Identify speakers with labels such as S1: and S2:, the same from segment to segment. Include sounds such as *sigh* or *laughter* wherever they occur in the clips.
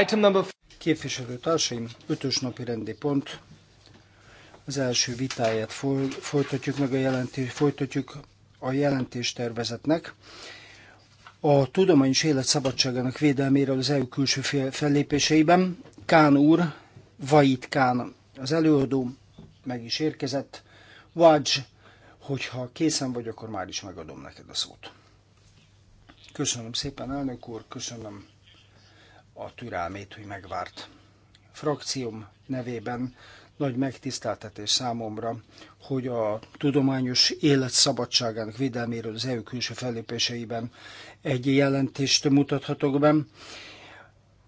S1: Item number... Képviselőtársaim, ötös napi rendi pont. Az első vitáját folytatjuk meg a jelentés, folytatjuk a jelentéstervezetnek. A tudományos élet szabadságának védelméről az EU külső fellépéseiben Kán úr, Vait Kán az előadó, meg is érkezett. vagy hogyha készen vagy, akkor már is megadom neked a szót. Köszönöm szépen, elnök úr, köszönöm a türelmét, hogy megvárt. Frakcióm nevében nagy megtiszteltetés számomra, hogy a tudományos élet szabadságának védelméről az EU külső fellépéseiben egy jelentést mutathatok be.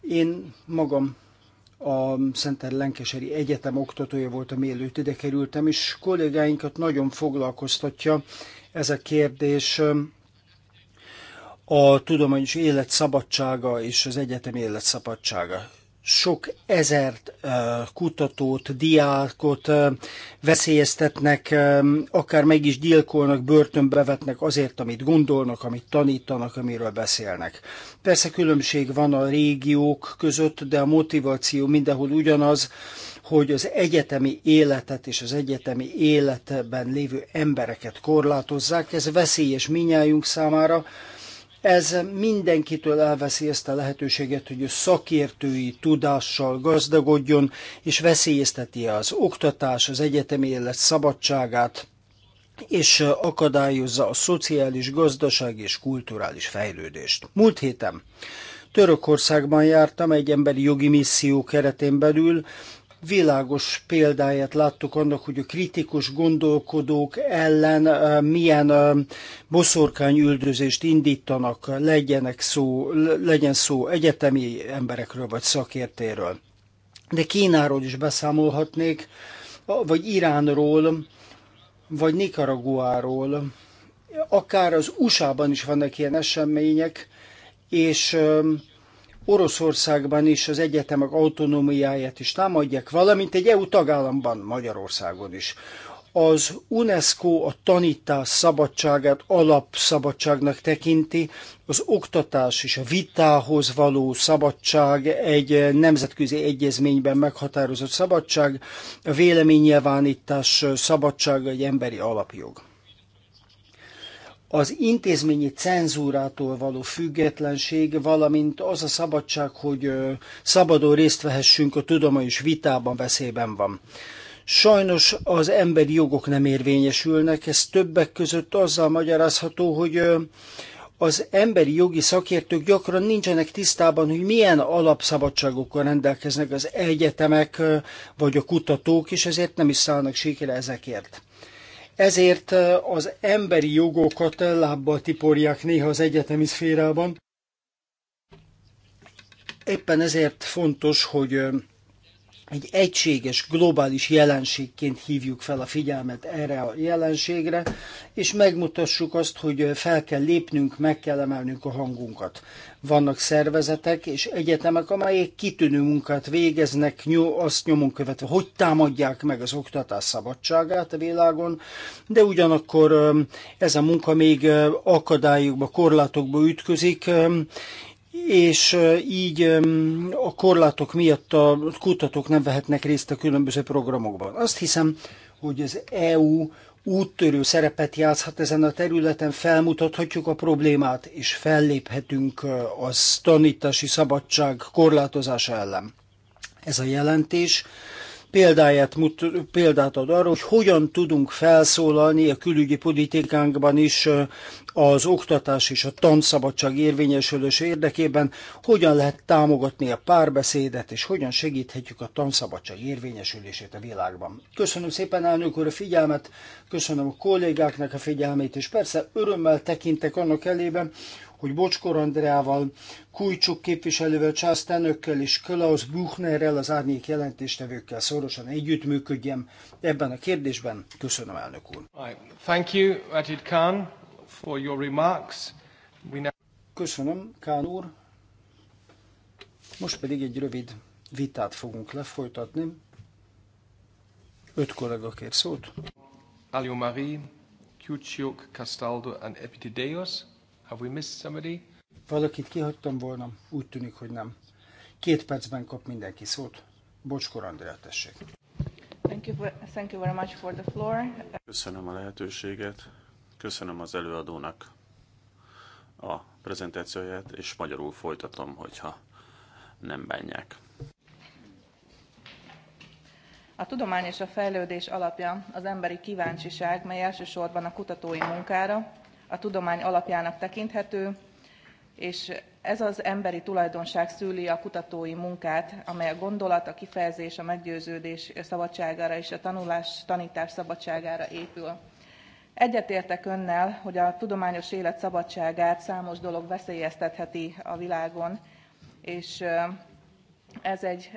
S1: Én magam a Szenter Lenkeseri Egyetem oktatója voltam, mielőtt ide kerültem, és kollégáinkat nagyon foglalkoztatja ez a kérdés, a tudományos élet szabadsága és az egyetemi élet szabadsága. Sok ezer kutatót, diákot veszélyeztetnek, akár meg is gyilkolnak, börtönbe vetnek azért, amit gondolnak, amit tanítanak, amiről beszélnek. Persze különbség van a régiók között, de a motiváció mindenhol ugyanaz, hogy az egyetemi életet és az egyetemi életben lévő embereket korlátozzák. Ez veszélyes minnyájunk számára, ez mindenkitől elveszi ezt a lehetőséget, hogy a szakértői tudással gazdagodjon, és veszélyezteti az oktatás, az egyetemi élet szabadságát, és akadályozza a szociális, gazdaság és kulturális fejlődést. Múlt héten Törökországban jártam egy emberi jogi misszió keretén belül, világos példáját láttuk annak, hogy a kritikus gondolkodók ellen milyen üldözést indítanak, legyenek szó, legyen szó egyetemi emberekről vagy szakértéről. De Kínáról is beszámolhatnék, vagy Iránról, vagy Nikaraguáról. Akár az USA-ban is vannak ilyen események, és Oroszországban is az egyetemek autonómiáját is támadják, valamint egy EU tagállamban, Magyarországon is. Az UNESCO a tanítás szabadságát alapszabadságnak tekinti, az oktatás és a vitához való szabadság egy nemzetközi egyezményben meghatározott szabadság, a véleménynyilvánítás szabadsága egy emberi alapjog az intézményi cenzúrától való függetlenség, valamint az a szabadság, hogy szabadon részt vehessünk a tudományos vitában veszélyben van. Sajnos az emberi jogok nem érvényesülnek, ez többek között azzal magyarázható, hogy az emberi jogi szakértők gyakran nincsenek tisztában, hogy milyen alapszabadságokkal rendelkeznek az egyetemek vagy a kutatók, és ezért nem is szállnak sikere ezekért. Ezért az emberi jogokat lábbal tiporják néha az egyetemi szférában. Éppen ezért fontos, hogy egy egységes, globális jelenségként hívjuk fel a figyelmet erre a jelenségre, és megmutassuk azt, hogy fel kell lépnünk, meg kell emelnünk a hangunkat. Vannak szervezetek és egyetemek, amelyek kitűnő munkát végeznek, azt nyomon követve, hogy támadják meg az oktatás szabadságát a világon, de ugyanakkor ez a munka még akadályokba, korlátokba ütközik, és így a korlátok miatt a kutatók nem vehetnek részt a különböző programokban. Azt hiszem, hogy az EU úttörő szerepet játszhat ezen a területen, felmutathatjuk a problémát, és felléphetünk uh, az tanítási szabadság korlátozása ellen. Ez a jelentés példáját mut, példát ad arra, hogy hogyan tudunk felszólalni a külügyi politikánkban is uh, az oktatás és a tanszabadság érvényesülése érdekében, hogyan lehet támogatni a párbeszédet, és hogyan segíthetjük a tanszabadság érvényesülését a világban. Köszönöm szépen, elnök úr, a figyelmet, köszönöm a kollégáknak a figyelmét, és persze örömmel tekintek annak elében, hogy Bocskor Andreával, Kujcsuk képviselővel, Charles Tenökkel és Klaus Buchnerrel, az árnyék jelentéstevőkkel szorosan együttműködjem ebben a kérdésben. Köszönöm, elnök úr.
S2: Thank you, Khan for your
S1: remarks. We now... Köszönöm, Kán úr. Most pedig egy rövid vitát fogunk lefolytatni. Öt kollega kér szót.
S2: Alio Marie, Kyucsiuk, Castaldo and Epitideos.
S1: Have we missed somebody? Valakit kihagytam volna, úgy tűnik, hogy nem. Két percben kap mindenki szót. Bocskor Andrea, tessék.
S3: Thank you, for, thank you very much for the floor.
S4: Köszönöm a lehetőséget. Köszönöm az előadónak a prezentációját, és magyarul folytatom, hogyha nem bánják.
S3: A tudomány és a fejlődés alapja az emberi kíváncsiság, mely elsősorban a kutatói munkára, a tudomány alapjának tekinthető, és ez az emberi tulajdonság szüli a kutatói munkát, amely a gondolat, a kifejezés, a meggyőződés szabadságára és a tanulás, tanítás szabadságára épül egyetértek önnel hogy a tudományos élet szabadságát számos dolog veszélyeztetheti a világon és ez egy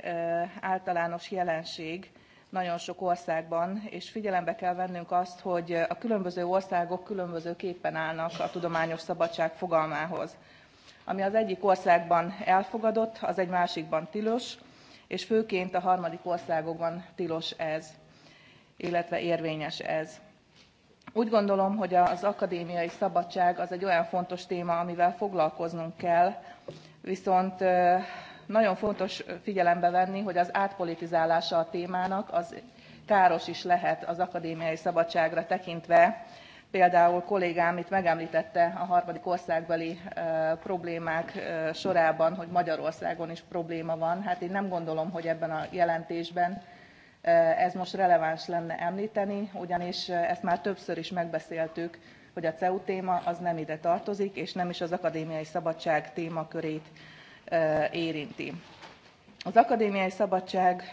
S3: általános jelenség nagyon sok országban és figyelembe kell vennünk azt hogy a különböző országok különbözőképpen állnak a tudományos szabadság fogalmához. ami az egyik országban elfogadott az egy másikban tilos és főként a harmadik országokban tilos ez illetve érvényes ez úgy gondolom hogy az akadémiai szabadság az egy olyan fontos téma amivel foglalkoznunk kell viszont nagyon fontos figyelembe venni hogy az átpolitizálása a témának az káros is lehet az akadémiai szabadságra tekintve például kollégám itt megemlítette, a harmadik országbeli problémák sorában hogy magyarországon is probléma van hát én nem gondolom hogy ebben a jelentésben Eh, ez most releváns lenne emlteni ugyanis eh, ezt már többször is megbeszéltük hogy a ceu téma az nem ide tartozik és nem is az akadémiai szabadság témakörét eh, érinti. az akadémiai szabadság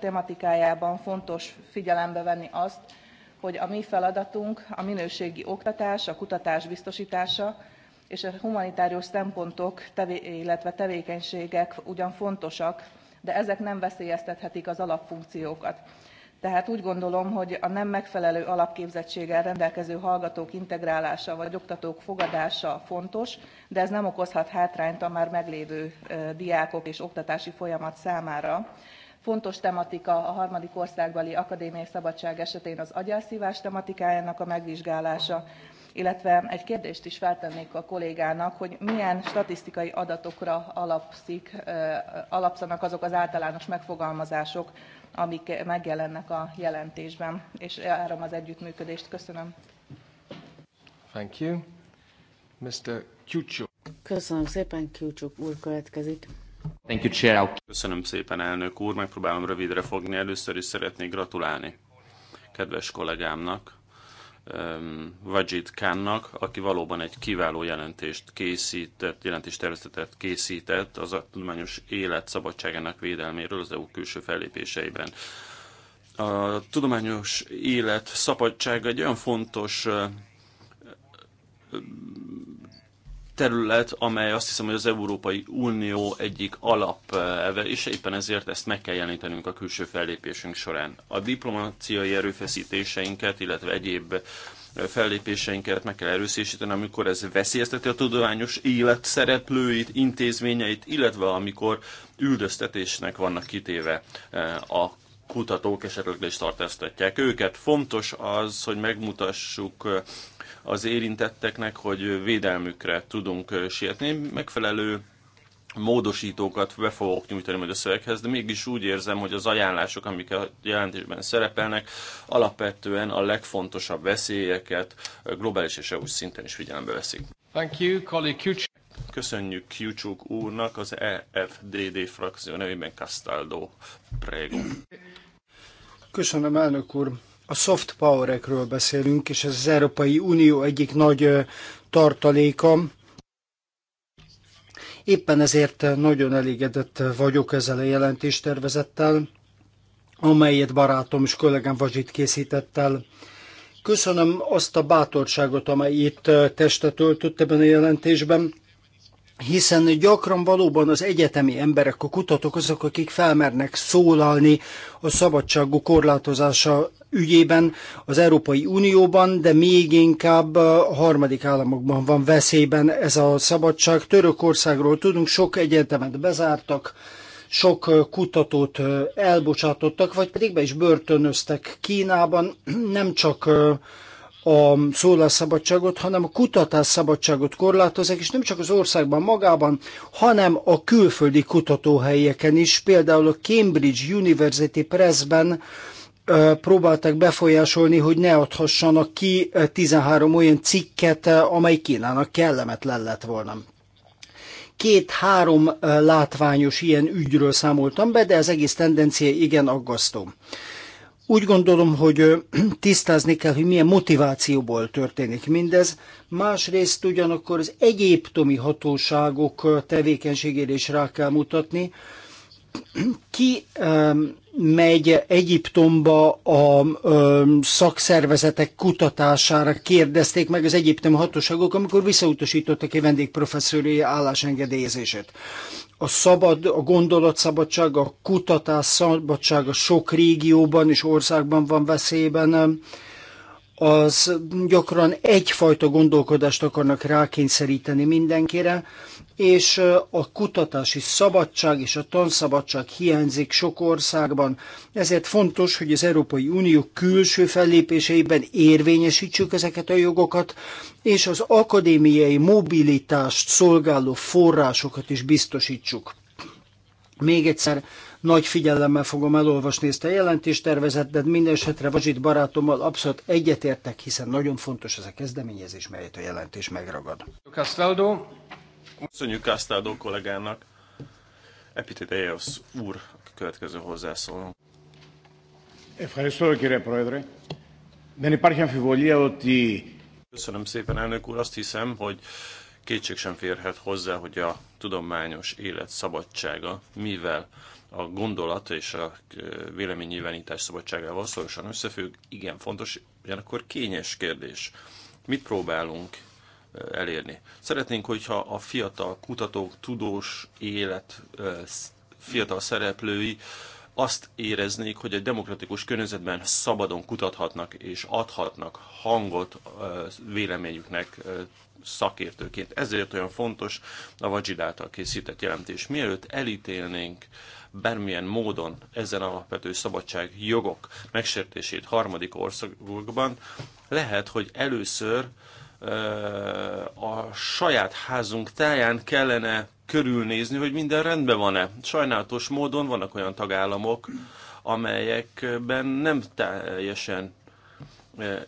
S3: tematikájában fontos figyelembe venni azt hogy a mi feladatunk a minőségi oktatás a kutatás biztostása és a humanitárius szempontok illetve tevékenységek ugyan fontosak de ezek nem veszélyeztethetik az alapfunkciókat. Tehát úgy gondolom, hogy a nem megfelelő alapképzettséggel rendelkező hallgatók integrálása vagy oktatók fogadása fontos, de ez nem okozhat hátrányt a már meglévő diákok és oktatási folyamat számára. Fontos tematika a harmadik országbeli akadémiai szabadság esetén az agyászívás tematikájának a megvizsgálása, illetve egy kérdést is feltennék a kollégának, hogy milyen statisztikai adatokra alapszik, alapszanak azok az általános megfogalmazások, amik megjelennek a jelentésben, és várom az együttműködést. Köszönöm.
S2: Thank you.
S5: Mr. Kyucsuk. Köszönöm szépen, Kyucsuk úr következik.
S4: Thank you, Chair. Köszönöm szépen, elnök úr. Megpróbálom rövidre fogni. Először is szeretnék gratulálni kedves kollégámnak Um, Vajid Kánnak, aki valóban egy kiváló jelentést készített, jelentéstervezetet készített az a tudományos élet szabadságának védelméről az EU külső fellépéseiben. A tudományos élet szabadsága egy olyan fontos uh, terület, amely azt hiszem, hogy az Európai Unió egyik alapelve, és éppen ezért ezt meg kell jelenítenünk a külső fellépésünk során. A diplomáciai erőfeszítéseinket, illetve egyéb eh, fellépéseinket meg kell erősíteni, amikor ez veszélyezteti a tudományos élet szereplőit, intézményeit, illetve amikor üldöztetésnek vannak kitéve eh, a kutatók esetleg is tartóztatják őket. Fontos az, hogy megmutassuk eh, az érintetteknek, hogy védelmükre tudunk sietni. Megfelelő módosítókat be fogok nyújtani majd a szöveghez, de mégis úgy érzem, hogy az ajánlások, amik a jelentésben szerepelnek, alapvetően a legfontosabb veszélyeket globális és EU szinten is figyelembe veszik. Thank you, Köszönjük Kyucsuk úrnak az EFDD frakció nevében Castaldo Prego.
S1: Köszönöm, elnök úr a soft power-ekről beszélünk, és ez az Európai Unió egyik nagy tartaléka. Éppen ezért nagyon elégedett vagyok ezzel a jelentéstervezettel, amelyet barátom és kollégám Vazsit készített el. Köszönöm azt a bátorságot, amely itt testet öltött ebben a jelentésben hiszen gyakran valóban az egyetemi emberek, a kutatók azok, akik felmernek szólalni a szabadságú korlátozása ügyében az Európai Unióban, de még inkább a harmadik államokban van veszélyben ez a szabadság. Törökországról tudunk, sok egyetemet bezártak, sok kutatót elbocsátottak, vagy pedig be is börtönöztek Kínában, nem csak a szólásszabadságot, hanem a kutatás szabadságot korlátozzák, és nem csak az országban magában, hanem a külföldi kutatóhelyeken is, például a Cambridge University Pressben próbálták befolyásolni, hogy ne adhassanak ki 13 olyan cikket, amely Kínának kellemetlen lett volna. Két-három látványos ilyen ügyről számoltam be, de az egész tendencia igen aggasztó. Úgy gondolom, hogy *clears throat* tisztázni kell, hogy milyen motivációból történik mindez. Másrészt ugyanakkor az egyiptomi hatóságok tevékenységére is rá kell mutatni. *clears throat* Ki megy Egyiptomba a szakszervezetek kutatására kérdezték meg az egyiptomi hatóságok, amikor visszautasították egy vendégprofesszori állásengedélyezését a szabad, a gondolatszabadság, a kutatás szabadsága sok régióban és országban van veszélyben, az gyakran egyfajta gondolkodást akarnak rákényszeríteni mindenkire, és a kutatási szabadság és a tanszabadság hiányzik sok országban. Ezért fontos, hogy az Európai Unió külső fellépéseiben érvényesítsük ezeket a jogokat, és az akadémiai mobilitást szolgáló forrásokat is biztosítsuk. Még egyszer nagy figyelemmel fogom elolvasni ezt a jelentéstervezetet, minden esetre Vazsit barátommal abszolút egyetértek, hiszen nagyon fontos ez a kezdeményezés, melyet a jelentés megragad.
S4: Castaldo. Köszönjük Castaldo kollégának. Epiteteos úr, a következő hozzászóló.
S1: Ευχαριστώ κύριε Πρόεδρε.
S4: Δεν υπάρχει αμφιβολία ότι Köszönöm szépen, elnök úr. Azt hiszem, hogy kétség sem férhet hozzá, hogy a tudományos élet szabadsága, mivel a gondolat és a véleménynyilvánítás szabadságával szorosan összefügg, igen fontos, ugyanakkor kényes kérdés. Mit próbálunk elérni? Szeretnénk, hogyha a fiatal kutatók, tudós élet, fiatal szereplői azt éreznék, hogy egy demokratikus környezetben szabadon kutathatnak és adhatnak hangot véleményüknek szakértőként. Ezért olyan fontos a Vajid által készített jelentés. Mielőtt elítélnénk bármilyen módon ezen alapvető szabadság jogok megsértését harmadik országokban, lehet, hogy először a saját házunk táján kellene körülnézni, hogy minden rendben van-e. Sajnálatos módon vannak olyan tagállamok, amelyekben nem teljesen, eh,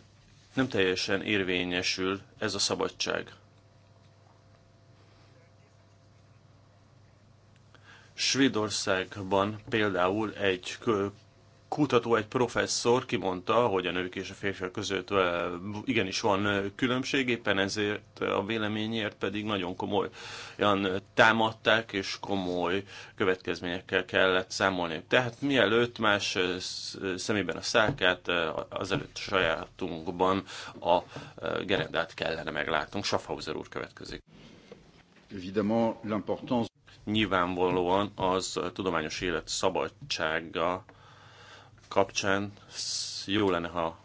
S4: nem teljesen érvényesül ez a szabadság. Svédországban például egy kutató, egy professzor kimondta, hogy a nők és a férfiak között igenis van különbség, éppen ezért a véleményért pedig nagyon komolyan támadták, és komoly következményekkel kellett számolni. Tehát mielőtt más szemében a szákát, azelőtt sajátunkban a gerendát kellene meglátnunk. Schaffhauser úr következik. Nyilvánvalóan az tudományos élet szabadsága kapcsán jó lenne, ha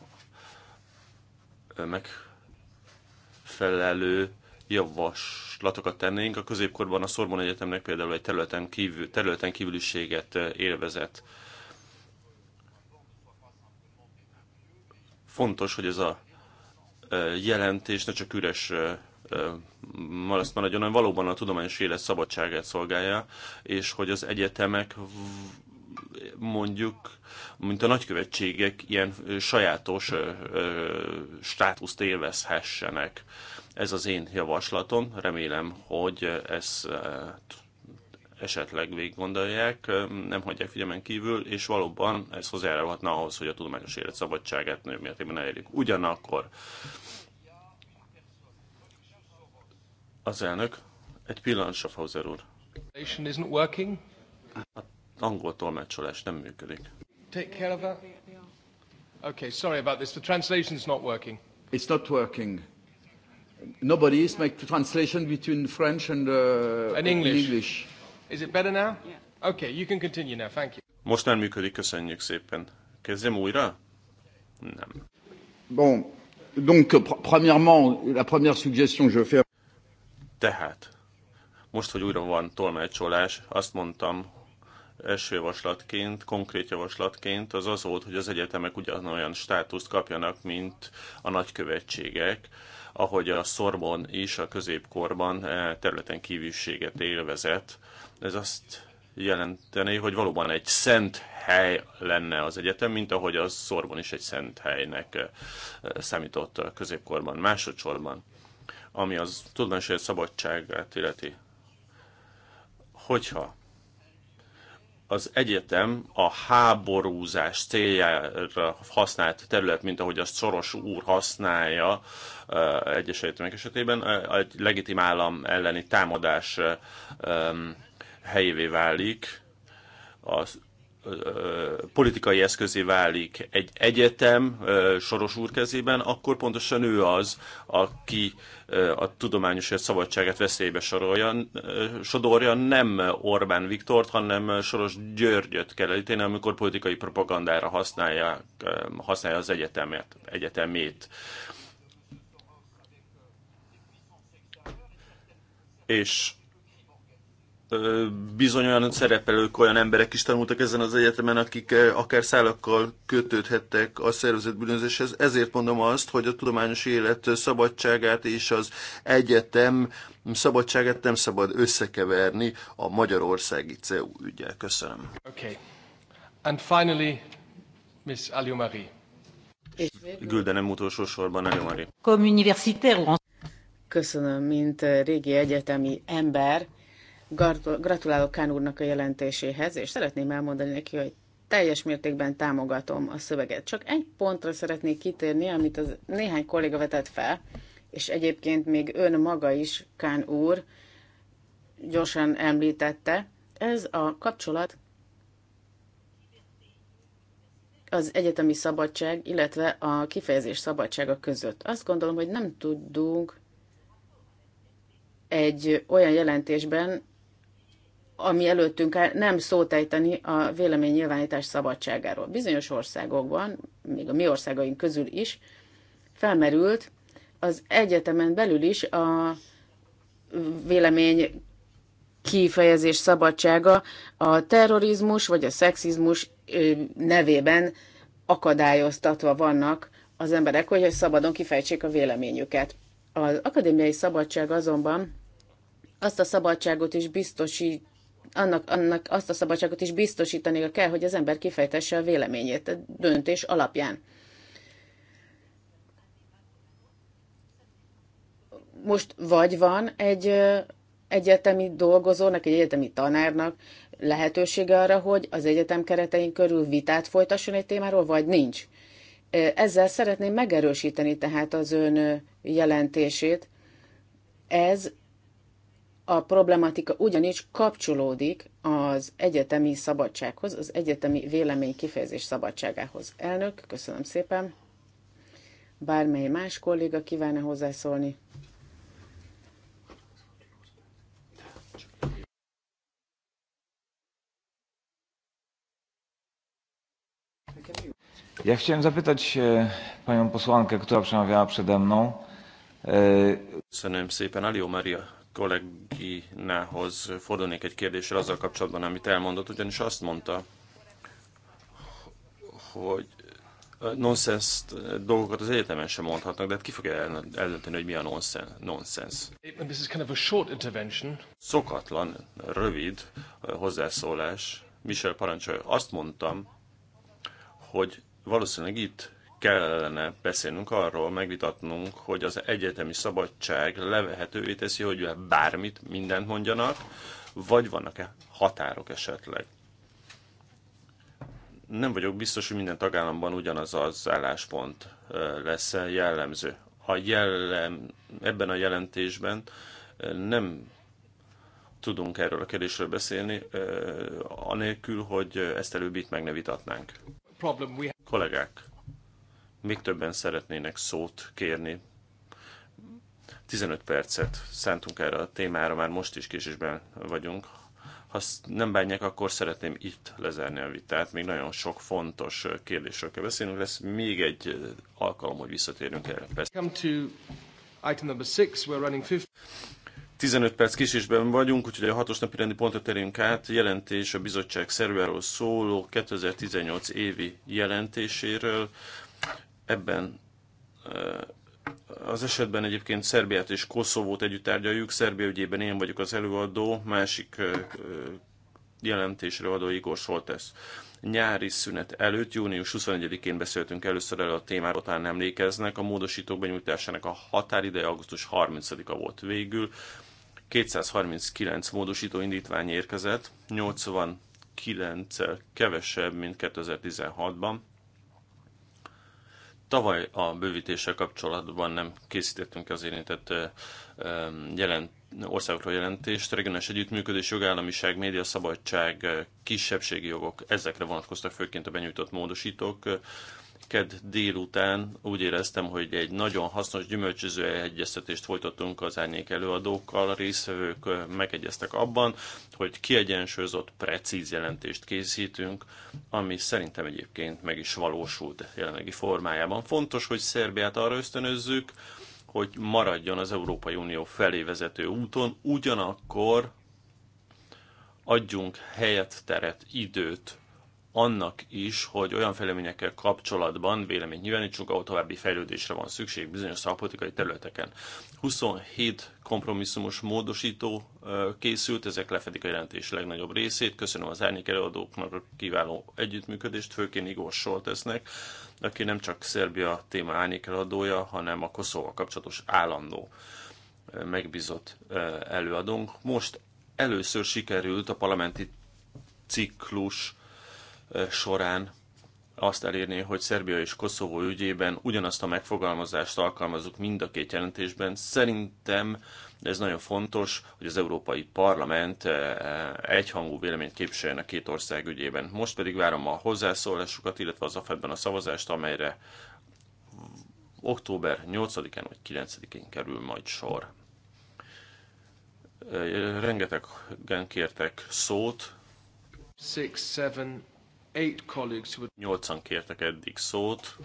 S4: megfelelő javaslatokat tennénk. A középkorban a Szorbon Egyetemnek például egy területen, kívül, területen kívüliséget élvezett. Fontos, hogy ez a jelentés ne csak üres azt maradjon, hanem valóban a tudományos élet szabadságát szolgálja, és hogy az egyetemek mondjuk, mint a nagykövetségek ilyen sajátos státuszt élvezhessenek. Ez az én javaslatom, remélem, hogy ezt esetleg végig gondolják, nem hagyják figyelmen kívül, és valóban ez hozzájárulhatna ahhoz, hogy a tudományos élet szabadságát nő mértékben elérjük. Ugyanakkor az elnök, egy pillanat, Schaffhauser úr. A angol tolmácsolás nem működik.
S2: Take care of that. Okay, sorry about this. The translation's not working.
S4: It's not working. Nobody is make
S2: translation between French and, uh, and English. English. Is it better now? Yeah. Okay,
S4: you can continue now. Thank you. Most nem működik, köszönjük szépen. Kezdjem újra?
S5: Nem.
S3: Bon, donc pr premièrement, la première suggestion que je fais.
S4: Tehát, most, hogy újra van tolmácsolás, azt mondtam, első javaslatként, konkrét javaslatként az az volt, hogy az egyetemek ugyanolyan státuszt kapjanak, mint a nagykövetségek, ahogy a Szorbon is a középkorban eh, területen kívülséget élvezett. Ez azt jelenteni, hogy valóban egy szent hely lenne az egyetem, mint ahogy a Szorbon is egy szent helynek eh, számított a középkorban, másodszorban, ami az tudományos szabadságát illeti. Hogyha az egyetem a háborúzás céljára használt terület, mint ahogy azt Soros úr használja eh, egyes egyetemek esetében, eh, egy legitim állam elleni támadás eh, helyévé válik az politikai eszközé válik egy egyetem Soros úr kezében, akkor pontosan ő az, aki a tudományos szabadságát veszélybe sorolja, sodorja, nem Orbán Viktort, hanem Soros Györgyöt kell elítélni, amikor politikai propagandára használja, használja az egyetemet, egyetemét. És bizony olyan szerepelők, olyan emberek is tanultak ezen az egyetemen, akik akár szálakkal kötődhettek a szervezett bűnözéshez. Ezért mondom azt, hogy a tudományos élet szabadságát és az egyetem szabadságát nem szabad összekeverni a magyarországi CEU ügyel. Köszönöm. Okay.
S2: And finally, Miss Aliomari.
S4: Küldenem utolsó sorban, Aliomari.
S5: Köszönöm, mint régi egyetemi ember Gratulálok Kán úrnak a jelentéséhez, és szeretném elmondani neki, hogy teljes mértékben támogatom a szöveget. Csak egy pontra szeretnék kitérni, amit az néhány kolléga vetett fel, és egyébként még ön maga is, Kán úr, gyorsan említette. Ez a kapcsolat az egyetemi szabadság, illetve a kifejezés szabadsága között. Azt gondolom, hogy nem tudunk egy olyan jelentésben ami előttünk áll, nem szótejteni a véleménynyilvánítás szabadságáról. Bizonyos országokban, még a mi országaink közül is, felmerült az egyetemen belül is a vélemény kifejezés szabadsága a terrorizmus vagy a szexizmus nevében akadályoztatva vannak az emberek, hogy szabadon kifejtsék a véleményüket. Az akadémiai szabadság azonban azt a szabadságot is biztosít, annak, annak azt a szabadságot is biztosítani kell, hogy az ember kifejtesse a véleményét a döntés alapján. Most vagy van egy egyetemi dolgozónak, egy egyetemi tanárnak lehetősége arra, hogy az egyetem keretein körül vitát folytasson egy témáról, vagy nincs. Ezzel szeretném megerősíteni tehát az ön jelentését. Ez a problematika ugyanis kapcsolódik az egyetemi szabadsághoz, az egyetemi vélemény kifejezés szabadságához. Elnök, köszönöm szépen. Bármely más kolléga kívánna hozzászólni?
S1: Ja chciałem zapytać e, panią posłankę, która przemawiała przede mną. E,
S4: köszönöm szépen, Maria kolléginához fordulnék egy kérdéssel azzal kapcsolatban, amit elmondott, ugyanis azt mondta, hogy nonsens dolgokat az egyetemen sem mondhatnak, de hát ki fogja eldönteni, hogy mi a nonsens? Szokatlan, rövid hozzászólás. Michel parancsolja, azt mondtam, hogy valószínűleg itt kellene beszélnünk arról, megvitatnunk, hogy az egyetemi szabadság levehetővé teszi, hogy bármit, mindent mondjanak, vagy vannak-e határok esetleg. Nem vagyok biztos, hogy minden tagállamban ugyanaz az álláspont lesz -e jellemző. A jellem, ebben a jelentésben nem tudunk erről a kérdésről beszélni, anélkül, hogy ezt előbb itt meg ne vitatnánk. Kollégák, még többen szeretnének szót kérni. 15 percet szántunk erre a témára, már most is késésben vagyunk. Ha nem bánják, akkor szeretném itt lezárni a vitát. Még nagyon sok fontos kérdésről kell beszélnünk. Lesz még egy alkalom, hogy visszatérünk erre. 15 perc késésben vagyunk, úgyhogy a hatos napi rendi pontra terünk át. Jelentés a bizottság szerváról szóló 2018 évi jelentéséről. Ebben eh, az esetben egyébként Szerbiát és Koszovót együtt tárgyaljuk. Szerbia ügyében én vagyok az előadó, másik eh, eh, jelentésre adó Igor Soltesz. Nyári szünet előtt, június 21-én beszéltünk először el a témáról, talán emlékeznek. A módosítók benyújtásának a határideje augusztus 30-a volt végül. 239 módosító indítvány érkezett, 89 kevesebb, mint 2016-ban. Tavaly a bővítéssel kapcsolatban nem készítettünk az érintett jelent, országokról jelentést, regionális együttműködés, jogállamiság, média szabadság, kisebbségi jogok, ezekre vonatkoztak főként a benyújtott módosítók ked délután úgy éreztem, hogy egy nagyon hasznos gyümölcsöző egyeztetést folytattunk az árnyék előadókkal, a résztvevők megegyeztek abban, hogy kiegyensúlyozott, precíz jelentést készítünk, ami szerintem egyébként meg is valósult jelenlegi formájában. Fontos, hogy Szerbiát arra ösztönözzük, hogy maradjon az Európai Unió felé vezető úton, ugyanakkor adjunk helyet, teret, időt annak is, hogy olyan fejleményekkel kapcsolatban véleményt nyilvánítsunk, ahol további fejlődésre van szükség bizonyos szakpolitikai területeken. 27 kompromisszumos módosító készült, ezek lefedik a jelentés legnagyobb részét. Köszönöm az árnyék előadóknak a kiváló együttműködést, főként Igor Soltesznek, aki nem csak Szerbia téma árnyék előadója, hanem a Koszóval kapcsolatos állandó megbízott előadónk. Most először sikerült a parlamenti ciklus során azt elérni, hogy Szerbia és Koszovó ügyében ugyanazt a megfogalmazást alkalmazunk mind a két jelentésben. Szerintem ez nagyon fontos, hogy az Európai Parlament eh, egyhangú véleményt képviseljen a két ország ügyében. Most pedig várom a hozzászólásukat, illetve az afed a szavazást, amelyre október 8-án vagy 9-én kerül majd sor. Eh, rengetegen kértek szót. Six, seven, Nyolcan kértek eddig szót.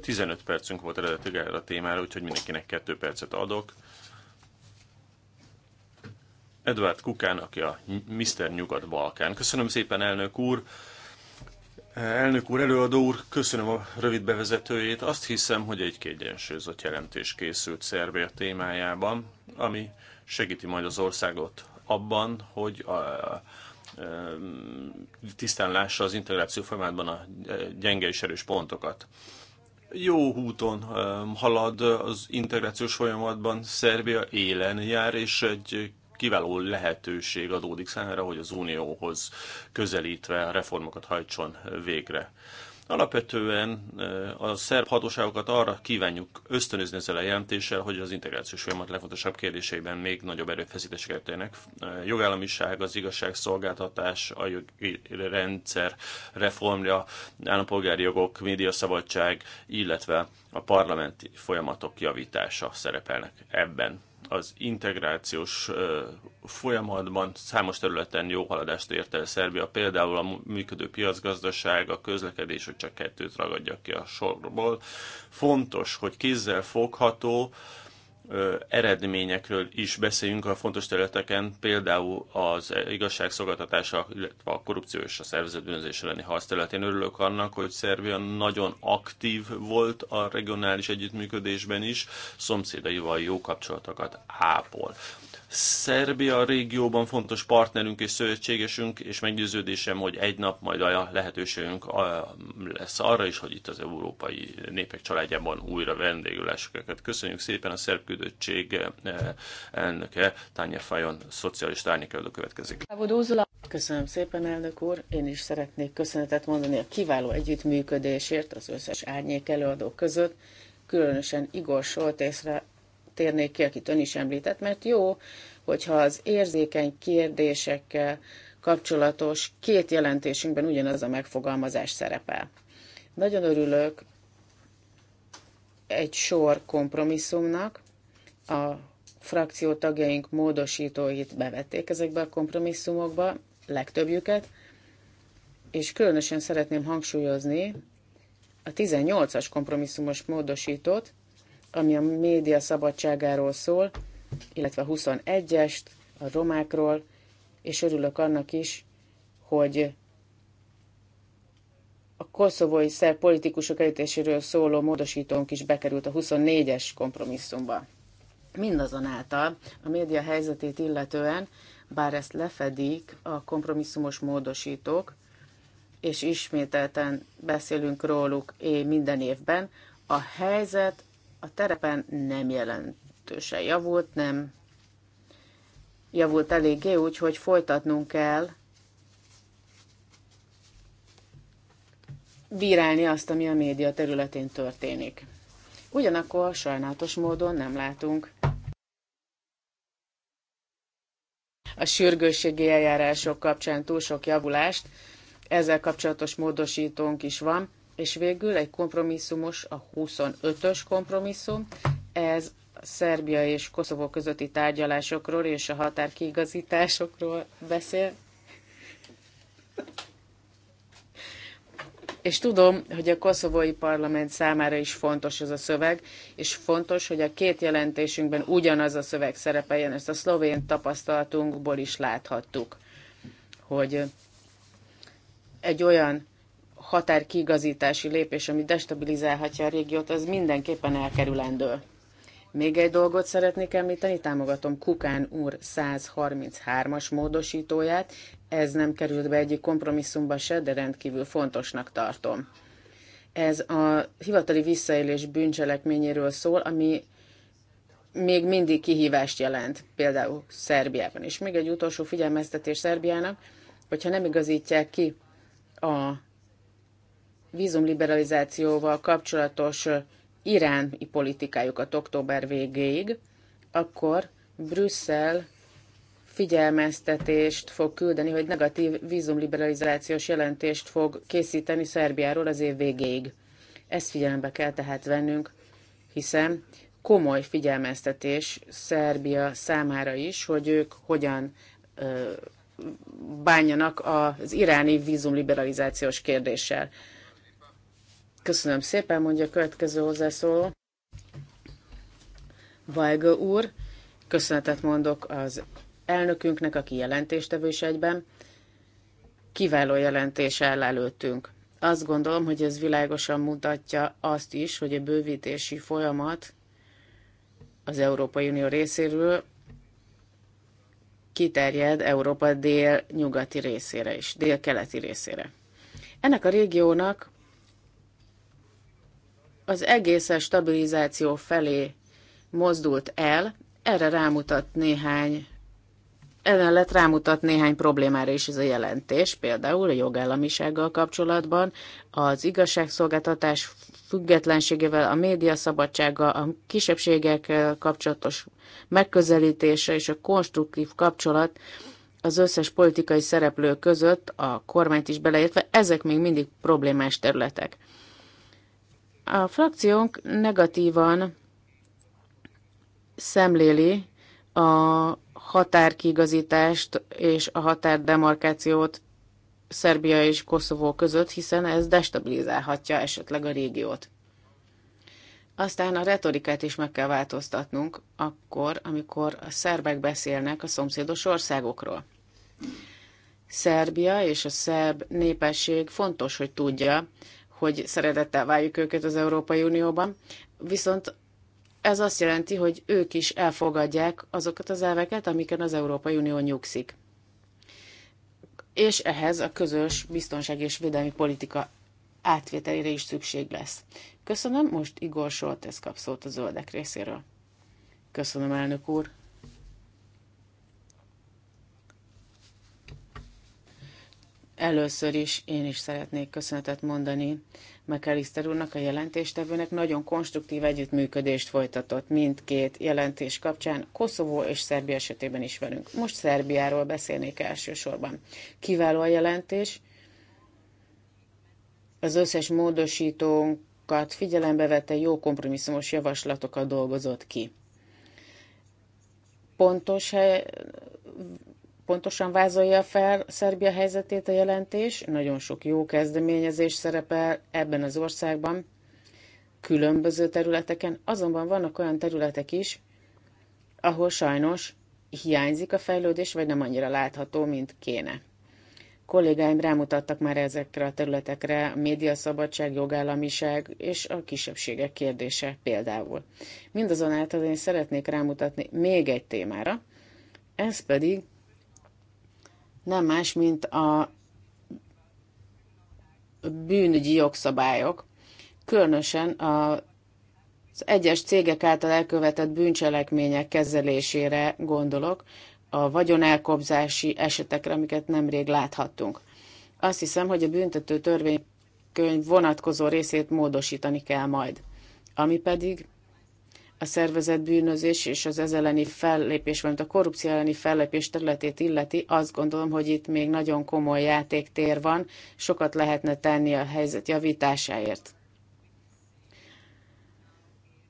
S4: 15 percünk volt eredetileg erre a témára, úgyhogy mindenkinek 2 percet adok. Edward Kukán, aki a Mr. Nyugat-Balkán. Köszönöm szépen, elnök úr! Elnök úr, előadó úr, köszönöm a rövid bevezetőjét. Azt hiszem, hogy egy kiegyensúlyozott jelentés készült Szerbia témájában, ami segíti majd az országot abban, hogy a, tisztán lássa az integráció folyamatban a gyenge és erős pontokat. Jó úton halad az integrációs folyamatban, Szerbia élen jár, és egy kiváló lehetőség adódik számára, hogy az Unióhoz közelítve reformokat hajtson végre. Alapvetően a szerb hatóságokat arra kívánjuk ösztönözni ezzel a jelentéssel, hogy az integrációs folyamat legfontosabb kérdéseiben még nagyobb erőfeszítéseket tegyenek. Jogállamiság, az igazságszolgáltatás, a jogi rendszer reformja, állampolgári jogok, médiaszabadság, illetve a parlamenti folyamatok javítása szerepelnek ebben az integrációs folyamatban számos területen jó haladást ért el Szerbia, például a működő piacgazdaság, a közlekedés, hogy csak kettőt ragadjak ki a sorból. Fontos, hogy kézzel fogható, eredményekről is beszéljünk a fontos területeken, például az igazságszolgáltatása, illetve a korrupció és a szervezett bűnözés elleni harc területén. Örülök annak, hogy Szerbia nagyon aktív volt a regionális együttműködésben is, szomszédaival jó kapcsolatokat ápol. Szerbia a régióban fontos partnerünk és szövetségesünk, és meggyőződésem, hogy egy nap majd a lehetőségünk lesz arra is, hogy itt az európai népek családjában újra vendégüléseket. Köszönjük szépen a szerb küldöttség eh, elnöke, Tanya Fajon, szocialista árnyékelődő következik.
S5: Köszönöm szépen, elnök úr. Én is szeretnék köszönetet mondani a kiváló együttműködésért az összes árnyék előadó között, különösen Igor Soltészre, térnék ki, akit ön is említett, mert jó, hogyha az érzékeny kérdésekkel kapcsolatos két jelentésünkben ugyanaz a megfogalmazás szerepel. Nagyon örülök egy sor kompromisszumnak, a frakció tagjaink módosítóit bevették ezekbe a kompromisszumokba, legtöbbjüket, és különösen szeretném hangsúlyozni a 18-as kompromisszumos módosítót, ami a média szabadságáról szól, illetve 21-est a romákról, és örülök annak is, hogy a koszovói szerb politikusok elítéséről szóló módosítónk is bekerült a 24-es kompromisszumba. Mindazonáltal a média helyzetét illetően, bár ezt lefedik a kompromisszumos módosítók, és ismételten beszélünk róluk minden évben, a helyzet a terepen nem jelentősen javult, nem javult eléggé, úgyhogy folytatnunk kell bírálni azt, ami a média területén történik. Ugyanakkor sajnálatos módon nem látunk a sürgősségi eljárások kapcsán túl sok javulást, ezzel kapcsolatos módosítónk is van, és végül egy kompromisszumos, a 25-ös kompromisszum, ez Szerbia és Koszovó közötti tárgyalásokról és a határkiigazításokról beszél. És tudom, hogy a koszovói parlament számára is fontos ez a szöveg, és fontos, hogy a két jelentésünkben ugyanaz a szöveg szerepeljen, ezt a szlovén tapasztalatunkból is láthattuk, hogy egy olyan határkigazítási lépés, ami destabilizálhatja a régiót, az mindenképpen elkerülendő. Még egy dolgot szeretnék említeni, támogatom Kukán úr 133-as módosítóját, ez nem került be egyik kompromisszumba se, de rendkívül fontosnak tartom. Ez a hivatali visszaélés bűncselekményéről szól, ami még mindig kihívást jelent, például Szerbiában. És még egy utolsó figyelmeztetés Szerbiának, hogyha nem igazítják ki a vízumliberalizációval kapcsolatos iráni politikájukat október végéig, akkor Brüsszel figyelmeztetést fog küldeni, hogy negatív vízumliberalizációs jelentést fog készíteni Szerbiáról az év végéig. Ezt figyelembe kell tehát vennünk, hiszen komoly figyelmeztetés Szerbia számára is, hogy ők hogyan bánjanak az iráni vízumliberalizációs kérdéssel. Köszönöm szépen, mondja a következő hozzászóló. Vajga úr, köszönetet mondok az elnökünknek, aki jelentéstevő is egyben. Kiváló jelentés áll előttünk. Azt gondolom, hogy ez világosan mutatja azt is, hogy a bővítési folyamat az Európai Unió részéről kiterjed Európa dél-nyugati részére is, dél-keleti részére. Ennek a régiónak az egészen stabilizáció felé mozdult el, erre rámutat néhány Ellenlet rámutat néhány problémára is ez a jelentés, például a jogállamisággal kapcsolatban, az igazságszolgáltatás függetlenségével, a média szabadsága, a kisebbségekkel kapcsolatos megközelítése és a konstruktív kapcsolat az összes politikai szereplő között, a kormányt is beleértve, ezek még mindig problémás területek. A frakciónk negatívan szemléli a határkigazítást és a határdemarkációt Szerbia és Koszovó között, hiszen ez destabilizálhatja esetleg a régiót. Aztán a retorikát is meg kell változtatnunk, akkor, amikor a szerbek beszélnek a szomszédos országokról. Szerbia és a szerb népesség fontos, hogy tudja, hogy szeretettel váljuk őket az Európai Unióban, viszont ez azt jelenti, hogy ők is elfogadják azokat az elveket, amiken az Európai Unió nyugszik. És ehhez a közös biztonság és védelmi politika átvételére is szükség lesz. Köszönöm, most Igor Soltesz kap szót a zöldek részéről. Köszönöm, elnök úr. Először is én is szeretnék köszönetet mondani McAllister úrnak, a jelentéstevőnek. Nagyon konstruktív együttműködést folytatott mindkét jelentés kapcsán, Koszovó és Szerbia esetében is velünk. Most Szerbiáról beszélnék elsősorban. Kiváló a jelentés. Az összes módosítónkat figyelembe vette, jó kompromisszumos javaslatokat dolgozott ki. Pontos pontosan vázolja fel Szerbia helyzetét a jelentés, nagyon sok jó kezdeményezés szerepel ebben az országban, különböző területeken, azonban vannak olyan területek is, ahol sajnos hiányzik a fejlődés, vagy nem annyira látható, mint kéne. Kollégáim rámutattak már ezekre a területekre, a médiaszabadság, jogállamiság és a kisebbségek kérdése például. Mindazonáltal én szeretnék rámutatni még egy témára, ez pedig nem más, mint a bűnügyi jogszabályok, különösen a az egyes cégek által elkövetett bűncselekmények kezelésére gondolok, a vagyonelkobzási esetekre, amiket nemrég láthattunk. Azt hiszem, hogy a büntető törvénykönyv vonatkozó részét módosítani kell majd. Ami pedig a szervezett bűnözés és az ez elleni fellépés, valamint a korrupció elleni fellépés területét illeti, azt gondolom, hogy itt még nagyon komoly játéktér van, sokat lehetne tenni a helyzet javításáért.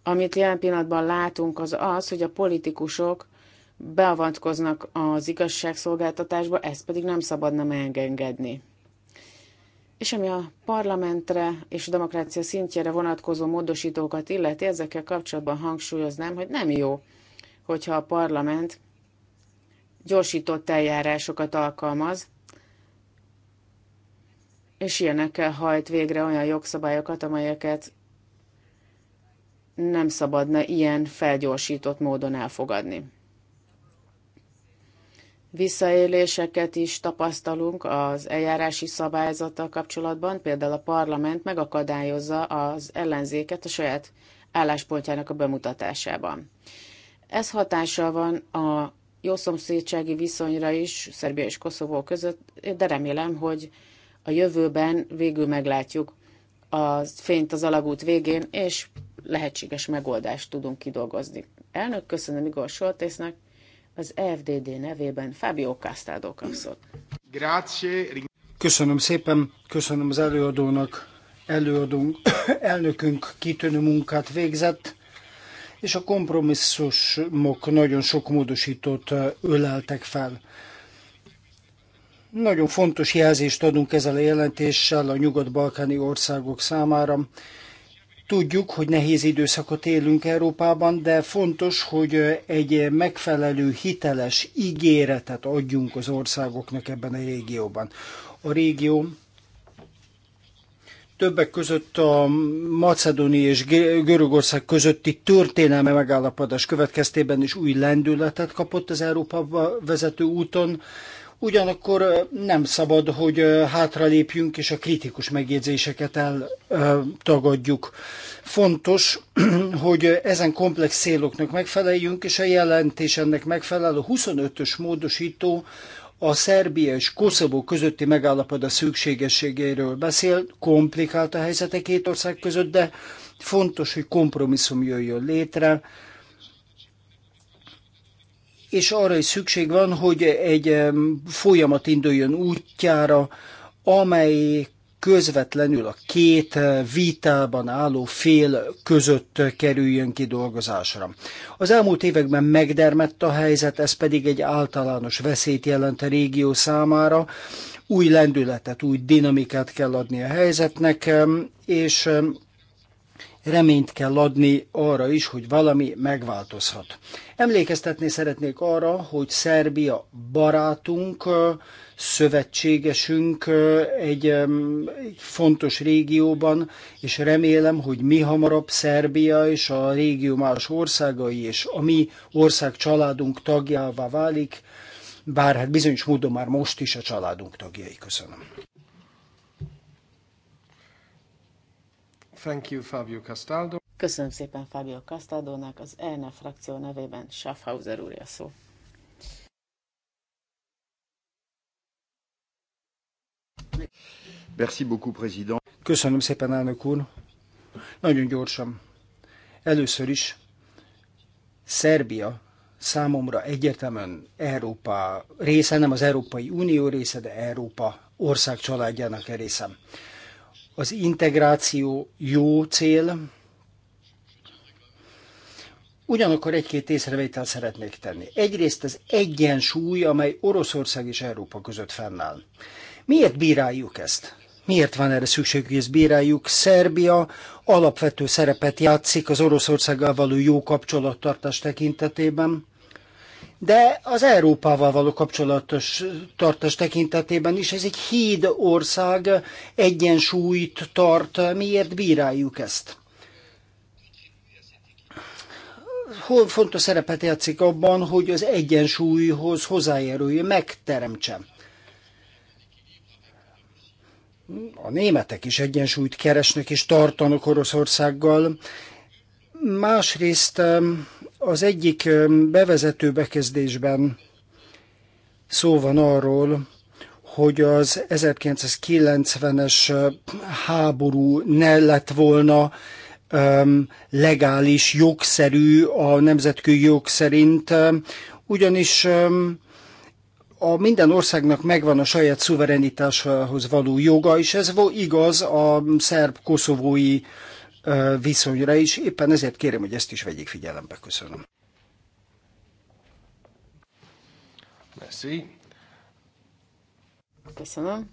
S5: Amit jelen pillanatban látunk, az az, hogy a politikusok beavatkoznak az igazságszolgáltatásba, ezt pedig nem szabadna megengedni. És ami a parlamentre és a demokrácia szintjére vonatkozó módosítókat illeti, ezekkel kapcsolatban hangsúlyoznám, hogy nem jó, hogyha a parlament gyorsított eljárásokat alkalmaz, és ilyenekkel hajt végre olyan jogszabályokat, amelyeket nem szabadna ilyen felgyorsított módon elfogadni. Visszaéléseket is tapasztalunk az eljárási szabályzattal kapcsolatban, például a parlament megakadályozza az ellenzéket a saját álláspontjának a bemutatásában. Ez hatással van a jószomszédsági viszonyra is Szerbia és Koszovó között, de remélem, hogy a jövőben végül meglátjuk a fényt az alagút végén, és lehetséges megoldást tudunk kidolgozni. Elnök, köszönöm Igor Soltésznek! az FDD nevében Fábio Castaldo kapszott.
S1: Köszönöm szépen, köszönöm az előadónak, előadónk, *coughs* elnökünk kitűnő munkát végzett, és a kompromisszumok nagyon sok módosítót öleltek fel. Nagyon fontos jelzést adunk ezzel a jelentéssel a nyugat-balkáni országok számára, Tudjuk, hogy nehéz időszakot élünk Európában, de fontos, hogy egy megfelelő hiteles ígéretet adjunk az országoknak ebben a régióban. A régió többek között a macedóni és Görögország közötti történelmi megállapodás következtében is új lendületet kapott az Európa vezető úton. Ugyanakkor nem szabad, hogy hátralépjünk és a kritikus megjegyzéseket eltagadjuk. Fontos, *clears throat* hogy ezen komplex céloknak megfeleljünk, és a jelentés ennek megfelel. A 25-ös módosító a Szerbia és Koszovó közötti megállapodás szükségességéről beszél, komplikált a helyzete két ország között, de fontos, hogy kompromisszum jöjjön létre, és arra is szükség van, hogy egy folyamat induljon útjára, amely közvetlenül a két vitában álló fél között kerüljön ki dolgozásra. Az elmúlt években megdermett a helyzet, ez pedig egy általános veszélyt jelent a régió számára. Új lendületet, új dinamikát kell adni a helyzetnek, és reményt kell adni arra is, hogy valami megváltozhat. Emlékeztetni szeretnék arra, hogy Szerbia barátunk, szövetségesünk egy, egy fontos régióban, és remélem, hogy mi hamarabb Szerbia és a régió más országai és a mi ország családunk tagjává válik, bár hát bizonyos módon már most is
S5: a családunk tagjai. Köszönöm. Thank you, Fabio Castaldo. Köszönöm szépen Fábio Castaldónak, az ELNE frakció nevében Schaffhauser úr szó.
S1: Merci beaucoup, président. Köszönöm szépen, elnök úr. Nagyon gyorsan. Először is Szerbia számomra egyértelműen Európa része, nem az Európai Unió része, de Európa ország családjának részem. Az integráció jó cél, Ugyanakkor egy-két észrevétel szeretnék tenni. Egyrészt az egyensúly, amely Oroszország és Európa között fennáll. Miért bíráljuk ezt? Miért van erre szükség, hogy ezt bíráljuk? Szerbia alapvető szerepet játszik az Oroszországgal való jó kapcsolattartás tekintetében, de az Európával való kapcsolatos tartás tekintetében is ez egy híd ország egyensúlyt tart. Miért bíráljuk ezt? hol fontos szerepet játszik abban, hogy az egyensúlyhoz hozzájárulja, megteremtse. A németek is egyensúlyt keresnek és tartanak Oroszországgal. Másrészt az egyik bevezető bekezdésben szó van arról, hogy az 1990-es háború ne lett volna legális, jogszerű a nemzetközi jog szerint, ugyanis a minden országnak megvan a saját szuverenitáshoz való joga, és ez igaz a szerb-koszovói viszonyra is. Éppen ezért kérem, hogy ezt is vegyék figyelembe. Köszönöm.
S2: Merci.
S5: Köszönöm.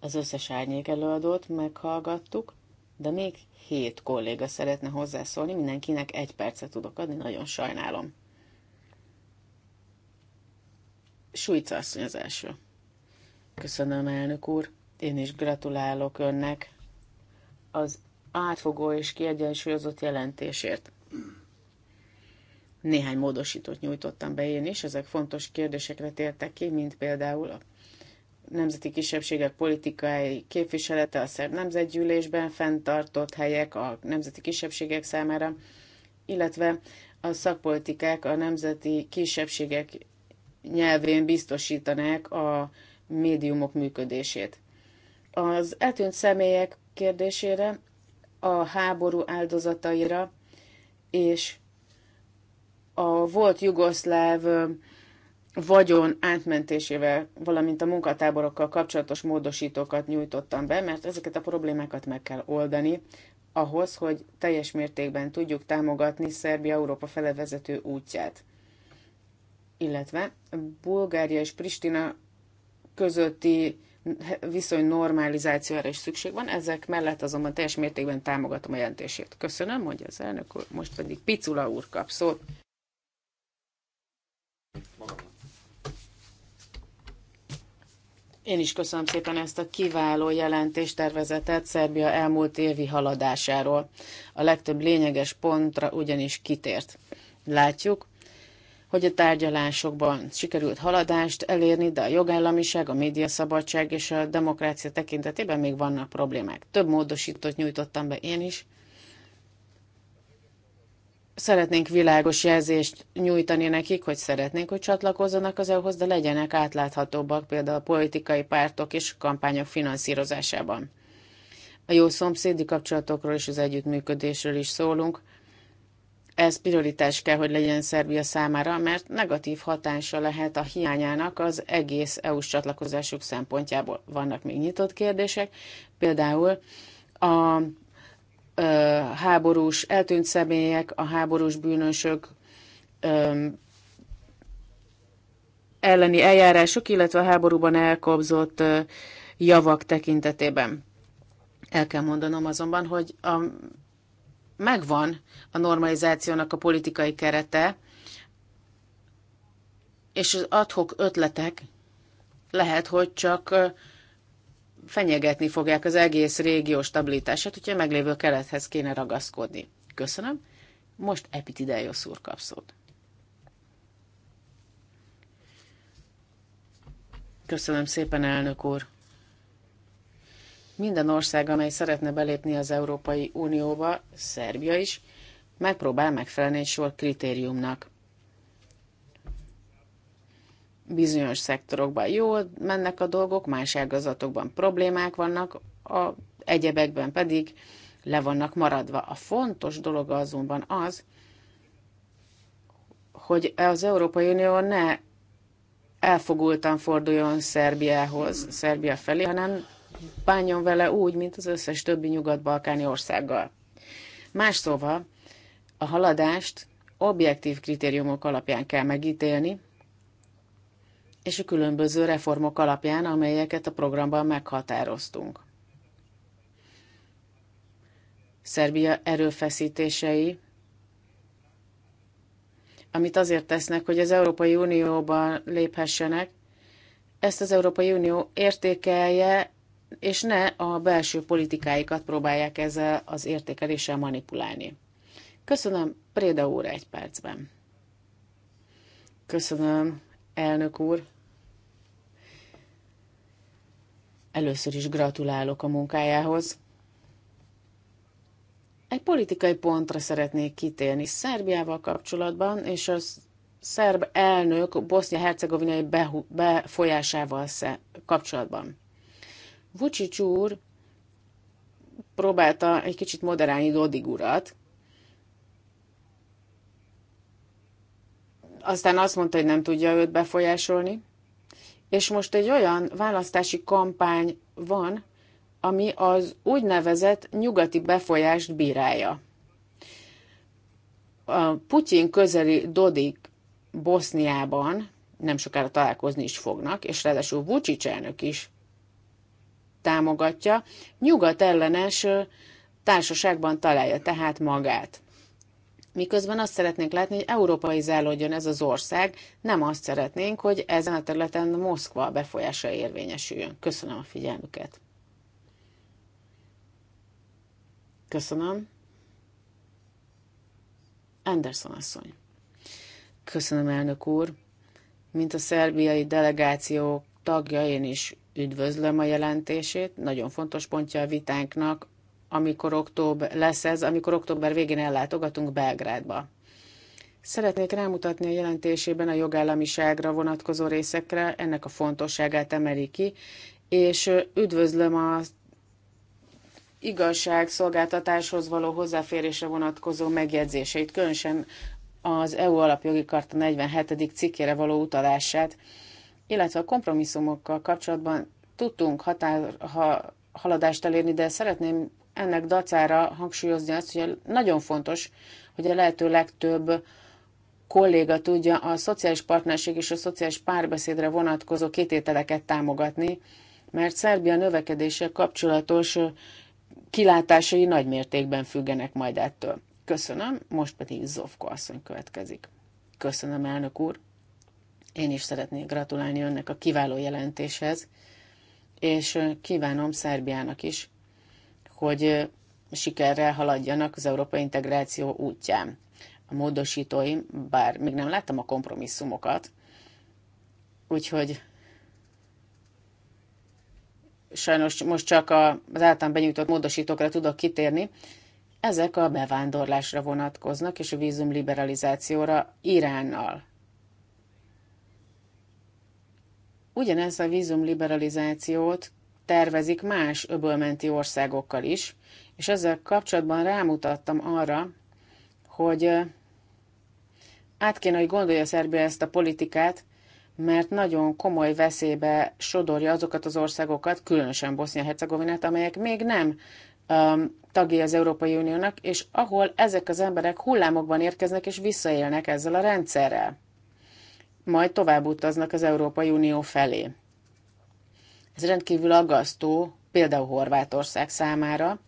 S5: Az összes árnyék előadót meghallgattuk de még hét kolléga szeretne hozzászólni, mindenkinek egy percet tudok adni, nagyon sajnálom. Sújca asszony az első. Köszönöm, elnök úr. Én is gratulálok önnek az átfogó és kiegyensúlyozott jelentésért. Néhány módosítót nyújtottam be én is, ezek fontos kérdésekre tértek ki, mint például a nemzeti kisebbségek politikai képviselete a szerb nemzetgyűlésben, fenntartott helyek a nemzeti kisebbségek számára, illetve a szakpolitikák a nemzeti kisebbségek nyelvén biztosítanák a médiumok működését. Az eltűnt személyek kérdésére, a háború áldozataira és a volt jugoszláv vagyon átmentésével, valamint a munkatáborokkal kapcsolatos módosítókat nyújtottam be, mert ezeket a problémákat meg kell oldani, ahhoz, hogy teljes mértékben tudjuk támogatni Szerbia Európa fele vezető útját. Illetve Bulgária és Pristina közötti viszony normalizációra is szükség van, ezek mellett azonban teljes mértékben támogatom a jelentését. Köszönöm, mondja az elnök úr, most pedig Picula úr kap szót. Én is köszönöm szépen ezt a kiváló jelentést tervezetet Szerbia elmúlt évi haladásáról. A legtöbb lényeges pontra ugyanis kitért. Látjuk, hogy a tárgyalásokban sikerült haladást elérni, de a jogállamiság, a médiaszabadság és a demokrácia tekintetében még vannak problémák. Több módosítót nyújtottam be én is, szeretnénk világos jelzést nyújtani nekik, hogy szeretnénk, hogy csatlakozzanak az EU-hoz, de legyenek átláthatóbbak például a politikai pártok és kampányok finanszírozásában. A jó szomszédi kapcsolatokról és az együttműködésről is szólunk. Ez prioritás kell, hogy legyen Szerbia számára, mert negatív hatása lehet a hiányának az egész EU-s csatlakozásuk szempontjából. Vannak még nyitott kérdések, például a háborús eltűnt személyek, a háborús bűnösök elleni eljárások, illetve a háborúban elkobzott javak tekintetében. El kell mondanom azonban, hogy a, megvan a normalizációnak a politikai kerete, és az adhok ötletek lehet, hogy csak fenyegetni fogják az egész régió stabilitását, hogyha a meglévő kelethez kéne ragaszkodni. Köszönöm. Most Epitideios úr kap Köszönöm szépen, elnök úr. Minden ország, amely szeretne belépni az Európai Unióba, Szerbia is, megpróbál megfelelni egy sor kritériumnak bizonyos szektorokban jól mennek a dolgok, más ágazatokban problémák vannak, a egyebekben pedig le vannak maradva. A fontos dolog azonban az, hogy az Európai Unió ne elfogultan forduljon Szerbiához, Szerbia felé, hanem bánjon vele úgy, mint az összes többi nyugat-balkáni országgal. Más szóval, a haladást objektív kritériumok alapján kell megítélni, és a különböző reformok alapján, amelyeket a programban meghatároztunk. Szerbia erőfeszítései, amit azért tesznek, hogy az Európai Unióban léphessenek, ezt az Európai Unió értékelje, és ne a belső politikáikat próbálják ezzel az értékeléssel manipulálni. Köszönöm, Préda úr egy percben. Köszönöm, elnök úr. Először is gratulálok a munkájához. Egy politikai pontra szeretnék kitérni Szerbiával kapcsolatban, és a szerb elnök bosznia-hercegovinai befolyásával kapcsolatban. Vucic úr próbálta egy kicsit moderálni Dodig urat, aztán azt mondta, hogy nem tudja őt befolyásolni, és most egy olyan választási kampány van, ami az úgynevezett nyugati befolyást bírálja. A Putyin közeli Dodik Boszniában nem sokára találkozni is fognak, és ráadásul Vucic elnök is támogatja, nyugat ellenes társaságban találja tehát magát miközben azt szeretnénk látni, hogy európai zállódjon ez az ország, nem azt szeretnénk, hogy ezen a területen Moszkva befolyása érvényesüljön. Köszönöm a figyelmüket. Köszönöm. Anderson asszony. Köszönöm, elnök úr. Mint a szerbiai delegáció tagja, én is üdvözlöm a jelentését. Nagyon fontos pontja a vitánknak amikor október lesz ez, amikor október végén ellátogatunk Belgrádba. Szeretnék rámutatni a jelentésében a jogállamiságra vonatkozó részekre, ennek a fontosságát emeli ki, és üdvözlöm a igazságszolgáltatáshoz való hozzáférésre vonatkozó megjegyzéseit, különösen az EU alapjogi karta 47. cikkére való utalását, illetve a kompromisszumokkal kapcsolatban tudtunk határ, ha, haladást elérni, de szeretném ennek dacára hangsúlyozni azt, hogy nagyon fontos, hogy a lehető legtöbb kolléga tudja a szociális partnerség és a szociális párbeszédre vonatkozó kétételeket támogatni, mert Szerbia növekedése kapcsolatos kilátásai nagy mértékben függenek majd ettől. Köszönöm, most pedig Zovko asszony következik. Köszönöm, elnök úr. Én is szeretnék gratulálni önnek a kiváló jelentéshez, és kívánom Szerbiának is, hogy sikerrel haladjanak az európai integráció útján. A módosítóim, bár még nem láttam a kompromisszumokat, úgyhogy sajnos most csak az általán benyújtott módosítókra tudok kitérni, ezek a bevándorlásra vonatkoznak, és a vízum liberalizációra Iránnal. Ugyanez a vízum liberalizációt tervezik más öbölmenti országokkal is, és ezzel kapcsolatban rámutattam arra, hogy át kéne, hogy gondolja Szerbia ezt a politikát, mert nagyon komoly veszélybe sodorja azokat az országokat, különösen Bosznia-Hercegovinát, amelyek még nem um, tagjai az Európai Uniónak, és ahol ezek az emberek hullámokban érkeznek és visszaélnek ezzel a rendszerrel. Majd tovább utaznak az Európai Unió felé. Ez rendkívül aggasztó, például Horvátország számára,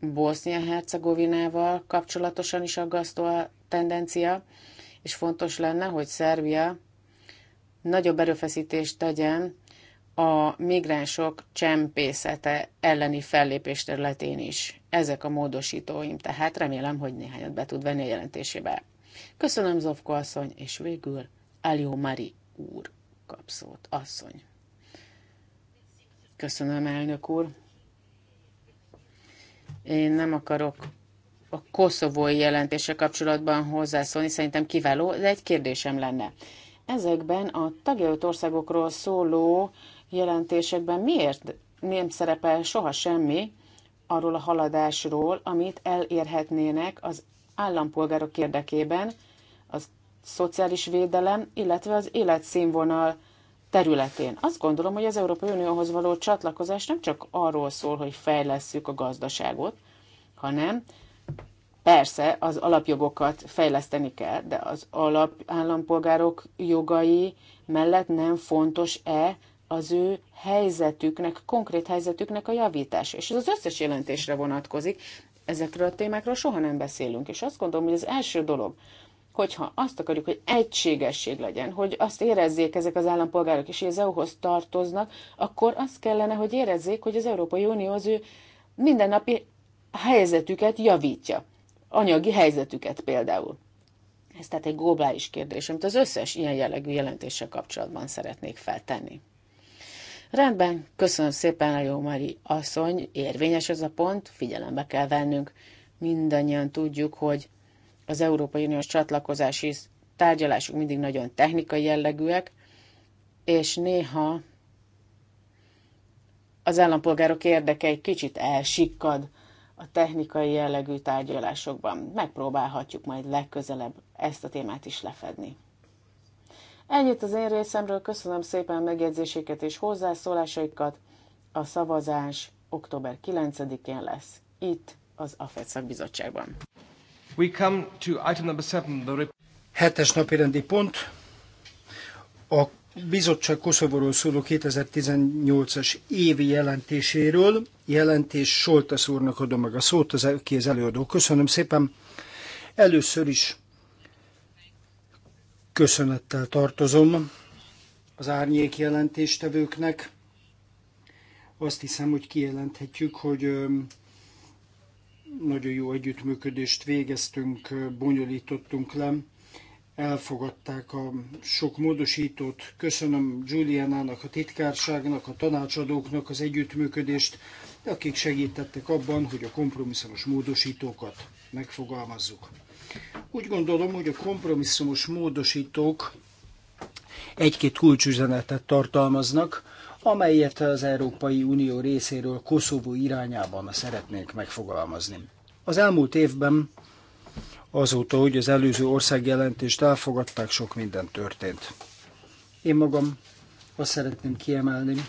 S5: Bosznia-Hercegovinával kapcsolatosan is aggasztó a tendencia, és fontos lenne, hogy Szerbia nagyobb erőfeszítést tegyen a migránsok csempészete elleni fellépés területén is. Ezek a módosítóim, tehát remélem, hogy néhányat be tud venni a jelentésébe. Köszönöm Zovko asszony, és végül Alió Mari úr kap szót. Asszony. Köszönöm, elnök úr. Én nem akarok a koszovói jelentése kapcsolatban hozzászólni, szerintem kiváló, de egy kérdésem lenne. Ezekben a tagjelölt országokról szóló jelentésekben miért nem szerepel soha semmi arról a haladásról, amit elérhetnének az állampolgárok érdekében, szociális védelem, illetve az életszínvonal területén. Azt gondolom, hogy az Európai Unióhoz való csatlakozás nem csak arról szól, hogy fejlesszük a gazdaságot, hanem persze az alapjogokat fejleszteni kell, de az alapállampolgárok jogai mellett nem fontos-e az ő helyzetüknek, konkrét helyzetüknek a javítása. És ez az összes jelentésre vonatkozik. Ezekről a témákról soha nem beszélünk, és azt gondolom, hogy az első dolog, hogyha azt akarjuk, hogy egységesség legyen, hogy azt érezzék ezek az állampolgárok is, hogy az EU-hoz tartoznak, akkor azt kellene, hogy érezzék, hogy az Európai Unió az ő mindennapi helyzetüket javítja. Anyagi helyzetüket például. Ez tehát egy globális kérdés, amit az összes ilyen jellegű jelentéssel kapcsolatban szeretnék feltenni. Rendben, köszönöm szépen a jó Mari asszony, érvényes ez a pont, figyelembe kell vennünk. Mindannyian tudjuk, hogy az Európai Uniós csatlakozási tárgyalások mindig nagyon technikai jellegűek, és néha az állampolgárok érdeke egy kicsit elsikkad a technikai jellegű tárgyalásokban. Megpróbálhatjuk majd legközelebb ezt a témát is lefedni. Ennyit az én részemről, köszönöm szépen a megjegyzéseket és hozzászólásaikat. A szavazás október 9-én lesz itt az AFED szakbizottságban.
S1: We come to item number seven, the Hetes napi rendi pont. A bizottság Koszovóról szóló 2018-as évi jelentéséről. Jelentés Soltasz úrnak adom meg a szót, az, ki az előadó. Köszönöm szépen. Először is köszönettel tartozom az árnyék jelentéstevőknek. Azt hiszem, hogy kijelenthetjük, hogy nagyon jó együttműködést végeztünk, bonyolítottunk le, elfogadták a sok módosítót. Köszönöm Julianának, a titkárságnak, a tanácsadóknak az együttműködést, akik segítettek abban, hogy a kompromisszumos módosítókat megfogalmazzuk. Úgy gondolom, hogy a kompromisszumos módosítók egy-két kulcsüzenetet tartalmaznak, amelyet az Európai Unió részéről Koszovó irányában szeretnénk megfogalmazni. Az elmúlt évben azóta, hogy az előző országjelentést elfogadták, sok minden történt. Én magam azt szeretném kiemelni,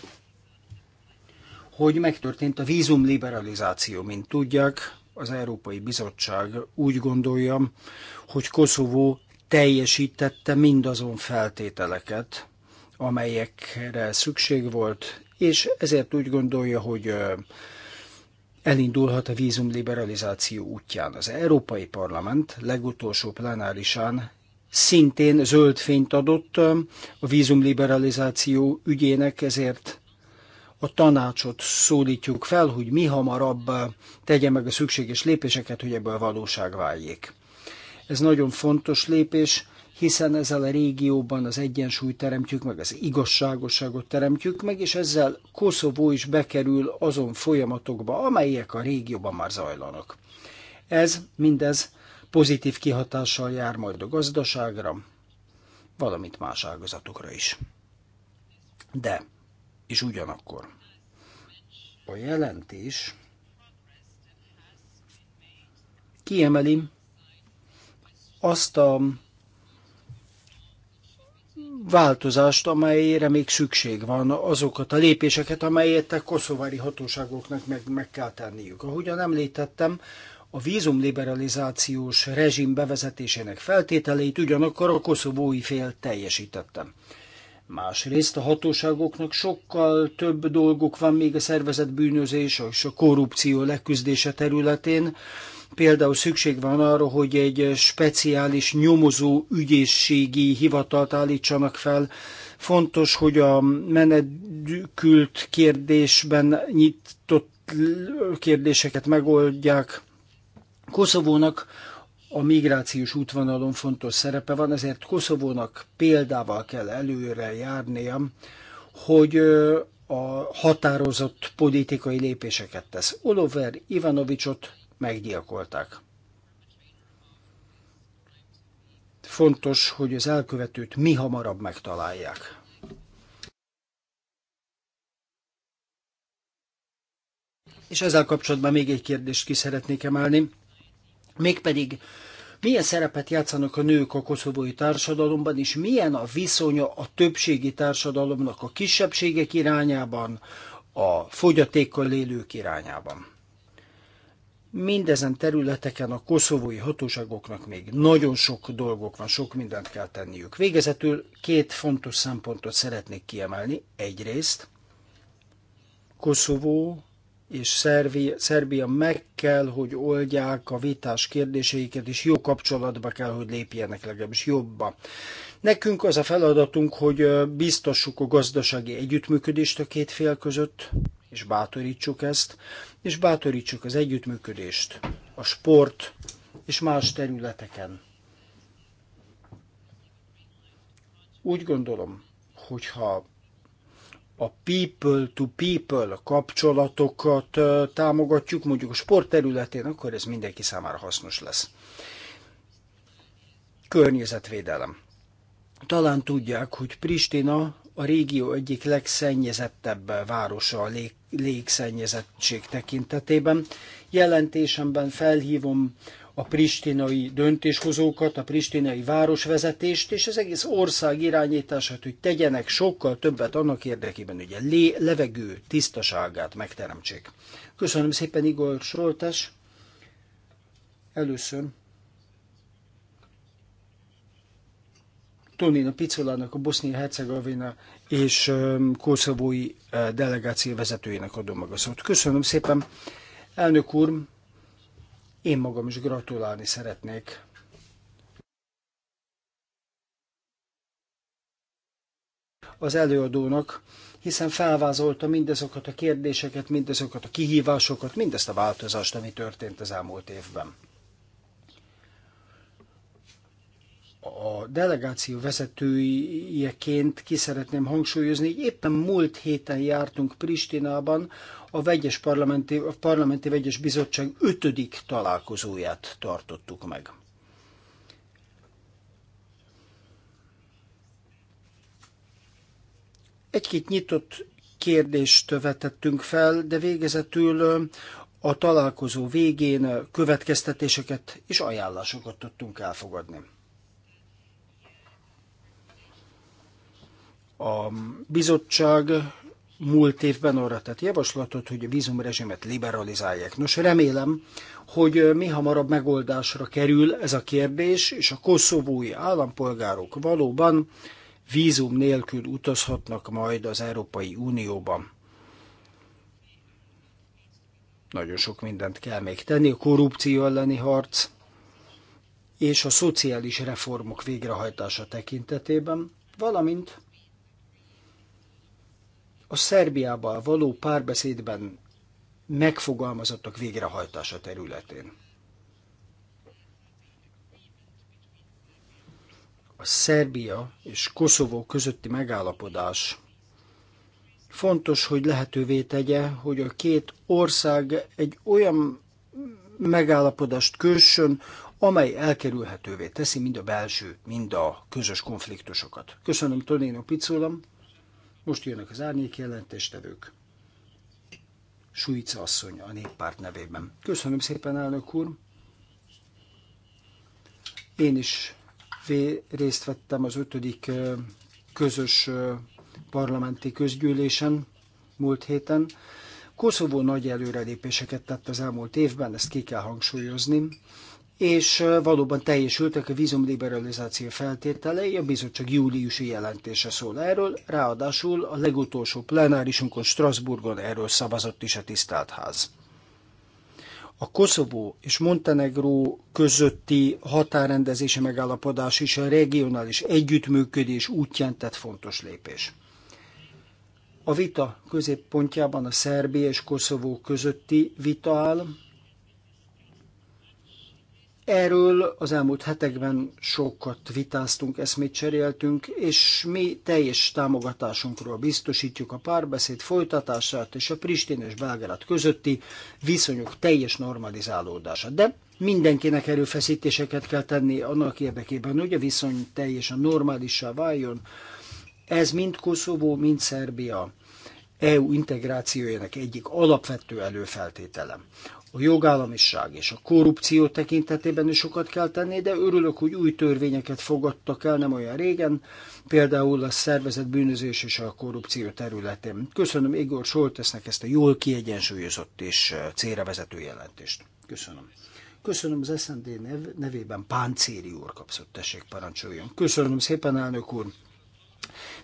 S1: hogy megtörtént a vízum liberalizáció, mint tudják, az Európai Bizottság úgy gondolja, hogy Koszovó teljesítette mindazon feltételeket, amelyekre szükség volt, és ezért úgy gondolja, hogy elindulhat a vízum liberalizáció útján. Az Európai Parlament legutolsó plenárisán szintén zöld fényt adott a vízum liberalizáció ügyének, ezért a tanácsot szólítjuk fel, hogy mi hamarabb tegye meg a szükséges lépéseket, hogy ebből valóság váljék. Ez nagyon fontos lépés, hiszen ezzel a régióban az egyensúlyt teremtjük meg, az igazságosságot teremtjük meg, és ezzel Koszovó is bekerül azon folyamatokba, amelyek a régióban már zajlanak. Ez, mindez pozitív kihatással jár majd a gazdaságra, valamint más ágazatokra is. De, és ugyanakkor, a jelentés kiemeli azt a változást, amelyre még szükség van, azokat a lépéseket, amelyet a koszovári hatóságoknak meg, meg kell tenniük. Ahogyan említettem, a vízum liberalizációs rezsim bevezetésének feltételeit ugyanakkor a koszovói fél teljesítettem. Másrészt a hatóságoknak sokkal több dolguk van még a szervezetbűnözés és a korrupció leküzdése területén, Például szükség van arra, hogy egy speciális nyomozó ügyészségi hivatalt állítsanak fel. Fontos, hogy a menekült kérdésben nyitott kérdéseket megoldják. Koszovónak a migrációs útvonalon fontos szerepe van, ezért Koszovónak példával kell előre járnia, hogy a határozott politikai lépéseket tesz. Oliver Ivanovicsot meggyilkolták. Fontos, hogy az elkövetőt mi hamarabb megtalálják. És ezzel kapcsolatban még egy kérdést ki szeretnék emelni, mégpedig milyen szerepet játszanak a nők a koszovói társadalomban, és milyen a viszonya a többségi társadalomnak a kisebbségek irányában, a fogyatékkal élők irányában? Mindezen területeken a koszovói hatóságoknak még nagyon sok dolgok van, sok mindent kell tenniük. Végezetül két fontos szempontot szeretnék kiemelni. Egyrészt Koszovó és Szerbia, Szerbia meg kell, hogy oldják a vitás kérdéseiket, és jó kapcsolatba kell, hogy lépjenek legalábbis jobba. Nekünk az a feladatunk, hogy biztassuk a gazdasági együttműködést a két fél között, és bátorítsuk ezt, és bátorítsuk az együttműködést a sport és más területeken. Úgy gondolom, hogyha a people-to-people kapcsolatokat támogatjuk, mondjuk a sport területén, akkor ez mindenki számára hasznos lesz. Környezetvédelem. Talán tudják, hogy Pristina a régió egyik legszennyezettebb városa a lég, légszennyezettség tekintetében. Jelentésemben felhívom a pristinai döntéshozókat, a pristinai városvezetést és az egész ország irányítását, hogy tegyenek sokkal többet annak érdekében, hogy a lé, levegő tisztaságát megteremtsék. Köszönöm szépen, Igor Soltes. Először Tonina Picolának, a Bosznia-Hercegovina és koszovói delegáció vezetőjének adom meg a szót. Köszönöm szépen. Elnök úr, én magam is gratulálni szeretnék az előadónak, hiszen felvázolta mindezokat a kérdéseket, mindezokat a kihívásokat, mindezt a változást, ami történt az elmúlt évben. a delegáció vezetőjeként ki szeretném hangsúlyozni, hogy éppen múlt héten jártunk Pristinában a, vegyes parlamenti, a Parlamenti Vegyes Bizottság ötödik találkozóját tartottuk meg. Egy-két nyitott kérdést vetettünk fel, de végezetül a találkozó végén következtetéseket és ajánlásokat tudtunk elfogadni. A bizottság múlt évben arra tett javaslatot, hogy a vízumrezsimet liberalizálják. Nos, remélem, hogy mi hamarabb megoldásra kerül ez a kérdés, és a koszovói állampolgárok valóban vízum nélkül utazhatnak majd az Európai Unióban. Nagyon sok mindent kell még tenni, a korrupció elleni harc és a szociális reformok végrehajtása tekintetében, valamint a Szerbiával való párbeszédben megfogalmazottak végrehajtása területén. A Szerbia és Koszovó közötti megállapodás fontos, hogy lehetővé tegye, hogy a két ország egy olyan megállapodást kössön, amely elkerülhetővé teszi mind a belső, mind a közös konfliktusokat. Köszönöm Tonino Picolam, most jönnek az árnyék jelentéstevők. Suica asszony a néppárt nevében. Köszönöm szépen, elnök úr! Én is részt vettem az ötödik közös parlamenti közgyűlésen múlt héten. Koszovó nagy előrelépéseket tett az elmúlt évben, ezt ki kell hangsúlyozni és valóban teljesültek a vízumliberalizáció feltételei, a bizottság júliusi jelentése szól erről, ráadásul a legutolsó plenárisunkon Strasbourgon erről szavazott is a tisztelt ház. A Koszovó és Montenegró közötti határrendezési megállapodás is a regionális együttműködés útján tett fontos lépés. A vita középpontjában a Szerbia és Koszovó közötti vita áll, Erről az elmúlt hetekben sokat vitáztunk, eszmét cseréltünk, és mi teljes támogatásunkról biztosítjuk a párbeszéd folytatását és a Pristin és Belgrád közötti viszonyok teljes normalizálódását. De mindenkinek erőfeszítéseket kell tenni annak érdekében, hogy a viszony teljesen normálissá váljon. Ez mind Koszovó, mind Szerbia EU integrációjának egyik alapvető előfeltételem. A jogállamiság és a korrupció tekintetében is sokat kell tenni, de örülök, hogy új törvényeket fogadtak el nem olyan régen, például a szervezetbűnözés bűnözés és a korrupció területén. Köszönöm Igor Soltesznek ezt a jól kiegyensúlyozott és célra vezető jelentést. Köszönöm. Köszönöm az SZND nev, nevében Páncéri úr kapszott, tessék parancsoljon. Köszönöm szépen, elnök úr.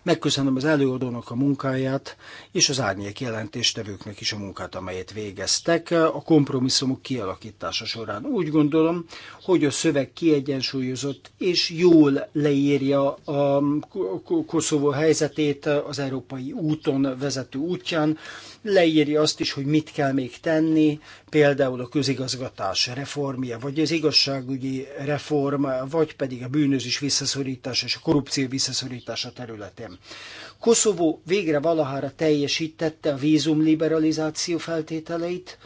S1: Megköszönöm az előadónak a munkáját, és az árnyék jelentéstevőknek is a munkát, amelyet végeztek a kompromisszumok kialakítása során. Úgy gondolom, hogy a szöveg kiegyensúlyozott és jól leírja a Koszovó helyzetét az európai úton vezető útján, leírja azt is, hogy mit kell még tenni, például a közigazgatás reformja, vagy az igazságügyi reform, vagy pedig a bűnözés visszaszorítása és a korrupció visszaszorítása területén kérem. Koszovó végre valahára teljesítette a vízumliberalizáció feltételeit,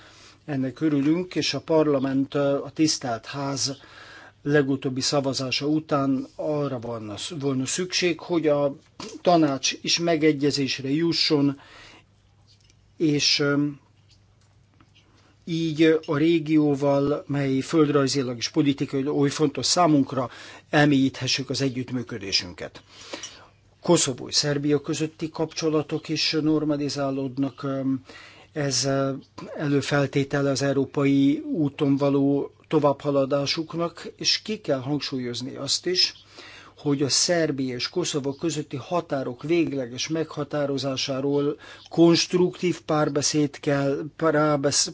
S1: ennek örülünk, és a parlament, a tisztelt ház legutóbbi szavazása után arra van, volna szükség, hogy a tanács is megegyezésre jusson, és így a régióval, mely földrajzilag és politikai oly fontos számunkra, elmélyíthessük az együttműködésünket. Koszovó és Szerbia közötti kapcsolatok is normalizálódnak. Ez előfeltétele az európai úton való továbbhaladásuknak, és ki kell hangsúlyozni azt is, hogy a Szerbia és Koszovó közötti határok végleges meghatározásáról konstruktív párbeszéd kell,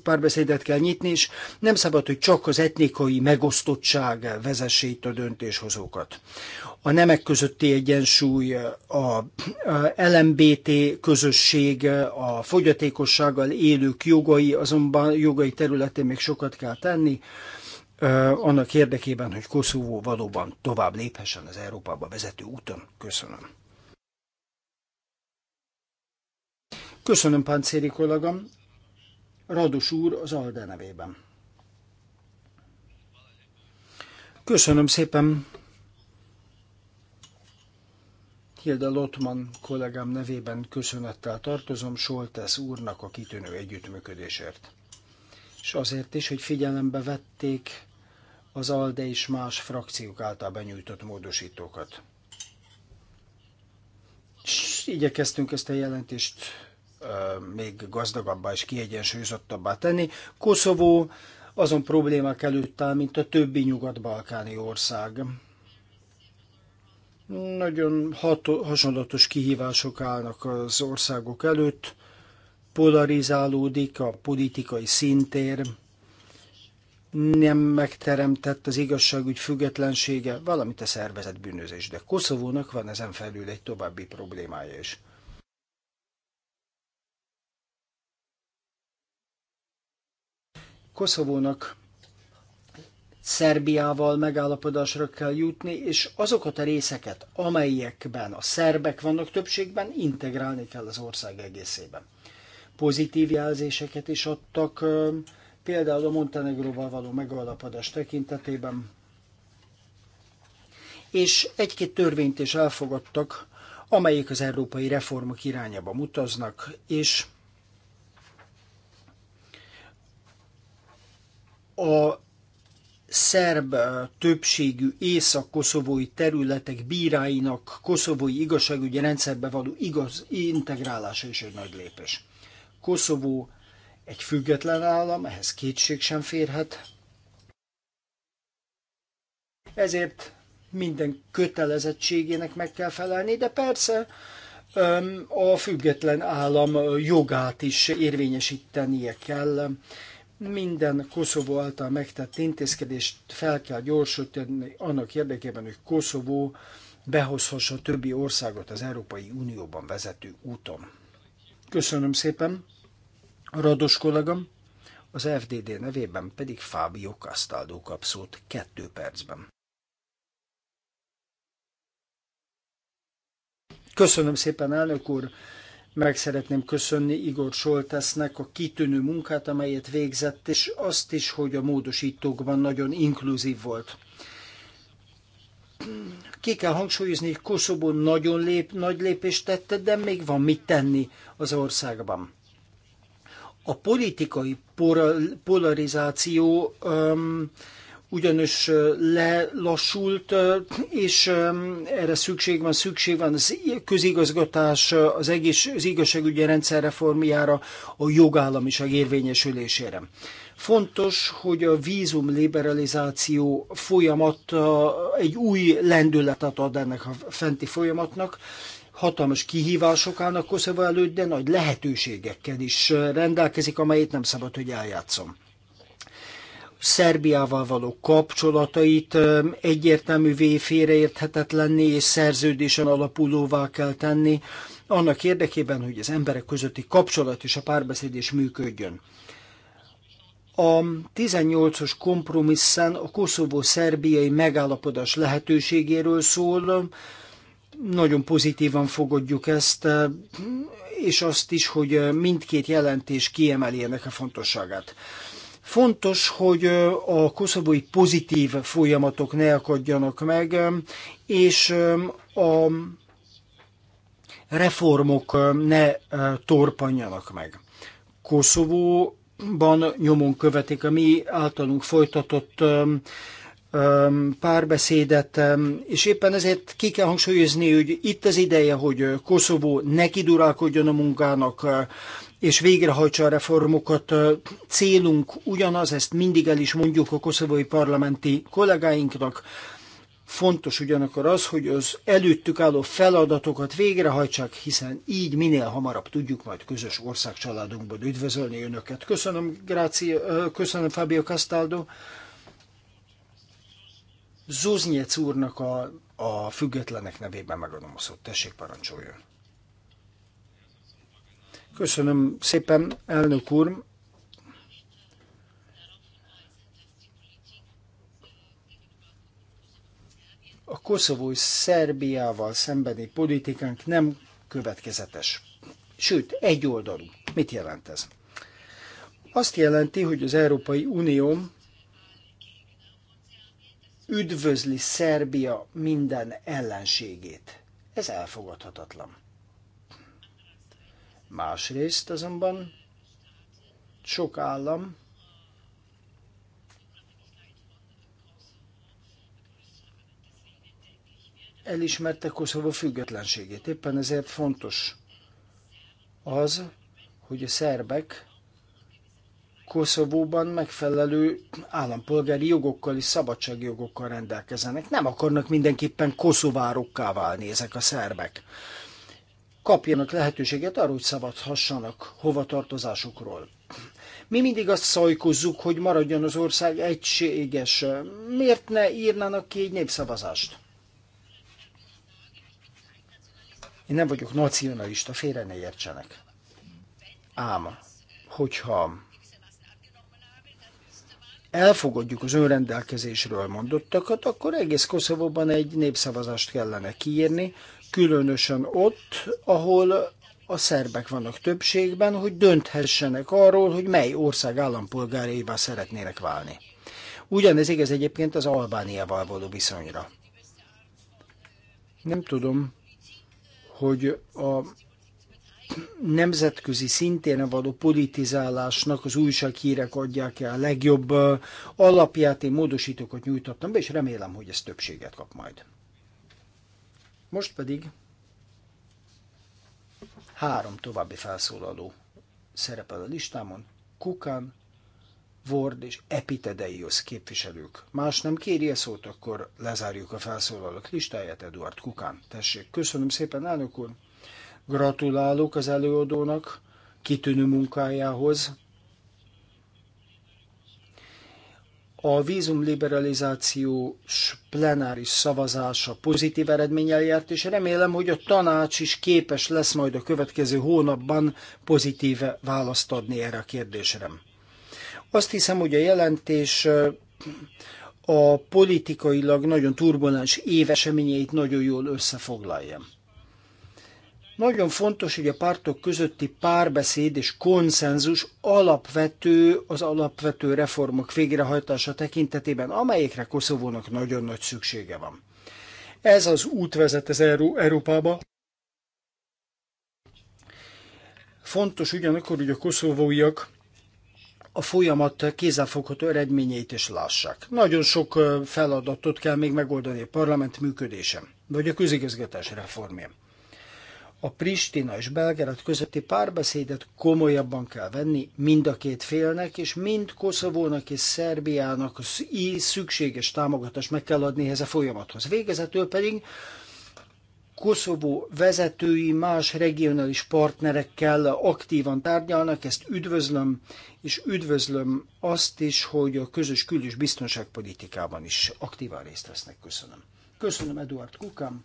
S1: párbeszédet kell nyitni, és nem szabad, hogy csak az etnikai megosztottság vezesse itt a döntéshozókat a nemek közötti egyensúly, a LMBT közösség, a fogyatékossággal élők jogai, azonban jogai területén még sokat kell tenni, annak érdekében, hogy Koszovó valóban tovább léphessen az Európába vezető úton. Köszönöm. Köszönöm, Páncéri kollégám. Radus úr az Alde nevében. Köszönöm szépen, Hilda Lotman kollégám nevében köszönettel tartozom Soltesz úrnak a kitűnő együttműködésért. És azért is, hogy figyelembe vették az ALDE és más frakciók által benyújtott módosítókat. És igyekeztünk ezt a jelentést még gazdagabbá és kiegyensúlyozottabbá tenni. Koszovó azon problémák előtt áll, mint a többi nyugat-balkáni ország. Nagyon ható, hasonlatos kihívások állnak az országok előtt, polarizálódik a politikai szintér, nem megteremtett az igazságügy függetlensége, valamint a szervezet bűnözés. De Koszovónak van ezen felül egy további problémája is. Koszovónak Szerbiával megállapodásra kell jutni, és azokat a részeket, amelyekben a szerbek vannak többségben, integrálni kell az ország egészében. Pozitív jelzéseket is adtak, például a Montenegróval való megállapodás tekintetében, és egy-két törvényt is elfogadtak, amelyik az európai reformok irányába mutaznak, és a szerb eh, többségű észak-koszovói területek bíráinak koszovói igazságügyi rendszerbe való igaz integrálása is egy nagy lépés. Koszovó egy független állam, ehhez kétség sem férhet. Ezért minden kötelezettségének meg kell felelni, de persze a független állam jogát is érvényesítenie kell minden Koszovó által megtett intézkedést fel kell gyorsítani annak érdekében, hogy Koszovó behozhassa többi országot az Európai Unióban vezető úton. Köszönöm szépen, Rados kollégám, az FDD nevében pedig Fábio Castaldo kap szót
S3: kettő percben.
S1: Köszönöm szépen, elnök úr! Meg szeretném köszönni Igor Soltesznek a kitűnő munkát, amelyet végzett, és azt is, hogy a módosítókban nagyon inkluzív volt ki kell hangsúlyozni, hogy Koszobó nagyon lép, nagy lépést tette, de még van mit tenni az országban. A politikai polarizáció ugyanis lelassult, és erre szükség van, szükség van az közigazgatás, az, egész, az igazságügyi rendszer reformjára, a jogállamiság érvényesülésére. Fontos, hogy a vízum liberalizáció folyamat egy új lendületet ad ennek a fenti folyamatnak, hatalmas kihívások állnak Koszova előtt, de nagy lehetőségekkel is rendelkezik, amelyet nem szabad, hogy eljátszom. Szerbiával való kapcsolatait egyértelművé, félreérthetetlenné és szerződésen alapulóvá kell tenni, annak érdekében, hogy az emberek közötti kapcsolat és a párbeszéd is működjön. A 18-os kompromisszán a koszovó-szerbiai megállapodás lehetőségéről szól, nagyon pozitívan fogadjuk ezt, és azt is, hogy mindkét jelentés kiemeli ennek a fontosságát. Fontos, hogy a koszovói pozitív folyamatok ne akadjanak meg, és a reformok ne torpanjanak meg. Koszovóban nyomon követik a mi általunk folytatott párbeszédet, és éppen ezért ki kell hangsúlyozni, hogy itt az ideje, hogy Koszovó ne kiduralkodjon a munkának, és végrehajtsa a reformokat. Célunk ugyanaz, ezt mindig el is mondjuk a koszovói parlamenti kollégáinknak. Fontos ugyanakkor az, hogy az előttük álló feladatokat végrehajtsák, hiszen így minél hamarabb tudjuk majd közös országcsaládunkban üdvözölni önöket. Köszönöm, Grácia, köszönöm Fabio Castaldo. Zuznyec úrnak a, a függetlenek nevében megadom a szót. Tessék, parancsoljon. Köszönöm szépen, elnök úr. A koszovói Szerbiával szembeni politikánk nem következetes. Sőt, oldalú. Mit jelent ez? Azt jelenti, hogy az Európai Unió üdvözli Szerbia minden ellenségét. Ez elfogadhatatlan. Másrészt azonban sok állam elismerte Koszovó függetlenségét. Éppen ezért fontos az, hogy a szerbek Koszovóban megfelelő állampolgári jogokkal és szabadságjogokkal rendelkezenek. Nem akarnak mindenképpen koszovárokká válni ezek a szerbek kapjanak lehetőséget arra, hogy szavazhassanak hovatartozásukról. Mi mindig azt szajkozzuk, hogy maradjon az ország egységes. Miért ne írnának ki egy népszavazást? Én nem vagyok nacionalista, félre ne értsenek. Ám, hogyha elfogadjuk az önrendelkezésről mondottakat, akkor egész Koszovóban egy népszavazást kellene kiírni, különösen ott, ahol a szerbek vannak többségben, hogy dönthessenek arról, hogy mely ország állampolgáraival szeretnének válni. Ugyanez igaz egyébként az Albániával való viszonyra. Nem tudom, hogy a nemzetközi szintén való politizálásnak az újsághírek adják el a legjobb alapját. Én módosítókat nyújtottam be, és remélem, hogy ez többséget kap majd. Most pedig három további felszólaló szerepel a listámon. Kukan, Ward és Epitedeios képviselők. Más nem kéri a szót, akkor lezárjuk a felszólalók listáját, Eduard Kukán. Tessék, köszönöm szépen, elnök úr. Gratulálok az előadónak kitűnő munkájához, a vízumliberalizációs plenáris szavazása pozitív eredménnyel járt, és remélem, hogy a tanács is képes lesz majd a következő hónapban pozitív választ adni erre a kérdésre. Azt hiszem, hogy a jelentés a politikailag nagyon turbulens év eseményeit nagyon jól összefoglalja. Nagyon fontos, hogy a pártok közötti párbeszéd és konszenzus alapvető az alapvető reformok végrehajtása tekintetében, amelyekre Koszovónak nagyon nagy szüksége van. Ez az út vezet az Euró- Európába. Fontos ugyanakkor, hogy a koszovóiak a folyamat kézzelfogható eredményeit is lássák. Nagyon sok feladatot kell még megoldani a parlament működésem, vagy a közigazgatás reformja a Pristina és Belgrad közötti párbeszédet komolyabban kell venni mind a két félnek, és mind Koszovónak és Szerbiának szükséges támogatást meg kell adni ehhez a folyamathoz. Végezetül pedig Koszovó vezetői más regionális partnerekkel aktívan tárgyalnak, ezt üdvözlöm, és üdvözlöm azt is, hogy a közös kül- biztonságpolitikában is aktívan részt vesznek. Köszönöm. Köszönöm, Eduard Kukám.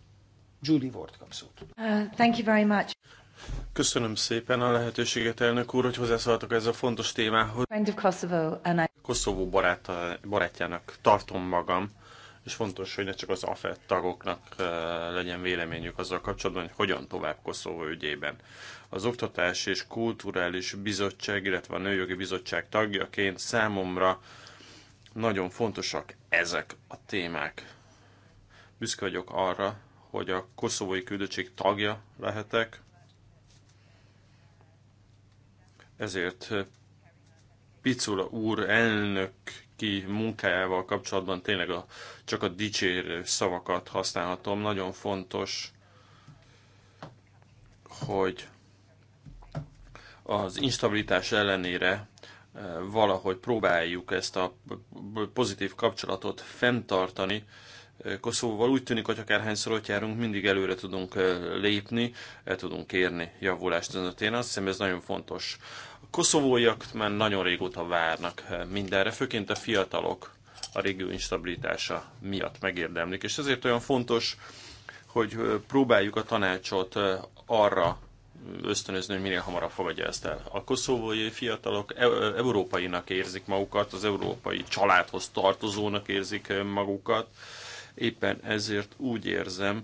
S1: Julie Ward kap szót. Uh,
S3: thank you very much.
S4: Köszönöm szépen a lehetőséget, elnök úr, hogy hozzászóltak ez a fontos témához. Koszovó barát, barátjának tartom magam, és fontos, hogy ne csak az AFET tagoknak uh, legyen véleményük azzal kapcsolatban, hogy hogyan tovább Koszovó ügyében. Az Oktatás és Kulturális Bizottság, illetve a Nőjogi Bizottság tagjaként számomra nagyon fontosak ezek a témák. Büszke vagyok arra, hogy a koszovói küldöttség tagja lehetek, ezért Picula úr elnök ki munkájával kapcsolatban tényleg a, csak a dicsérő szavakat használhatom. Nagyon fontos, hogy az instabilitás ellenére eh, valahogy próbáljuk ezt a pozitív kapcsolatot fenntartani, Koszovóval úgy tűnik, hogy akárhányszor ott járunk, mindig előre tudunk lépni, el tudunk érni javulást ezen a téren. Azt hiszem ez nagyon fontos. A koszovóiak már nagyon régóta várnak mindenre, főként a fiatalok a régió instabilitása miatt megérdemlik. És ezért olyan fontos, hogy próbáljuk a tanácsot arra ösztönözni, hogy minél hamarabb fogadja ezt el. A koszovói fiatalok e-, európainak érzik magukat, az európai családhoz tartozónak érzik magukat, Éppen ezért úgy érzem,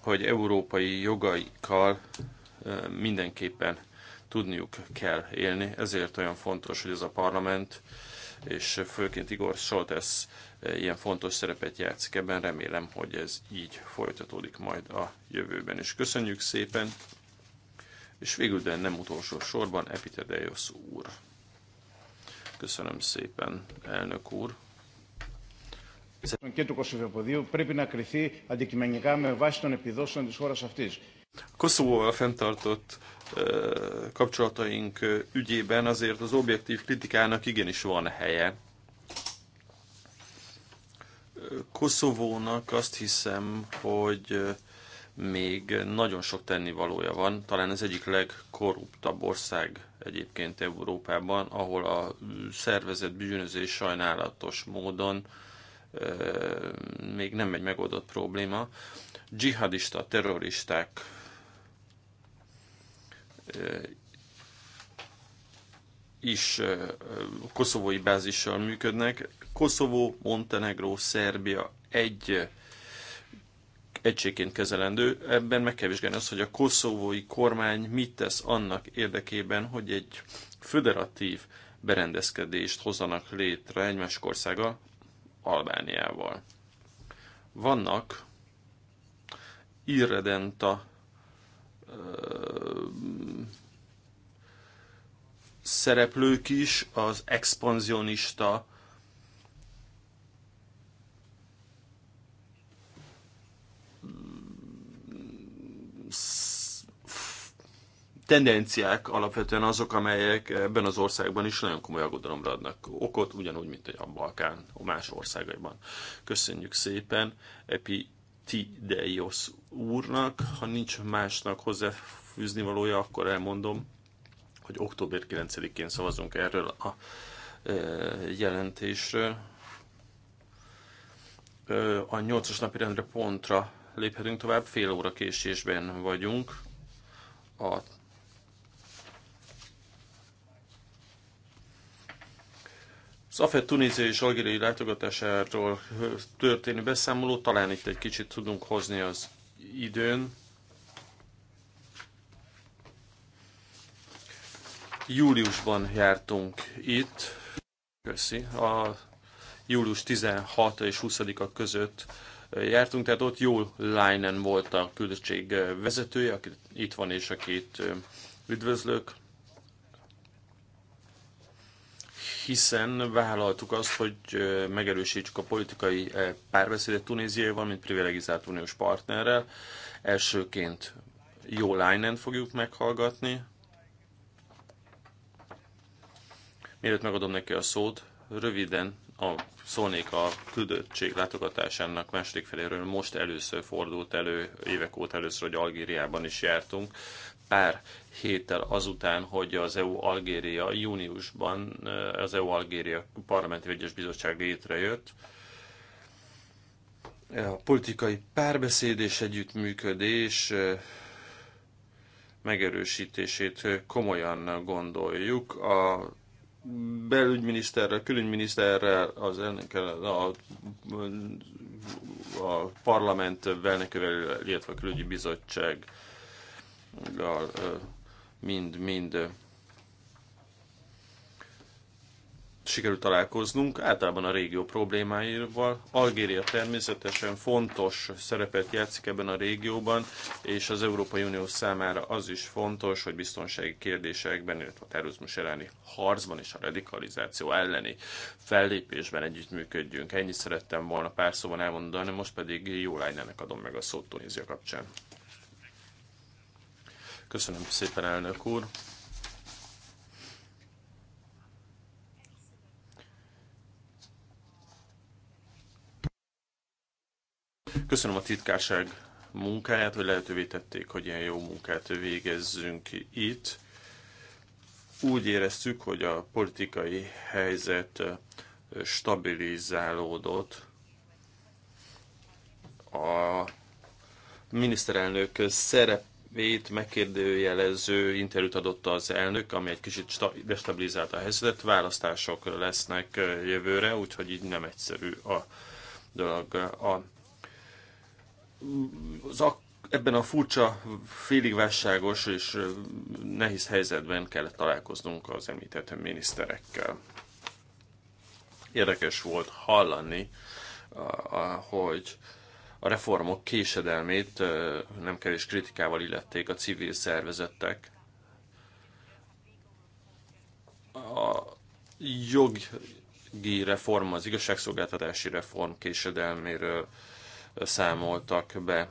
S4: hogy európai jogaikkal mindenképpen tudniuk kell élni. Ezért olyan fontos, hogy ez a parlament, és főként Igor Soltesz ilyen fontos szerepet játszik ebben. Remélem, hogy ez így folytatódik majd a jövőben is. Köszönjük szépen! És végül, de nem utolsó sorban, Epitedeios úr. Köszönöm szépen, elnök úr a fenntartott kapcsolataink ügyében azért az objektív kritikának igenis van helye. Koszovónak azt hiszem, hogy még nagyon sok tennivalója van. Talán az egyik legkorruptabb ország egyébként Európában, ahol a szervezett bűnözés sajnálatos módon még nem egy megoldott probléma. Dzsihadista, terroristák is koszovói bázissal működnek. Koszovó, Montenegró, Szerbia egy egységként kezelendő. Ebben meg kell vizsgálni azt, hogy a koszovói kormány mit tesz annak érdekében, hogy egy föderatív berendezkedést hozzanak létre egymás országa. Albániával. Vannak irredenta szereplők is az expanzionista tendenciák alapvetően azok, amelyek ebben az országban is nagyon komoly aggodalomra adnak okot, ugyanúgy, mint a Balkán más országaiban. Köszönjük szépen Epi Tideios úrnak. Ha nincs másnak hozzáfűzni valója, akkor elmondom, hogy október 9-én szavazunk erről a e, jelentésről. E, a 8-as napi rendre pontra léphetünk tovább, fél óra késésben vagyunk a Az AFED Tunézia és Algériai látogatásáról történő beszámoló, talán itt egy kicsit tudunk hozni az időn. Júliusban jártunk itt, köszi, a július 16 és 20-a között jártunk, tehát ott Jól Leinen volt a küldöttség vezetője, aki itt van és akit üdvözlök. hiszen vállaltuk azt, hogy megerősítsük a politikai párbeszédet Tunéziaival, mint privilegizált uniós partnerrel. Elsőként jó lányent fogjuk meghallgatni. Mielőtt megadom neki a szót, röviden a, szólnék a küldöttség látogatásának második feléről. Most először fordult elő, évek óta először, hogy Algériában is jártunk. Pár héttel azután, hogy az EU Algéria júniusban eh, az EU Algéria Parlamenti Vegyes Bizottság létrejött. A politikai párbeszéd és együttműködés eh, megerősítését eh, komolyan gondoljuk. A belügyminiszterrel, külügyminiszterrel, az elnök a, a parlament velnekövel, illetve a külügyi bizottság mind-mind sikerült találkoznunk, általában a régió problémáival. Algéria természetesen fontos szerepet játszik ebben a régióban, és az Európai Unió számára az is fontos, hogy biztonsági kérdésekben, illetve a terrorizmus elleni harcban és a radikalizáció elleni fellépésben együttműködjünk. Ennyit szerettem volna pár szóban elmondani, most pedig jó lányának adom meg a szót Tunézia kapcsán. Köszönöm szépen, elnök úr. Köszönöm a titkárság munkáját, hogy lehetővé tették, hogy ilyen jó munkát végezzünk itt. Úgy éreztük, hogy a politikai helyzet stabilizálódott. A miniszterelnök szerep vét megkérdőjelező interjút adott az elnök, ami egy kicsit destabilizálta a helyzetet. Választások lesznek jövőre, úgyhogy így nem egyszerű a dolog. A, az ak- ebben a furcsa, félig válságos és nehéz helyzetben kellett találkoznunk az említett miniszterekkel. Érdekes volt hallani, hogy a reformok késedelmét nem kevés kritikával illették a civil szervezetek. A jogi reform, az igazságszolgáltatási reform késedelméről számoltak be.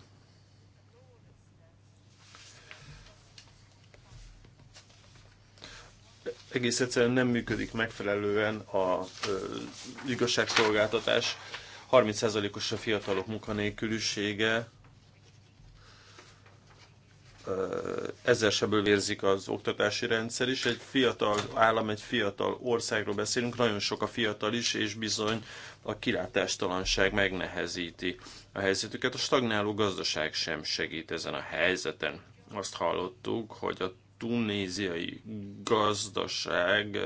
S4: egész egyszerűen nem működik megfelelően a igazságszolgáltatás, 30%-os a fiatalok munkanélkülisége, ezzel sebből bővérzik az oktatási rendszer is. Egy fiatal állam, egy fiatal országról beszélünk, nagyon sok a fiatal is, és bizony a kilátástalanság megnehezíti a helyzetüket. A stagnáló gazdaság sem segít ezen a helyzeten. Azt hallottuk, hogy a tunéziai gazdaság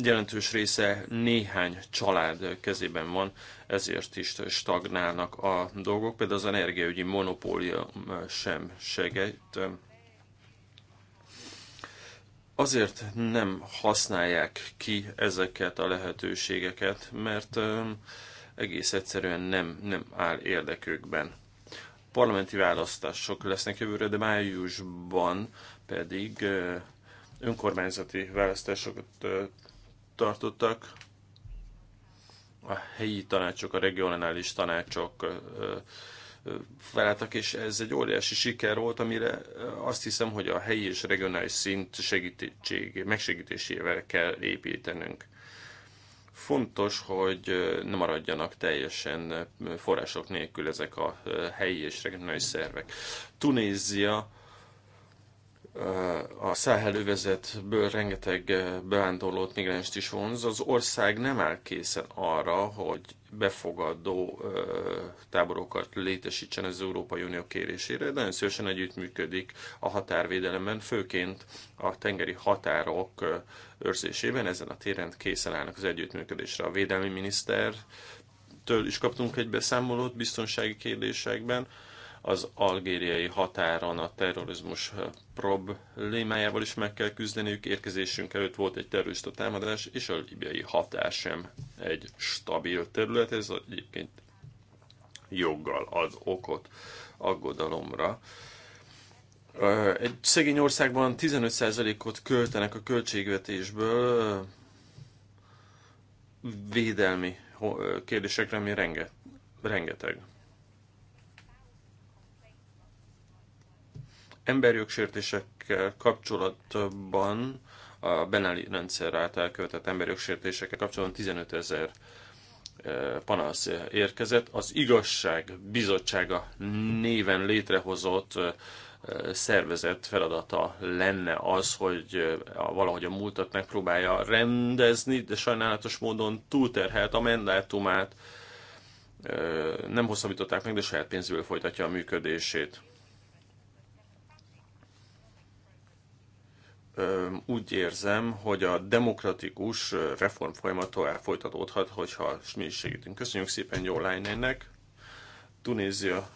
S4: jelentős része néhány család kezében van, ezért is stagnálnak a dolgok. Például az energiaügyi monopólia sem segít. Azért nem használják ki ezeket a lehetőségeket, mert egész egyszerűen nem, nem áll érdekükben. Parlamenti választások lesznek jövőre, de májusban pedig önkormányzati választásokat tartottak. A helyi tanácsok, a regionális tanácsok felálltak, és ez egy óriási siker volt, amire azt hiszem, hogy a helyi és regionális szint segítség, megsegítésével kell építenünk. Fontos, hogy ne maradjanak teljesen források nélkül ezek a helyi és regionális szervek. Tunézia a száhelővezetből rengeteg eh, bevándorlót, migránst is vonz. Az ország nem áll készen arra, hogy befogadó eh, táborokat létesítsen az Európai Unió kérésére, de nagyon szívesen együttműködik a határvédelemben, főként a tengeri határok eh, őrzésében. Ezen a téren készen állnak az együttműködésre. A védelmi minisztertől is kaptunk egy beszámolót biztonsági kérdésekben az algériai határon a terrorizmus problémájával is meg kell küzdeniük. Érkezésünk előtt volt egy terrorista támadás, és a libiai határ sem egy stabil terület. Ez egyébként joggal ad okot aggodalomra. Egy szegény országban 15%-ot költenek a költségvetésből védelmi kérdésekre, ami rengeteg. emberjogsértésekkel kapcsolatban a Benelli rendszer által elkövetett emberjogsértésekkel kapcsolatban 15 ezer e, panasz érkezett. Az Igazság Bizottsága néven létrehozott e, e, szervezet feladata lenne az, hogy valahogy a múltat megpróbálja rendezni, de sajnálatos módon túlterhelt a mandátumát, nem hosszabbították meg, de saját pénzből folytatja a működését. úgy érzem, hogy a demokratikus reform folyamat tovább folytatódhat, hogyha mi is segítünk. Köszönjük szépen Jó Lájnének, Tunézia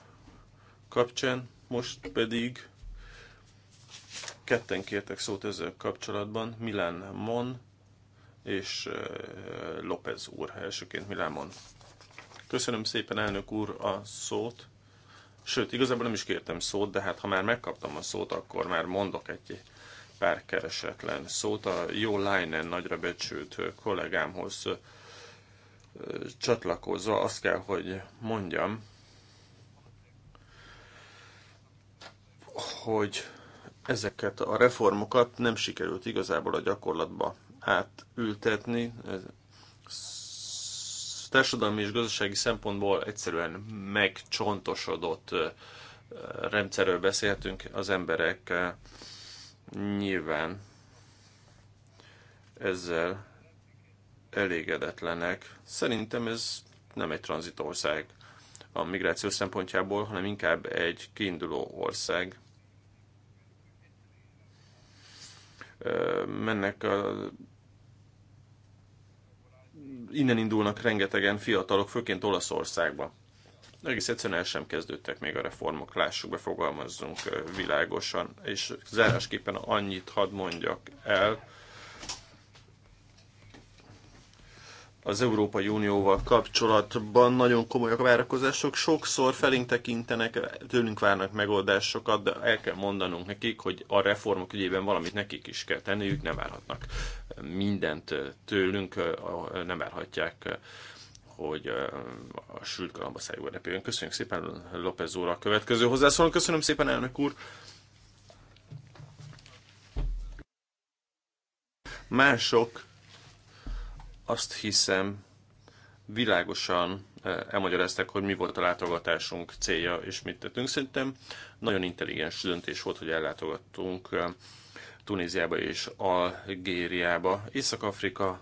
S4: kapcsán, most pedig ketten kértek szót ezzel kapcsolatban, Milán Mon és López úr, elsőként Milán Mon. Köszönöm szépen, elnök úr, a szót. Sőt, igazából nem is kértem szót, de hát ha már megkaptam a szót, akkor már mondok egy pár keresetlen szót a Jó Leinen nagyra becsült kollégámhoz csatlakozva azt kell, hogy mondjam, hogy ezeket a reformokat nem sikerült igazából a gyakorlatba átültetni. Társadalmi és gazdasági szempontból egyszerűen megcsontosodott rendszerről beszélhetünk, az emberek Nyilván ezzel elégedetlenek. Szerintem ez nem egy tranzitország a migráció szempontjából, hanem inkább egy kiinduló ország. Mennek a innen indulnak rengetegen fiatalok, főként Olaszországba egész egyszerűen el sem kezdődtek még a reformok, lássuk be, fogalmazzunk világosan. És zárásképpen annyit hadd mondjak el, az Európai Unióval kapcsolatban nagyon komolyak a várakozások. Sokszor felénk tekintenek, tőlünk várnak megoldásokat, de el kell mondanunk nekik, hogy a reformok ügyében valamit nekik is kell tenni, ők nem várhatnak mindent tőlünk, nem várhatják hogy a sült galamba repüljön. Köszönjük szépen López úr a következő hozzászóló. Köszönöm szépen, elnök úr. Mások azt hiszem világosan elmagyaráztak, hogy mi volt a látogatásunk célja és mit tettünk. Szerintem nagyon intelligens döntés volt, hogy ellátogattunk Tunéziába és Algériába. Észak-Afrika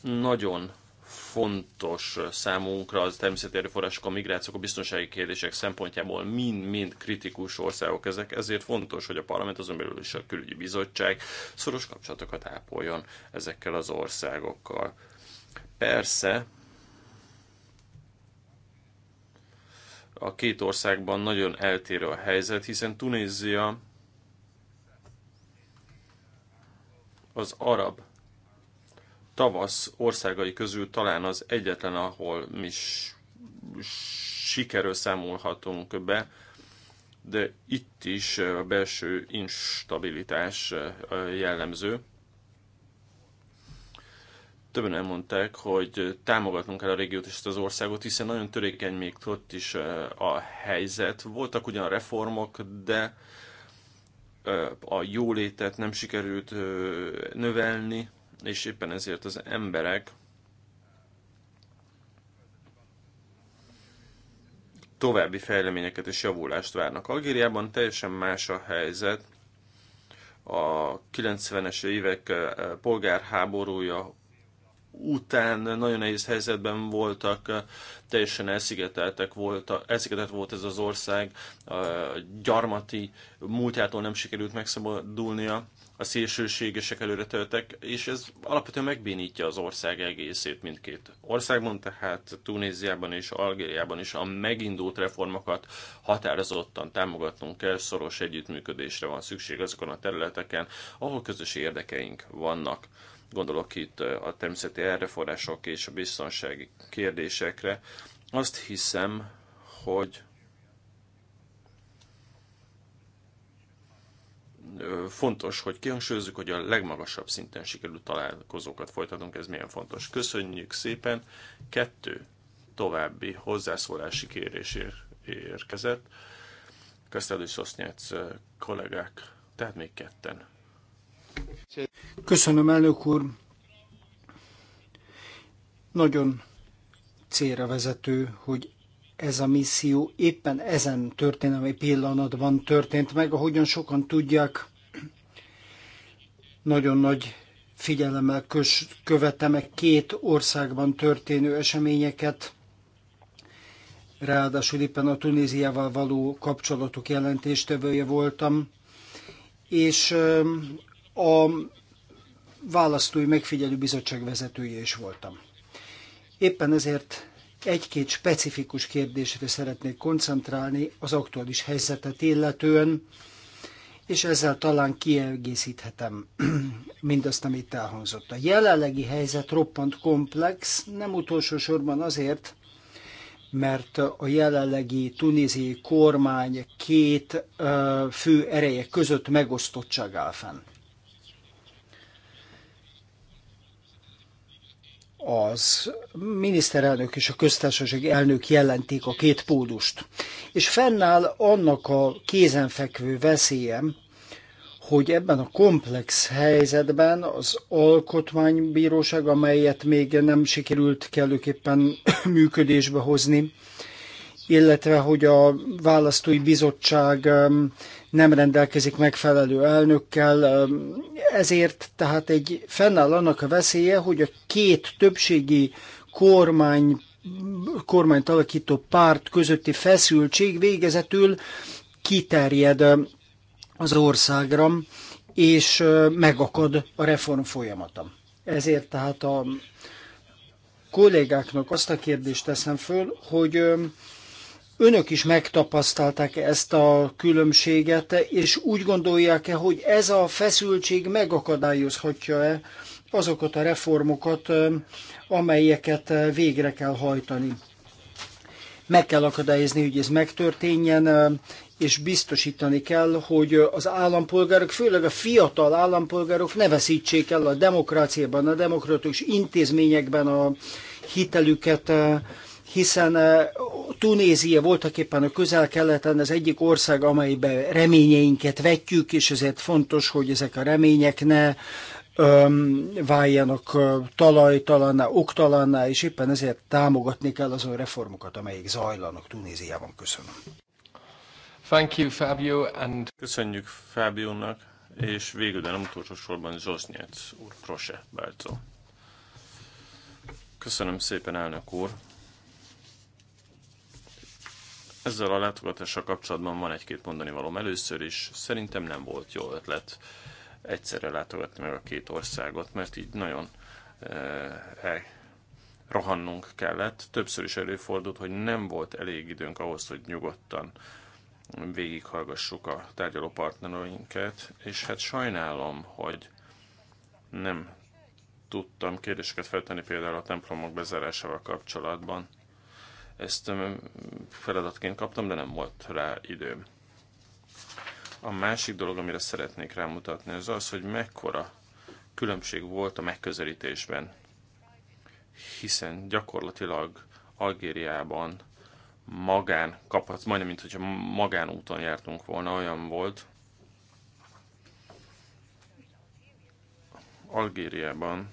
S4: nagyon fontos számunkra az természeti erőforrások, a migrációk, a biztonsági kérdések szempontjából mind-mind kritikus országok ezek, ezért fontos, hogy a parlament azon belül is a külügyi bizottság szoros kapcsolatokat ápoljon ezekkel az országokkal. Persze, a két országban nagyon eltérő a helyzet, hiszen Tunézia az arab tavasz országai közül talán az egyetlen, ahol mi sikerről számolhatunk be, de itt is a belső instabilitás jellemző. Többen elmondták, hogy támogatnunk kell a régiót és az országot, hiszen nagyon törékeny még ott is a helyzet. Voltak ugyan reformok, de a jólétet nem sikerült növelni, és éppen ezért az emberek további fejleményeket és javulást várnak. Algériában teljesen más a helyzet. A 90-es évek eh, polgárháborúja után nagyon nehéz helyzetben voltak, eh, teljesen elszigeteltek volt, elszigetelt volt ez az ország, a gyarmati múltjától nem sikerült megszabadulnia a szélsőségesek előre töltek, és ez alapvetően megbénítja az ország egészét mindkét országban, tehát Tunéziában és Algériában is a megindult reformokat határozottan támogatnunk kell, szoros együttműködésre van szükség azokon a területeken, ahol közös érdekeink vannak. Gondolok itt a természeti erőforrások és a biztonsági kérdésekre. Azt hiszem, hogy fontos, hogy kihangsúlyozzuk, hogy a legmagasabb szinten sikerült találkozókat folytatunk, ez milyen fontos. Köszönjük szépen. Kettő további hozzászólási kérés érkezett. Köszönjük Szosznyác kollégák, tehát még ketten.
S1: Köszönöm, elnök úr. Nagyon célra vezető, hogy ez a misszió éppen ezen történelmi pillanatban történt meg, ahogyan sokan tudják, nagyon nagy figyelemmel követtem meg két országban történő eseményeket, ráadásul éppen a Tunéziával való kapcsolatok jelentéstevője voltam, és a választói megfigyelő bizottság vezetője is voltam. Éppen ezért egy-két specifikus kérdésre szeretnék koncentrálni az aktuális helyzetet illetően, és ezzel talán kiegészíthetem *clears throat* mindazt, amit elhangzott. A jelenlegi helyzet roppant komplex, nem utolsó sorban azért, mert a jelenlegi tunéziai kormány két fő ereje között megosztottság áll fenn. az miniszterelnök és a köztársaság elnök jelentik a két pódust. És fennáll annak a kézenfekvő veszélyem, hogy ebben a komplex helyzetben az alkotmánybíróság, amelyet még nem sikerült kellőképpen *coughs* működésbe hozni, illetve hogy a választói bizottság nem rendelkezik megfelelő elnökkel, ezért tehát egy fennáll annak a veszélye, hogy a két többségi kormány kormányt alakító párt közötti feszültség végezetül kiterjed az országra, és megakad a reform folyamata. Ezért tehát a kollégáknak azt a kérdést teszem föl, hogy Önök is megtapasztalták -e ezt a különbséget, és úgy gondolják-e, hogy ez a feszültség megakadályozhatja-e azokat a reformokat, amelyeket végre kell hajtani? Meg kell akadályozni, hogy ez megtörténjen, és biztosítani kell, hogy az állampolgárok, főleg a fiatal állampolgárok ne veszítsék el a demokráciában, a demokratikus intézményekben a hitelüket, hiszen eh, Tunézia voltak éppen a közel-keleten az egyik ország, amelybe reményeinket vetjük, és ezért fontos, hogy ezek a remények ne öm, váljanak talajtalanná, oktalanná, és éppen ezért támogatni kell azon reformokat, amelyek zajlanak Tunéziában. Köszönöm.
S4: Thank you, Fabio, and... Köszönjük Fábiónak, és végül, de nem utolsó sorban Zsosznyec úr, Prose Bálcó. Köszönöm szépen, elnök úr. Ezzel a látogatással kapcsolatban van egy-két mondani valom először is. Szerintem nem volt jó ötlet egyszerre látogatni meg a két országot, mert így nagyon eh, rohannunk kellett. Többször is előfordult, hogy nem volt elég időnk ahhoz, hogy nyugodtan végighallgassuk a tárgyaló partnereinket, és hát sajnálom, hogy nem tudtam kérdéseket feltenni például a templomok bezárásával kapcsolatban. Ezt feladatként kaptam, de nem volt rá időm. A másik dolog, amire szeretnék rámutatni, az az, hogy mekkora különbség volt a megközelítésben, hiszen gyakorlatilag Algériában magán kapat, majdnem, mint hogyha magánúton jártunk volna, olyan volt. Algériában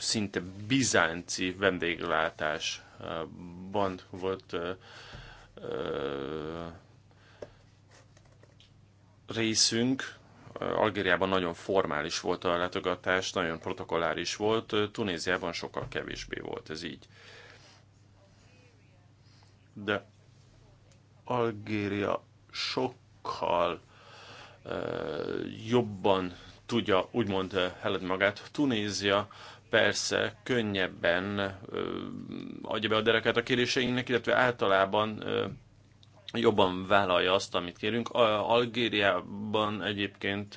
S4: szinte bizánci vendéglátásban volt részünk. Algériában nagyon formális volt a látogatás, nagyon protokolláris volt, Tunéziában sokkal kevésbé volt ez így. De Algéria sokkal jobban tudja úgymond heled magát. Tunézia persze könnyebben adja be a derekát a kéréseinknek, illetve általában jobban vállalja azt, amit kérünk. Algériában egyébként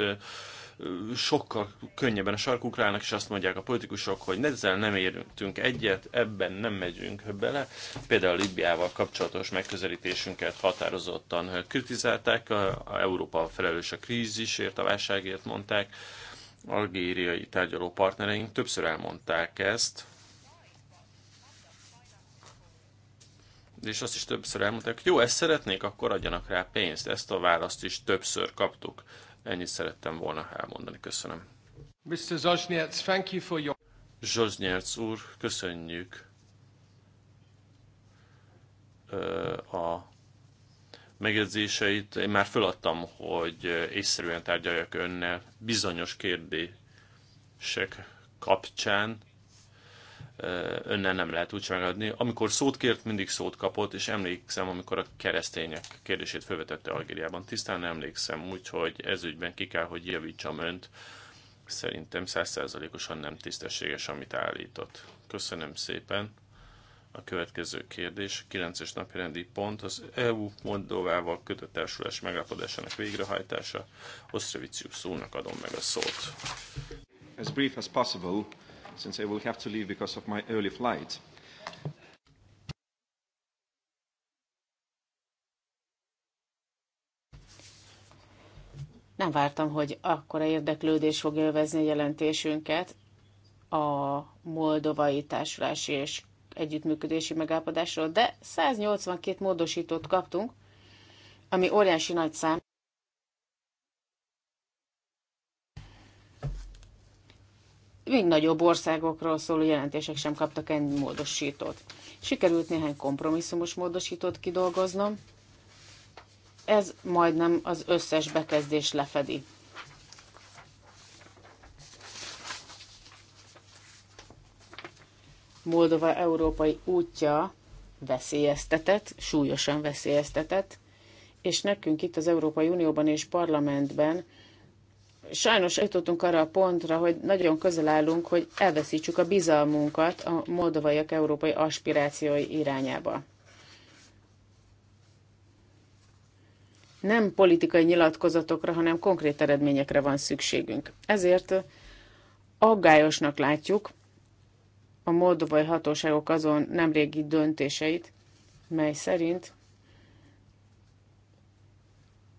S4: sokkal könnyebben a sarkukra állnak, és azt mondják a politikusok, hogy ezzel nem értünk egyet, ebben nem megyünk bele. Például Libiával kapcsolatos megközelítésünket határozottan kritizálták, a Európa felelős a krízisért, a válságért mondták, algériai tárgyaló partnereink többször elmondták ezt, és azt is többször elmondták, hogy jó, ezt szeretnék, akkor adjanak rá pénzt. Ezt a választ is többször kaptuk. Ennyit szerettem volna elmondani. Köszönöm.
S2: Mr. Zsosnyerc,
S4: thank you for your... Zsosnyerc úr, köszönjük a megjegyzéseit. Én már föladtam, hogy észszerűen tárgyaljak önnel bizonyos kérdések kapcsán. Önnel nem lehet úgy megadni. Amikor szót kért, mindig szót kapott, és emlékszem, amikor a keresztények kérdését felvetette Algériában. Tisztán emlékszem, úgyhogy ez ügyben ki kell, hogy javítsam önt. Szerintem százszerzalékosan nem tisztességes, amit állított. Köszönöm szépen a következő kérdés. 9-es napirendi pont az EU Moldovával kötött társulás megállapodásának végrehajtása. Osztrevicius szónak adom meg a szót. As brief as possible, since I will have to leave because of my early flight.
S5: Nem vártam, hogy akkora érdeklődés fog élvezni a jelentésünket a moldovai társulási és együttműködési megállapodásról, de 182 módosítót kaptunk, ami óriási nagy szám. Még nagyobb országokról szóló jelentések sem kaptak ennyi módosítót. Sikerült néhány kompromisszumos módosítót kidolgoznom. Ez majdnem az összes bekezdés lefedi. Moldova európai útja veszélyeztetett, súlyosan veszélyeztetett, és nekünk itt az Európai Unióban és parlamentben sajnos jutottunk arra a pontra, hogy nagyon közel állunk, hogy elveszítsük a bizalmunkat a moldovaiak európai aspirációi irányába. Nem politikai nyilatkozatokra, hanem konkrét eredményekre van szükségünk. Ezért aggályosnak látjuk, a moldovai hatóságok azon nemrégi döntéseit, mely szerint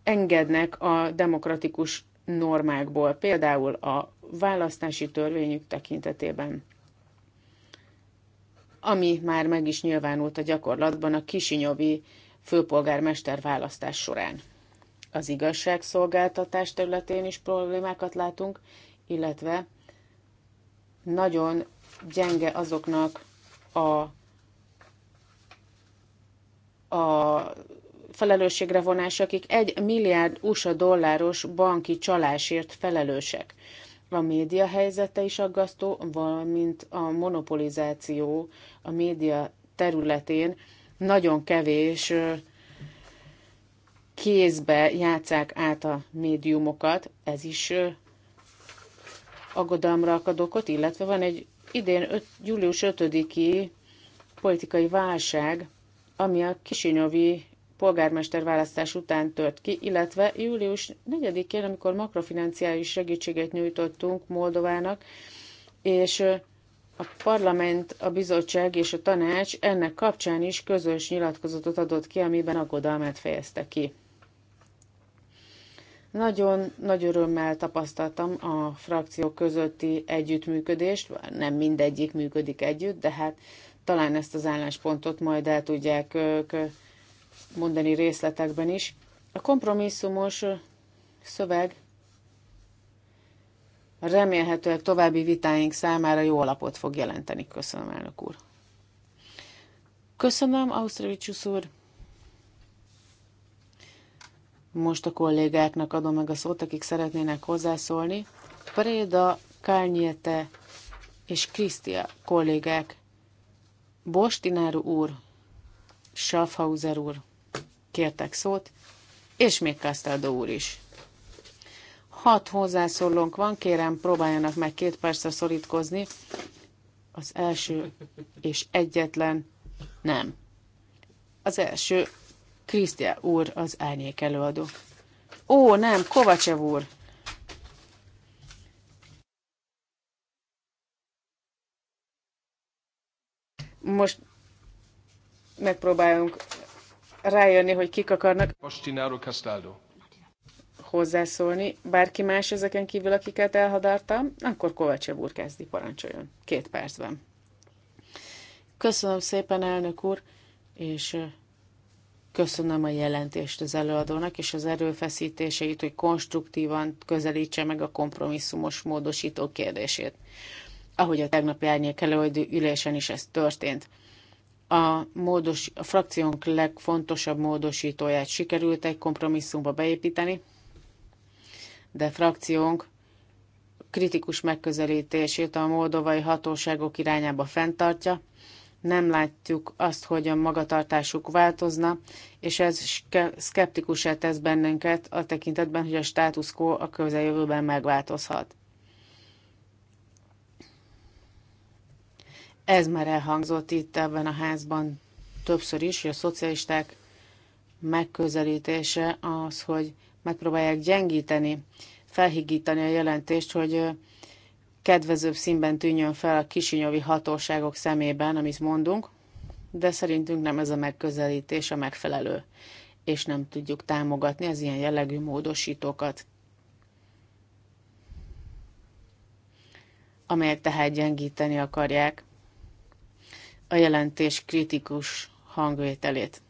S5: engednek a demokratikus normákból, például a választási törvényük tekintetében, ami már meg is nyilvánult a gyakorlatban a kisinyovi főpolgármester választás során. Az igazságszolgáltatás területén is problémákat látunk, illetve nagyon gyenge azoknak a, a felelősségre vonás, akik egy milliárd USA dolláros banki csalásért felelősek. A média helyzete is aggasztó, valamint a monopolizáció a média területén nagyon kevés kézbe játszák át a médiumokat, ez is aggodalmra ad okot, illetve van egy idén 5, július 5-i politikai válság, ami a kisinyovi polgármester választás után tört ki, illetve július 4-én, amikor makrofinanciális segítséget nyújtottunk Moldovának, és a parlament, a bizottság és a tanács ennek kapcsán is közös nyilatkozatot adott ki, amiben aggodalmát fejezte ki. Nagyon nagy örömmel tapasztaltam a frakciók közötti együttműködést, nem mindegyik működik együtt, de hát talán ezt az álláspontot majd el tudják mondani részletekben is. A kompromisszumos szöveg remélhetőleg további vitáink számára jó alapot fog jelenteni. Köszönöm, elnök úr. Köszönöm, Ausztrovicsus úr. Most a kollégáknak adom meg a szót, akik szeretnének hozzászólni. Préda, Kálnyete és Krisztia kollégák. Bostináru úr, Schaffhauser úr kértek szót, és még Castaldo úr is. Hat hozzászólónk van, kérem próbáljanak meg két percre szorítkozni. Az első és egyetlen nem. Az első Krisztia úr az árnyék előadó. Ó, nem, Kovacsev úr! Most megpróbálunk rájönni, hogy kik akarnak Castaldo. hozzászólni. Bárki más ezeken kívül, akiket elhadartam, akkor Kovacsev úr kezdi, parancsoljon. Két percben. Köszönöm szépen, elnök úr, és Köszönöm a jelentést az előadónak és az erőfeszítéseit, hogy konstruktívan közelítse meg a kompromisszumos módosító kérdését. Ahogy a tegnapi árnyék előadó ülésen is ez történt. A, módos, a frakciónk legfontosabb módosítóját sikerült egy kompromisszumba beépíteni, de frakciónk kritikus megközelítését a moldovai hatóságok irányába fenntartja, nem látjuk azt, hogy a magatartásuk változna, és ez szkeptikusá tesz bennünket a tekintetben, hogy a status quo a közeljövőben megváltozhat. Ez már elhangzott itt ebben a házban többször is, hogy a szocialisták megközelítése az, hogy megpróbálják gyengíteni, felhigítani a jelentést, hogy kedvezőbb színben tűnjön fel a kisinyovi hatóságok szemében, amit mondunk, de szerintünk nem ez a megközelítés a megfelelő, és nem tudjuk támogatni az ilyen jellegű módosítókat, amelyek tehát gyengíteni akarják a jelentés kritikus hangvételét.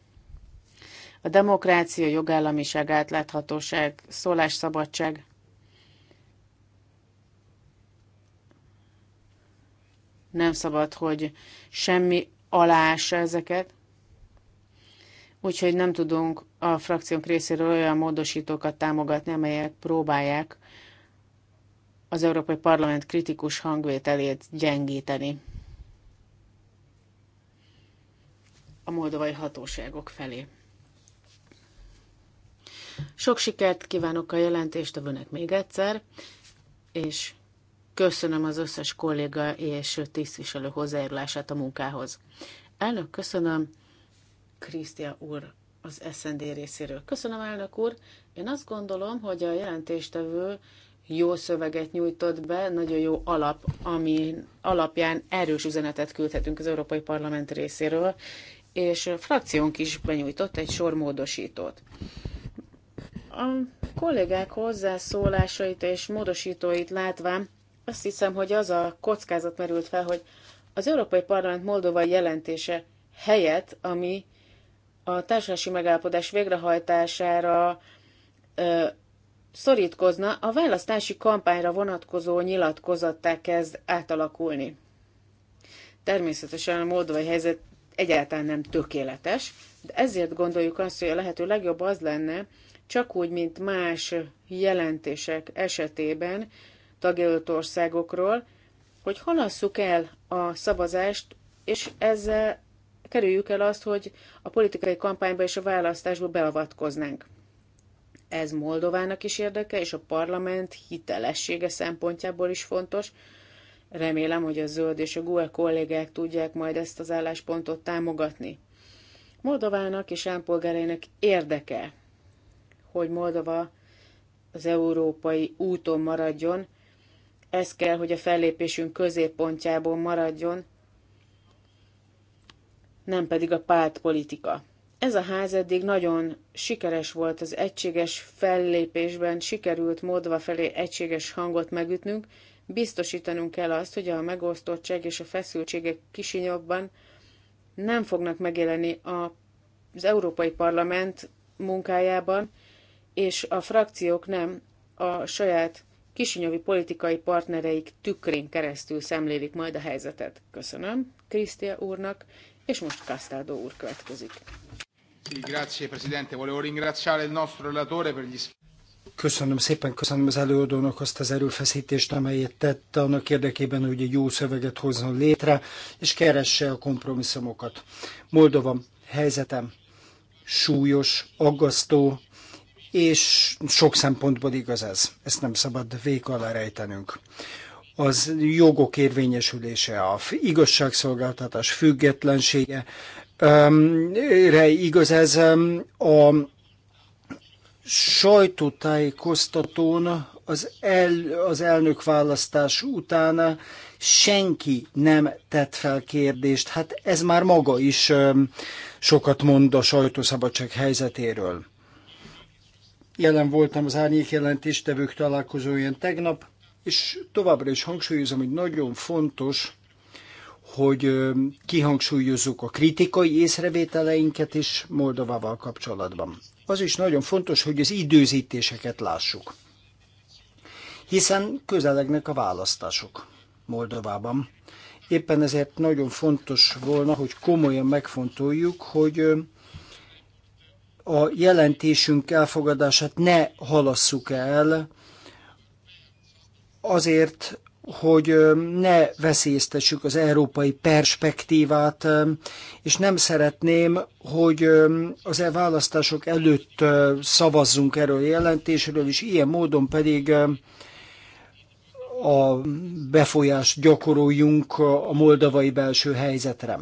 S5: A demokrácia, jogállamiság, átláthatóság, szólásszabadság nem szabad, hogy semmi aláássa ezeket. Úgyhogy nem tudunk a frakciónk részéről olyan módosítókat támogatni, amelyek próbálják az Európai Parlament kritikus hangvételét gyengíteni a moldovai hatóságok felé. Sok sikert kívánok a jelentést a jelentéstevőnek még egyszer, és Köszönöm az összes kolléga és tisztviselő hozzájárulását a munkához. Elnök, köszönöm. Krisztia úr az SND részéről. Köszönöm, elnök úr. Én azt gondolom, hogy a jelentéstevő jó szöveget nyújtott be, nagyon jó alap, ami alapján erős üzenetet küldhetünk az Európai Parlament részéről, és a frakciónk is benyújtott egy sor módosítót. A kollégák hozzászólásait és módosítóit látván azt hiszem, hogy az a kockázat merült fel, hogy az Európai Parlament Moldovai jelentése helyett, ami a társadalmi megállapodás végrehajtására ö, szorítkozna, a választási kampányra vonatkozó nyilatkozattá kezd átalakulni. Természetesen a moldovai helyzet egyáltalán nem tökéletes, de ezért gondoljuk azt, hogy a lehető legjobb az lenne, csak úgy, mint más jelentések esetében, tagjelölt országokról, hogy halasszuk el a szavazást, és ezzel kerüljük el azt, hogy a politikai kampányba és a választásba beavatkoznánk. Ez Moldovának is érdeke, és a parlament hitelessége szempontjából is fontos. Remélem, hogy a zöld és a GUE kollégák tudják majd ezt az álláspontot támogatni. Moldovának és állampolgárainak érdeke, hogy Moldova az európai úton maradjon, ez kell, hogy a fellépésünk középpontjából maradjon, nem pedig a pártpolitika. Ez a ház eddig nagyon sikeres volt az egységes fellépésben, sikerült módva felé egységes hangot megütnünk, biztosítanunk kell azt, hogy a megosztottság és a feszültségek kisinyobban nem fognak megjelenni a, az Európai Parlament munkájában, és a frakciók nem a saját kisinyovi politikai partnereik tükrén keresztül szemlélik majd a helyzetet. Köszönöm Krisztia úrnak, és most Castaldo úr következik.
S1: Köszönöm szépen, köszönöm az előadónak azt az erőfeszítést, amelyet tette annak érdekében, hogy egy jó szöveget hozzon létre, és keresse a kompromisszumokat. Moldova helyzetem súlyos, aggasztó, és sok szempontból igaz ez. Ezt nem szabad vék alá rejtenünk. Az jogok érvényesülése, a igazságszolgáltatás függetlensége, re igaz ez a sajtótájékoztatón az, el, az elnök választás után senki nem tett fel kérdést. Hát ez már maga is sokat mond a sajtószabadság helyzetéről. Jelen voltam az árnyék jelentéstevők találkozóján tegnap, és továbbra is hangsúlyozom, hogy nagyon fontos, hogy kihangsúlyozzuk a kritikai észrevételeinket is Moldovával kapcsolatban. Az is nagyon fontos, hogy az időzítéseket lássuk. Hiszen közelegnek a választások Moldovában. Éppen ezért nagyon fontos volna, hogy komolyan megfontoljuk, hogy a jelentésünk elfogadását ne halasszuk el, azért, hogy ne veszélyeztessük az európai perspektívát, és nem szeretném, hogy az e választások előtt szavazzunk erről a jelentésről, és ilyen módon pedig a befolyást gyakoroljunk a moldavai belső helyzetre.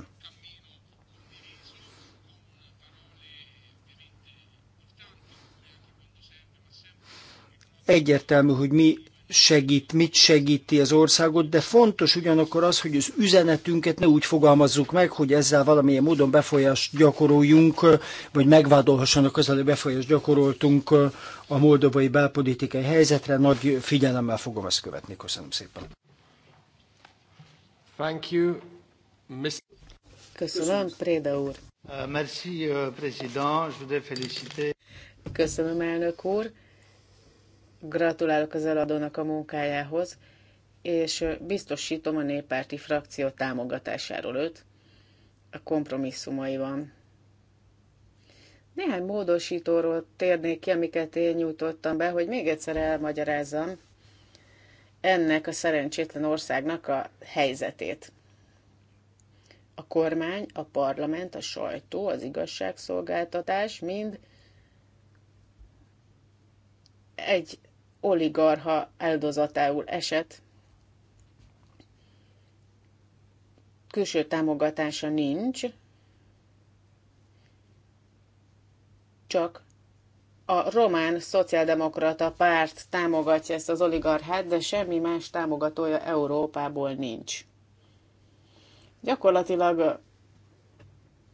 S1: Egyértelmű, hogy mi segít, mit segíti az országot, de fontos ugyanakkor az, hogy az üzenetünket ne úgy fogalmazzuk meg, hogy ezzel valamilyen módon befolyást gyakoroljunk, vagy megvádolhassanak az előbb befolyást gyakoroltunk a moldovai belpolitikai helyzetre. Nagy figyelemmel fogom ezt követni. Köszönöm szépen.
S5: Thank you, Mr. Köszönöm, Préda úr. Uh, merci, uh, président. Je voudrais féliciter. Köszönöm, elnök úr Gratulálok az eladónak a munkájához, és biztosítom a néppárti frakció támogatásáról őt a kompromisszumaiban. Néhány módosítóról térnék ki, amiket én nyújtottam be, hogy még egyszer elmagyarázzam ennek a szerencsétlen országnak a helyzetét. A kormány, a parlament, a sajtó, az igazságszolgáltatás mind egy oligarha áldozatául esett, külső támogatása nincs, csak a román szociáldemokrata párt támogatja ezt az oligarchát, de semmi más támogatója Európából nincs. Gyakorlatilag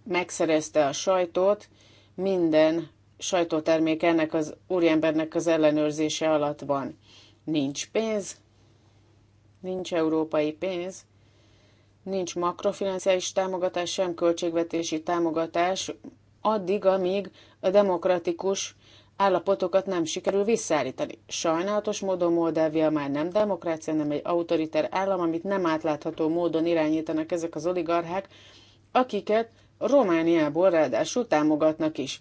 S5: megszerezte a sajtót minden sajtótermék ennek az úriembernek az ellenőrzése alatt van. Nincs pénz, nincs európai pénz, nincs makrofinanciális támogatás, sem költségvetési támogatás, addig, amíg a demokratikus állapotokat nem sikerül visszaállítani. Sajnálatos módon Moldávia már nem demokrácia, nem egy autoriter állam, amit nem átlátható módon irányítanak ezek az oligarchák, akiket Romániából ráadásul támogatnak is.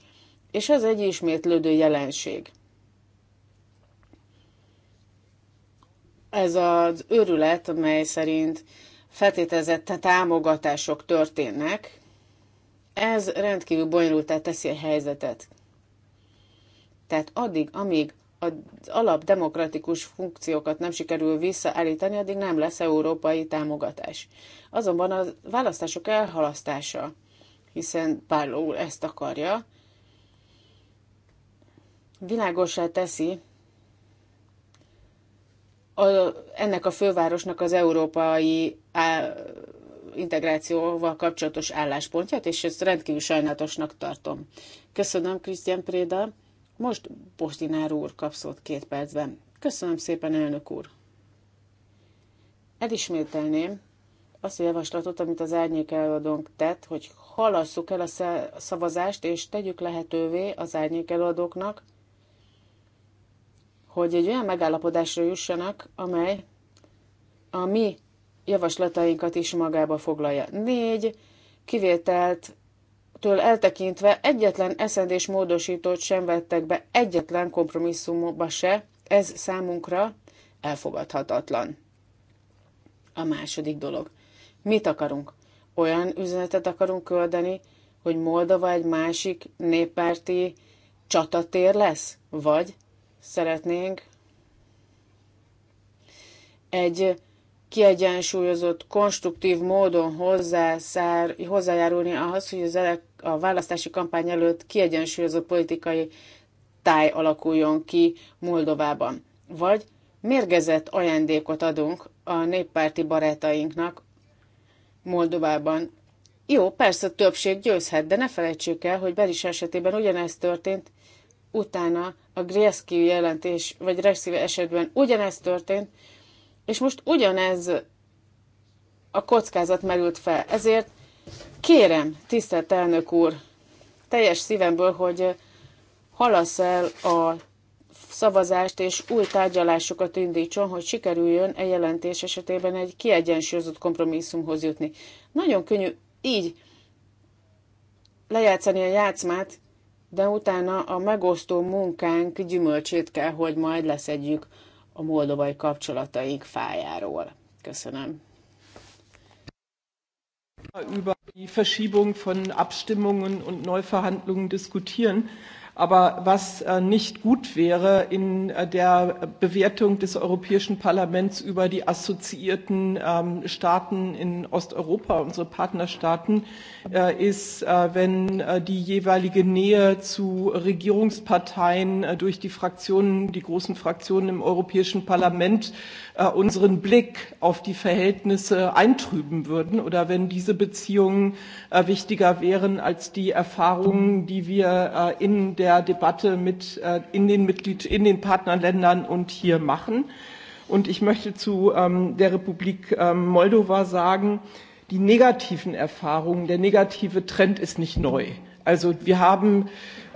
S5: És ez egy ismétlődő jelenség. Ez az őrület, mely szerint feltételezett támogatások történnek, ez rendkívül bonyolultá teszi a helyzetet. Tehát addig, amíg az alapdemokratikus funkciókat nem sikerül visszaállítani, addig nem lesz európai támogatás. Azonban a választások elhalasztása, hiszen Pálló ezt akarja, világosá teszi a, ennek a fővárosnak az európai á, integrációval kapcsolatos álláspontját, és ezt rendkívül sajnálatosnak tartom. Köszönöm, Krisztián Préda. Most Bostinár úr kap két percben. Köszönöm szépen, elnök úr. Elismételném azt a javaslatot, amit az árnyék előadónk tett, hogy halasszuk el a szavazást, és tegyük lehetővé az árnyék előadóknak, hogy egy olyan megállapodásra jussanak, amely a mi javaslatainkat is magába foglalja. Négy kivételt től eltekintve egyetlen eszendés módosítót sem vettek be, egyetlen kompromisszumba se, ez számunkra elfogadhatatlan. A második dolog. Mit akarunk? Olyan üzenetet akarunk küldeni, hogy Moldova egy másik néppárti csatatér lesz? Vagy szeretnénk egy kiegyensúlyozott, konstruktív módon hozzászár, hozzájárulni ahhoz, hogy az elek, a választási kampány előtt kiegyensúlyozott politikai táj alakuljon ki Moldovában. Vagy mérgezett ajándékot adunk a néppárti barátainknak Moldovában. Jó, persze többség győzhet, de ne felejtsük el, hogy Beris esetében ugyanezt történt, utána a Grieszki jelentés, vagy Rexi esetben ugyanez történt, és most ugyanez a kockázat merült fel. Ezért kérem, tisztelt elnök úr, teljes szívemből, hogy halasz el a szavazást és új tárgyalásokat indítson, hogy sikerüljön egy jelentés esetében egy kiegyensúlyozott kompromisszumhoz jutni. Nagyon könnyű így lejátszani a játszmát, de utána a megosztó munkánk gyümölcsét kell, hogy majd leszedjük a moldovai kapcsolataink fájáról. Köszönöm.
S6: Über die Verschiebung von Abstimmungen und Neuverhandlungen diskutieren. Aber was äh, nicht gut wäre in äh, der Bewertung des Europäischen Parlaments über die assoziierten ähm, Staaten in Osteuropa, unsere Partnerstaaten, äh, ist, wenn die jeweilige Nähe zu Regierungsparteien durch die Fraktionen, die großen Fraktionen im Europäischen Parlament Äh, unseren Blick auf die Verhältnisse eintrüben würden oder wenn diese Beziehungen äh, wichtiger wären als die Erfahrungen, die wir äh, in der Debatte mit in den Mitglied in den Partnerländern und hier machen. Und ich möchte zu ähm, der Republik ähm, Moldova sagen, die negativen Erfahrungen, der negative Trend ist nicht neu. Also wir haben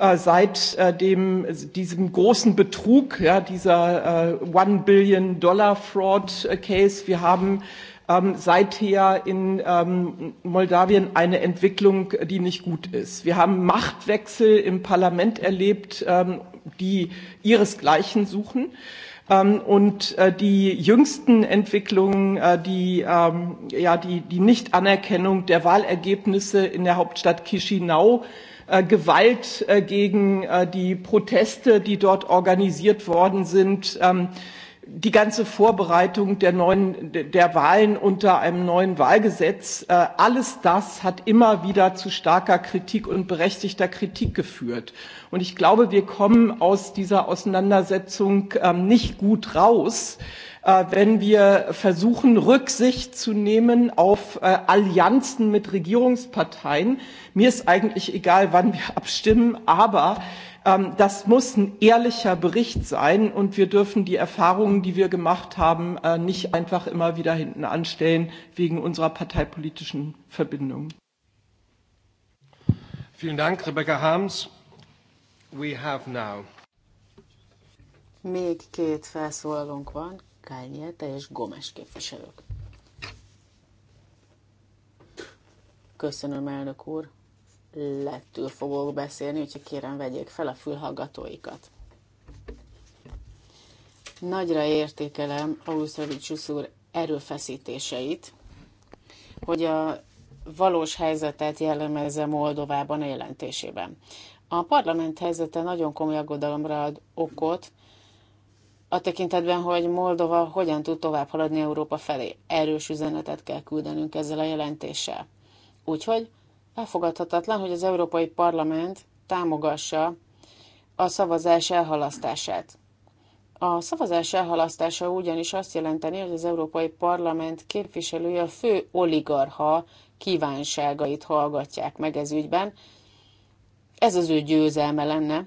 S6: Äh, seit äh, dem, diesem großen Betrug, ja, dieser äh, One Billion Dollar Fraud äh, Case. Wir haben ähm, seither in ähm, Moldawien eine Entwicklung, die nicht gut ist. Wir haben Machtwechsel im Parlament erlebt, ähm, die ihresgleichen suchen. Ähm, und äh, die jüngsten Entwicklungen, äh, die, ähm, ja, die, die Nichtanerkennung der Wahlergebnisse in der Hauptstadt Chisinau, Äh, Gewalt äh, gegen äh, die Proteste, die dort organisiert worden sind, ähm, die ganze Vorbereitung der, neuen, der Wahlen unter einem neuen Wahlgesetz, alles das hat immer wieder zu starker Kritik und berechtigter Kritik geführt. Und ich glaube, wir kommen aus dieser Auseinandersetzung ähm, nicht gut raus, äh, Äh, wenn wir versuchen, Rücksicht zu nehmen auf äh, Allianzen mit Regierungsparteien. Mir ist eigentlich egal, wann wir *laughs* abstimmen, aber ähm, das muss ein ehrlicher Bericht sein und wir dürfen die Erfahrungen, die wir gemacht haben, äh, nicht einfach immer wieder hinten anstellen wegen unserer parteipolitischen Verbindungen.
S2: Vielen Dank, Rebecca Harms. We have now.
S5: Még két felszólalónk van, Kányéta és Gomes képviselők. Köszönöm, elnök úr. Lettül fogok beszélni, úgyhogy kérem vegyék fel a fülhallgatóikat. Nagyra értékelem Auszavicsusz úr erőfeszítéseit, hogy a valós helyzetet jellemezze Moldovában a jelentésében. A parlament helyzete nagyon komoly aggodalomra ad okot, a tekintetben, hogy Moldova hogyan tud tovább haladni Európa felé. Erős üzenetet kell küldenünk ezzel a jelentéssel. Úgyhogy elfogadhatatlan, hogy az Európai Parlament támogassa a szavazás elhalasztását. A szavazás elhalasztása ugyanis azt jelenteni, hogy az Európai Parlament képviselője a fő oligarha kívánságait hallgatják meg ez ügyben. Ez az ő győzelme lenne,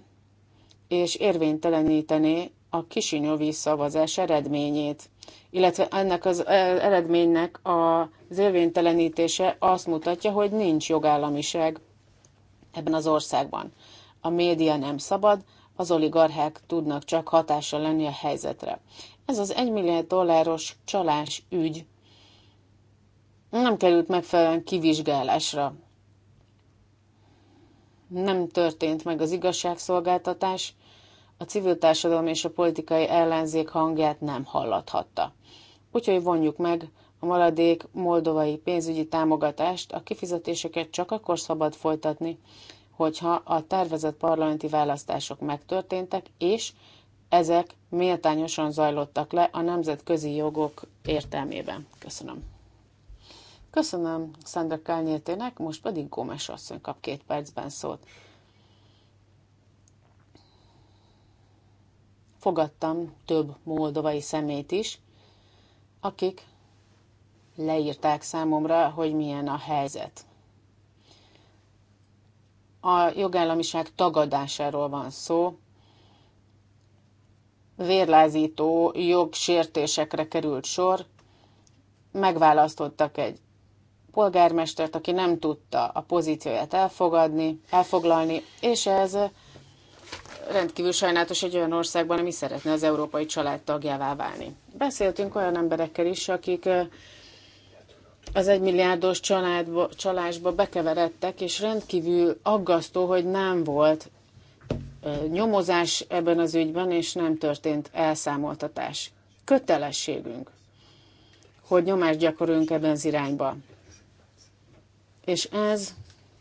S5: és érvénytelenítené a kisinyovi szavazás eredményét, illetve ennek az e, eredménynek az érvénytelenítése azt mutatja, hogy nincs jogállamiság ebben az országban. A média nem szabad, az oligarchák tudnak csak hatással lenni a helyzetre. Ez az 1 milliárd dolláros csalás ügy nem került megfelelően kivizsgálásra. Nem történt meg az igazságszolgáltatás, a civil társadalom és a politikai ellenzék hangját nem hallathatta. Úgyhogy vonjuk meg a maradék moldovai pénzügyi támogatást, a kifizetéseket csak akkor szabad folytatni, hogyha a tervezett parlamenti választások megtörténtek, és ezek méltányosan zajlottak le a nemzetközi jogok értelmében. Köszönöm. Köszönöm Szandra Kálnyétének, most pedig Gómez asszony kap két percben szót. fogadtam több moldovai szemét is, akik leírták számomra, hogy milyen a helyzet. A jogállamiság tagadásáról van szó, vérlázító jogsértésekre került sor, megválasztottak egy polgármestert, aki nem tudta a pozícióját elfogadni, elfoglalni, és ez rendkívül sajnálatos egy olyan országban, ami szeretne az európai család tagjává válni. Beszéltünk olyan emberekkel is, akik az egymilliárdos csalásba bekeveredtek, és rendkívül aggasztó, hogy nem volt nyomozás ebben az ügyben, és nem történt elszámoltatás. Kötelességünk, hogy nyomást gyakoroljunk ebben az irányba. És ez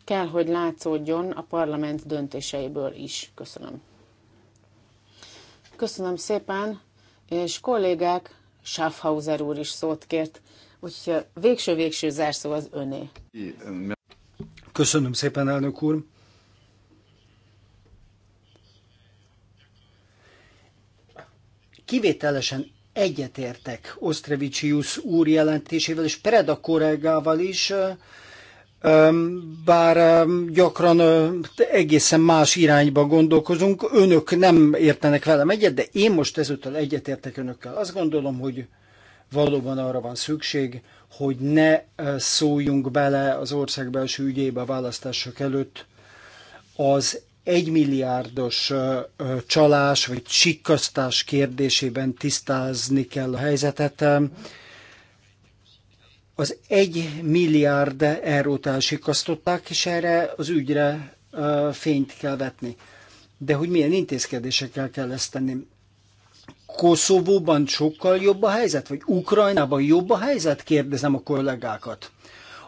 S5: kell, hogy látszódjon a parlament döntéseiből is. Köszönöm. Köszönöm szépen, és kollégák, Schaffhauser úr is szót kért, úgyhogy végső-végső zárszó az öné.
S1: Köszönöm szépen, elnök úr. Kivételesen egyetértek Osztrevicius úr jelentésével és Preda kollégával is, bár gyakran egészen más irányba gondolkozunk. Önök nem értenek velem egyet, de én most ezúttal egyetértek önökkel. Azt gondolom, hogy valóban arra van szükség, hogy ne szóljunk bele az ország belső ügyébe a választások előtt az egymilliárdos csalás vagy sikkasztás kérdésében tisztázni kell a helyzetet az egy milliárd eurót elsikasztották, és erre az ügyre fényt kell vetni. De hogy milyen intézkedésekkel kell ezt tenni? Koszovóban sokkal jobb a helyzet, vagy Ukrajnában jobb a helyzet? Kérdezem a kollégákat.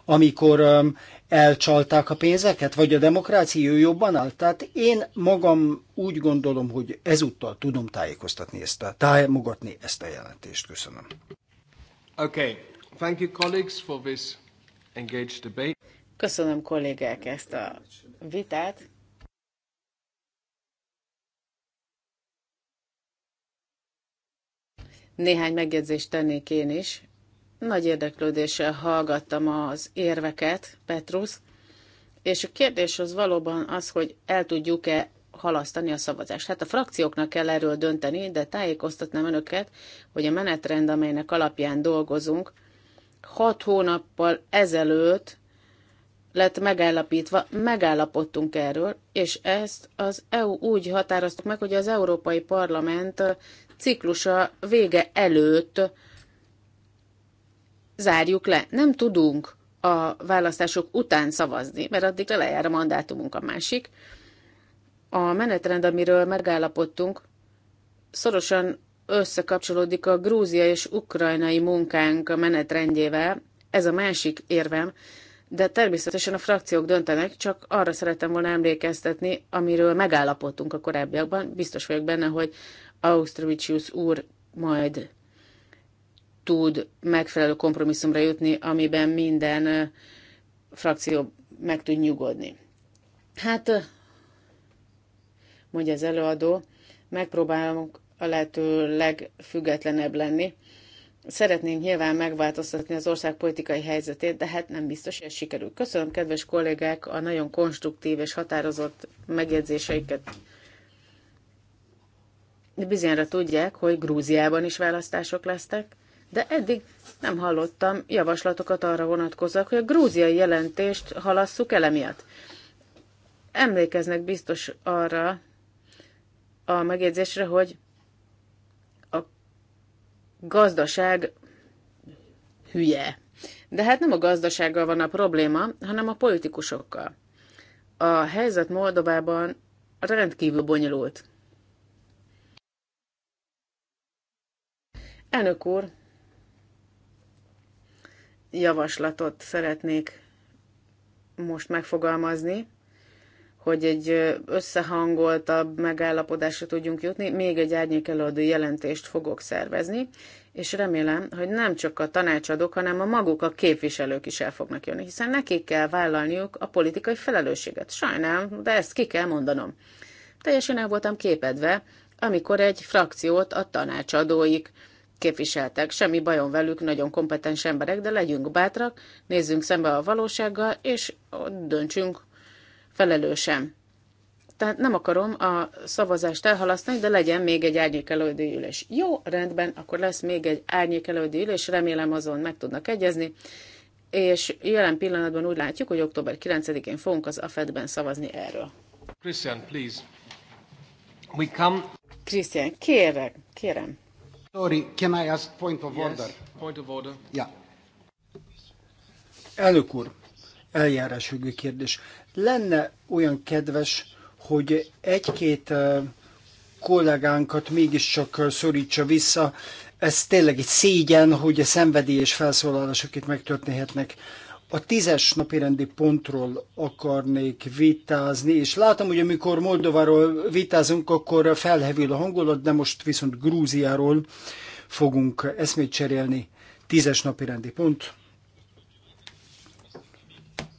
S1: Amikor um, elcsalták a pénzeket, vagy a demokrácia jobban állt? Tehát én magam úgy gondolom, hogy ezúttal tudom tájékoztatni ezt a, támogatni ezt a jelentést. Köszönöm.
S2: Okay, Thank you, colleagues,
S5: for this engaged debate. Köszönöm kollégák ezt a vitát. Néhány megjegyzést tennék én is. Nagy érdeklődéssel hallgattam az érveket, Petrus, és a kérdés az valóban az, hogy el tudjuk-e halasztani a szavazást. Hát a frakcióknak kell erről dönteni, de tájékoztatnám önöket, hogy a menetrend, amelynek alapján dolgozunk, hat hónappal ezelőtt lett megállapítva, megállapodtunk erről, és ezt az EU úgy határoztuk meg, hogy az Európai Parlament ciklusa vége előtt zárjuk le. Nem tudunk a választások után szavazni, mert addig lejár a mandátumunk a másik. A menetrend, amiről megállapodtunk, szorosan összekapcsolódik a Grúzia és ukrajnai munkánk a menetrendjével. Ez a másik érvem, de természetesen a frakciók döntenek, csak arra szerettem volna emlékeztetni, amiről megállapodtunk a korábbiakban. Biztos vagyok benne, hogy Ausztrovicius úr majd tud megfelelő kompromisszumra jutni, amiben minden frakció meg tud nyugodni. Hát, mondja az előadó, megpróbálunk a lehető legfüggetlenebb lenni. Szeretnénk nyilván megváltoztatni az ország politikai helyzetét, de hát nem biztos, hogy ez sikerül. Köszönöm, kedves kollégák, a nagyon konstruktív és határozott megjegyzéseiket. De bizonyára tudják, hogy Grúziában is választások lesztek, de eddig nem hallottam javaslatokat arra vonatkozóak, hogy a grúziai jelentést halasszuk el emiatt. Emlékeznek biztos arra a megjegyzésre, hogy gazdaság hülye. De hát nem a gazdasággal van a probléma, hanem a politikusokkal. A helyzet Moldovában rendkívül bonyolult. Elnök úr, javaslatot szeretnék most megfogalmazni hogy egy összehangoltabb megállapodásra tudjunk jutni, még egy árnyék előadó jelentést fogok szervezni, és remélem, hogy nem csak a tanácsadók, hanem a maguk a képviselők is el fognak jönni, hiszen nekik kell vállalniuk a politikai felelősséget. Sajnálom, de ezt ki kell mondanom. Teljesen el voltam képedve, amikor egy frakciót a tanácsadóik képviseltek. Semmi bajom velük, nagyon kompetens emberek, de legyünk bátrak, nézzünk szembe a valósággal, és döntsünk felelősen. Tehát nem akarom a szavazást elhalasztani, de legyen még egy árnyékelődő ülés. Jó, rendben, akkor lesz még egy árnyékelődő ülés, remélem azon meg tudnak egyezni, és jelen pillanatban úgy látjuk, hogy október 9-én fogunk az AFED-ben szavazni erről.
S2: Christian, please.
S5: We come... Christian, kérek, kérem. Sorry, can I ask point of order? Yes, point of order. Yeah.
S1: Elnök úr, eljárásügyi kérdés lenne olyan kedves, hogy egy-két kollégánkat mégiscsak szorítsa vissza. Ez tényleg egy szégyen, hogy a szenvedélyes felszólalások itt megtörténhetnek. A tízes napirendi pontról akarnék vitázni, és látom, hogy amikor Moldováról vitázunk, akkor felhevül a hangulat, de most viszont Grúziáról fogunk eszmét cserélni. Tízes napirendi pont.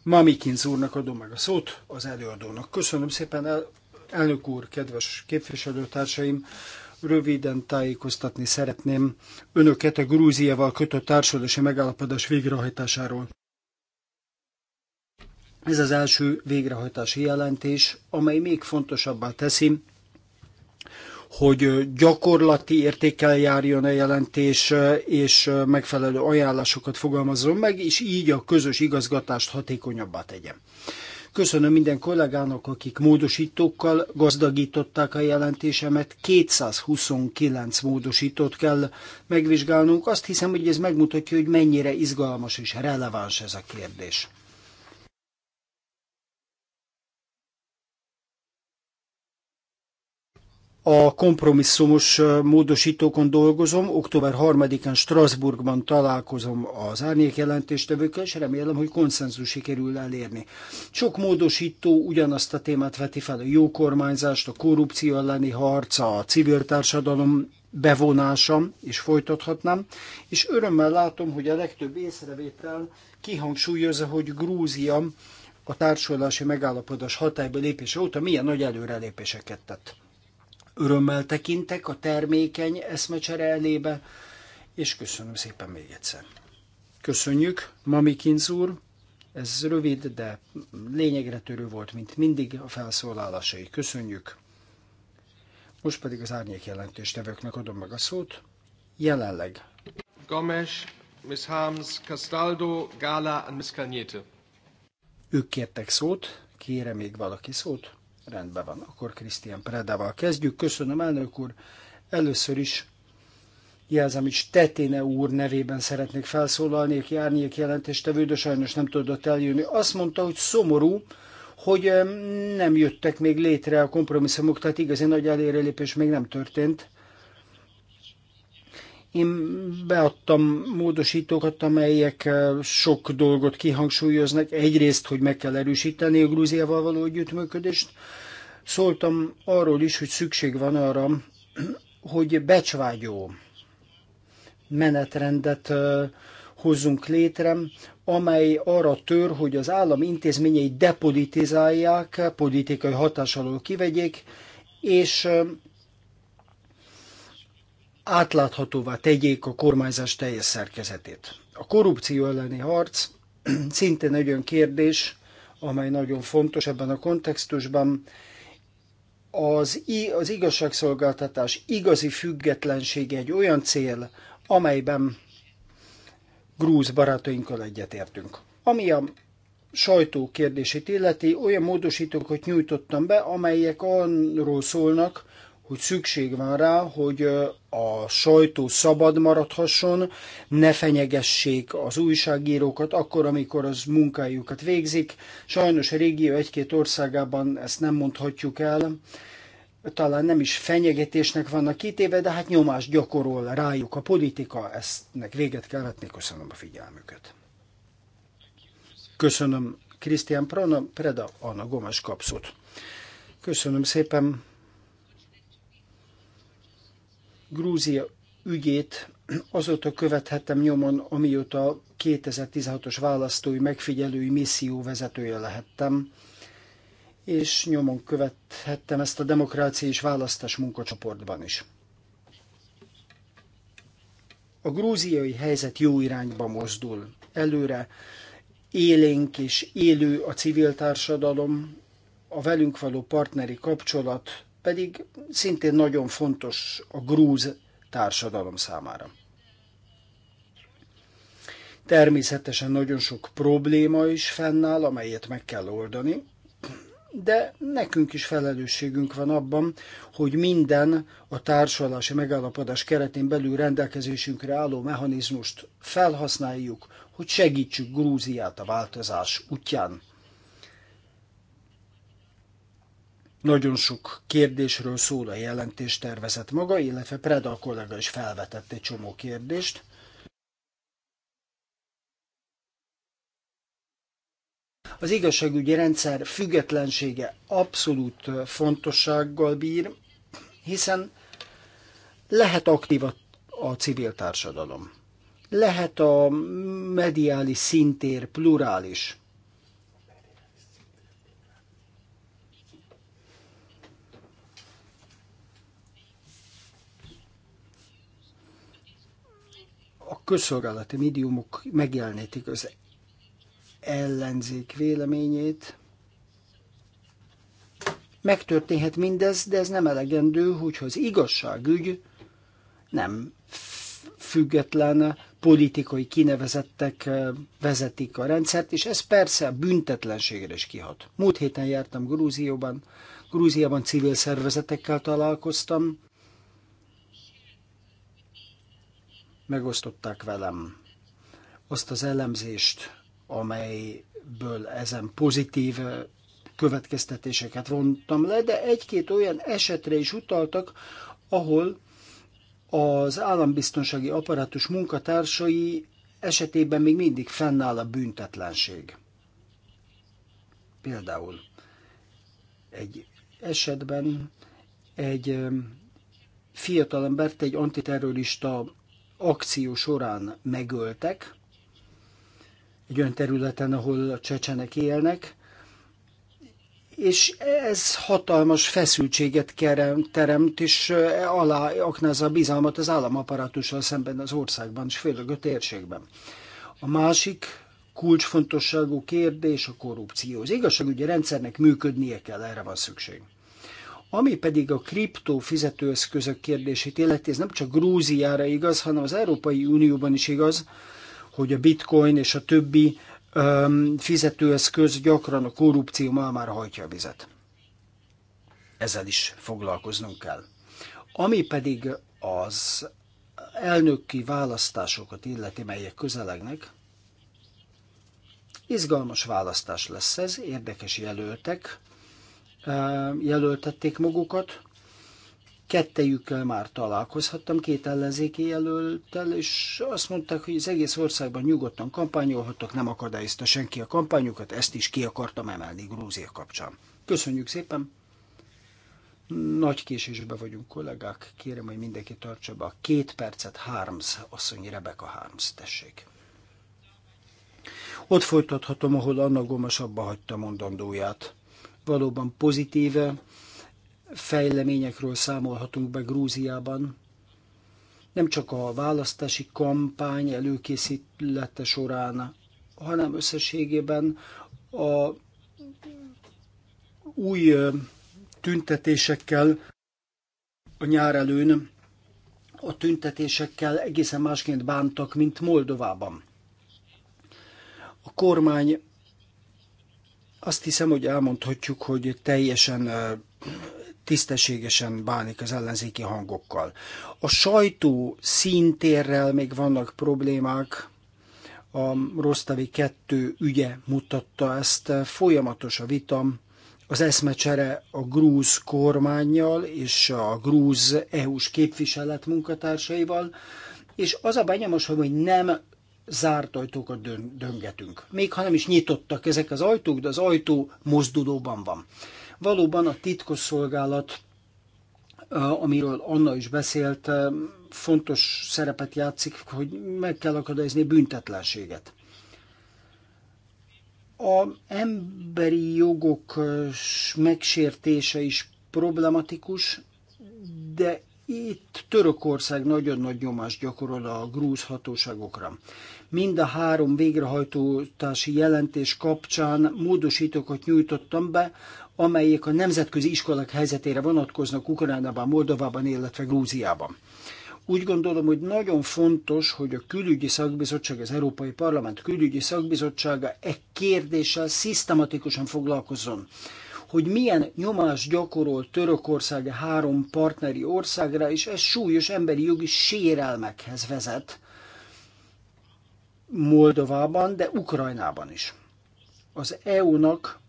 S1: Mamikinz úrnak adom meg a szót, az előadónak. Köszönöm szépen, el, elnök úr, kedves képviselőtársaim! Röviden tájékoztatni szeretném önöket a Grúziával kötött társadalmi megállapodás végrehajtásáról. Ez az első végrehajtási jelentés, amely még fontosabbá teszi, hogy gyakorlati értékkel járjon a jelentés, és megfelelő ajánlásokat fogalmazzon meg, és így a közös igazgatást hatékonyabbá tegye. Köszönöm minden kollégának, akik módosítókkal gazdagították a jelentésemet. 229 módosítót kell megvizsgálnunk. Azt hiszem, hogy ez megmutatja, hogy mennyire izgalmas és releváns ez a kérdés. a kompromisszumos módosítókon dolgozom, október 3-án Strasbourgban találkozom az jelentéstevőkkel, és remélem, hogy konszenzus sikerül elérni. Sok módosító ugyanazt a témát veti fel, a jó kormányzást, a korrupció elleni harca, a civil társadalom bevonása, és folytathatnám, és örömmel látom, hogy a legtöbb észrevétel kihangsúlyozza, hogy Grúzia a társulási megállapodás hatályba lépése óta milyen nagy előrelépéseket tett örömmel tekintek a termékeny eszmecsere elébe, és köszönöm szépen még egyszer. Köszönjük, Kinz úr, ez rövid, de lényegre törő volt, mint mindig a felszólalásai. Köszönjük. Most pedig az árnyék jelentéstevőknek adom meg a szót. Jelenleg.
S2: Gomes, Miss Hams, Castaldo, Gala and Miss Kalnyéte.
S1: Ők kértek szót, kére még valaki szót? Rendben van, akkor Krisztián Predával kezdjük. Köszönöm, elnök úr. Először is jelzem is Tetine úr nevében szeretnék felszólalni, aki árnyék jelentéstevő, de sajnos nem tudott eljönni. Azt mondta, hogy szomorú, hogy nem jöttek még létre a kompromisszumok, tehát igazi nagy előrelépés még nem történt. Én beadtam módosítókat, amelyek eh, sok dolgot kihangsúlyoznak. Egyrészt, hogy meg kell erősíteni a Grúziával való együttműködést. Szóltam arról is, hogy szükség van arra, hogy becsvágyó menetrendet eh, hozzunk létre, amely arra tör, hogy az állam intézményei depolitizálják, politikai hatás alól kivegyék, és eh, átláthatóvá tegyék a kormányzás teljes szerkezetét. A korrupció elleni harc *clears throat* szintén egy olyan kérdés, amely nagyon fontos ebben a kontextusban. Az, az igazságszolgáltatás igazi függetlensége egy olyan cél, amelyben grúz barátainkkal egyetértünk. Ami a sajtó kérdését illeti, olyan módosítókat nyújtottam be, amelyek arról szólnak, hogy szükség van rá, hogy a sajtó szabad maradhasson, ne fenyegessék az újságírókat akkor, amikor az munkájukat végzik. Sajnos a régió egy-két országában ezt nem mondhatjuk el, talán nem is fenyegetésnek vannak kitéve, de hát nyomást gyakorol rájuk a politika, eztnek véget kell vetni. Köszönöm a figyelmüket. Köszönöm Krisztián preda Anna Gomes kapszót. Köszönöm szépen. Grúzia ügyét azóta követhettem nyomon, amióta 2016-os választói megfigyelői misszió vezetője lehettem, és nyomon követhettem ezt a demokrácia és választás munkacsoportban is. A grúziai helyzet jó irányba mozdul előre, élénk és élő a civil társadalom, a velünk való partneri kapcsolat pedig szintén nagyon fontos a grúz társadalom számára. Természetesen nagyon sok probléma is fennáll, amelyet meg kell oldani, de nekünk is felelősségünk van abban, hogy minden a társadalási megállapodás keretén belül rendelkezésünkre álló mechanizmust felhasználjuk, hogy segítsük Grúziát a változás útján. Nagyon sok kérdésről szól a jelentés tervezet maga, illetve Preda a kollega is felvetett egy csomó kérdést. Az igazságügyi rendszer függetlensége abszolút fontossággal bír, hiszen lehet aktív a, a civil társadalom. Lehet a mediális szintér plurális. közszolgálati médiumok megjelenítik az ellenzék véleményét. Megtörténhet mindez, de ez nem elegendő, hogyha az igazságügy nem független politikai kinevezettek eh, vezetik a rendszert, és ez persze a büntetlenségre is kihat. Múlt héten jártam Grúzióban, Grúziában civil szervezetekkel találkoztam, megosztották velem azt az elemzést, amelyből ezen pozitív következtetéseket vontam le, de egy-két olyan esetre is utaltak, ahol az állambiztonsági apparátus munkatársai esetében még mindig fennáll a büntetlenség. Például egy esetben egy fiatalembert egy antiterrorista akció során megöltek, egy olyan területen, ahol a csecsenek élnek, és ez hatalmas feszültséget teremt, és eh, aláaknázza a bizalmat az államaparátussal szemben az országban, és főleg a térségben. A másik kulcsfontosságú kérdés a korrupció. Az igazságügyi rendszernek működnie kell, erre van szükség. Ami pedig a kriptó fizetőeszközök kérdését illeti, ez nem csak Grúziára igaz, hanem az Európai Unióban is igaz, hogy a bitcoin és a többi um, fizetőeszköz gyakran a korrupció már hajtja a vizet. Ezzel is foglalkoznunk kell. Ami pedig az elnöki választásokat illeti, melyek közelegnek, izgalmas választás lesz ez, érdekes jelöltek, jelöltették magukat. Kettejükkel már találkozhattam, két ellenzéki jelöltel, és azt mondták, hogy az egész országban nyugodtan kampányolhattak, nem akadályozta senki a kampányukat, ezt is ki akartam emelni Grúzia kapcsán. Köszönjük szépen! Nagy késésbe vagyunk, kollégák. Kérem, hogy mindenki tartsa be a két percet. Harms, asszony Rebecca Harms, tessék. Ott folytathatom, ahol Anna Gomas abba hagyta mondandóját valóban pozitív fejleményekről számolhatunk be Grúziában. Nem csak a választási kampány előkészítlete során, hanem összességében a új tüntetésekkel a nyár előn a tüntetésekkel egészen másként bántak, mint Moldovában. A kormány azt hiszem, hogy elmondhatjuk, hogy teljesen tisztességesen bánik az ellenzéki hangokkal. A sajtó szintérrel még vannak problémák, a rostavi 2 ügye mutatta ezt, folyamatos a vitam, az eszmecsere a grúz kormányjal és a grúz EU-s képviselet munkatársaival, és az a benyomás, hogy nem zárt ajtókat döngetünk. Még ha nem is nyitottak ezek az ajtók, de az ajtó mozdulóban van. Valóban a titkosszolgálat, amiről Anna is beszélt, fontos szerepet játszik, hogy meg kell akadályozni büntetlenséget. A emberi jogok megsértése is problematikus, de itt Törökország nagyon nagy nyomást gyakorol a grúz hatóságokra. Mind a három végrehajtótási jelentés kapcsán módosítókat nyújtottam be, amelyek a nemzetközi iskolák helyzetére vonatkoznak Ukrajnában, Moldovában, illetve Grúziában. Úgy gondolom, hogy nagyon fontos, hogy a külügyi szakbizottság, az Európai Parlament külügyi szakbizottsága e kérdéssel szisztematikusan foglalkozzon hogy milyen nyomás gyakorol Törökország három partneri országra, és ez súlyos emberi jogi sérelmekhez vezet. Moldovában, de Ukrajnában is. Az EU-nak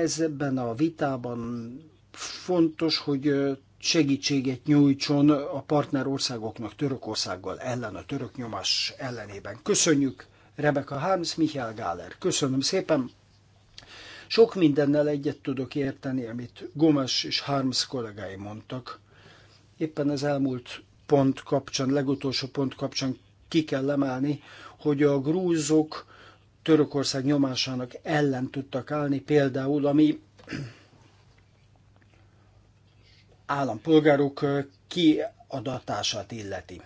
S1: ezben a vitában fontos, hogy segítséget nyújtson a partnerországoknak Törökországgal ellen, a török nyomás ellenében. Köszönjük Rebecca Harms, Michael Gáler. Köszönöm szépen. Sok mindennel egyet tudok érteni, amit Gomes és Harms kollégái mondtak. Éppen az elmúlt pont kapcsán, legutolsó pont kapcsán ki kell emelni, hogy a grúzok Törökország nyomásának ellen tudtak állni, például ami állampolgárok kiadatását illeti.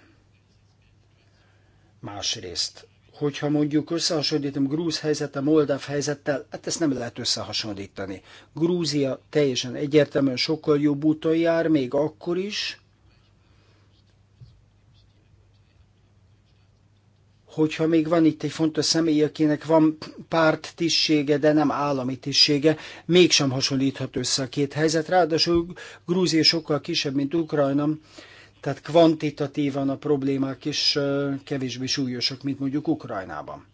S1: Másrészt, hogyha mondjuk összehasonlítom grúz helyzete moldáv helyzettel, hát ezt nem lehet összehasonlítani. Grúzia teljesen egyértelműen sokkal jobb úton jár, még akkor is, hogyha még van itt egy fontos személy, akinek van párt tisztsége, de nem állami tisztsége, mégsem hasonlíthat össze a két helyzet. Ráadásul Grúzia sokkal kisebb, mint Ukrajna, tehát kvantitatívan a problémák is kevésbé súlyosak, mint mondjuk Ukrajnában.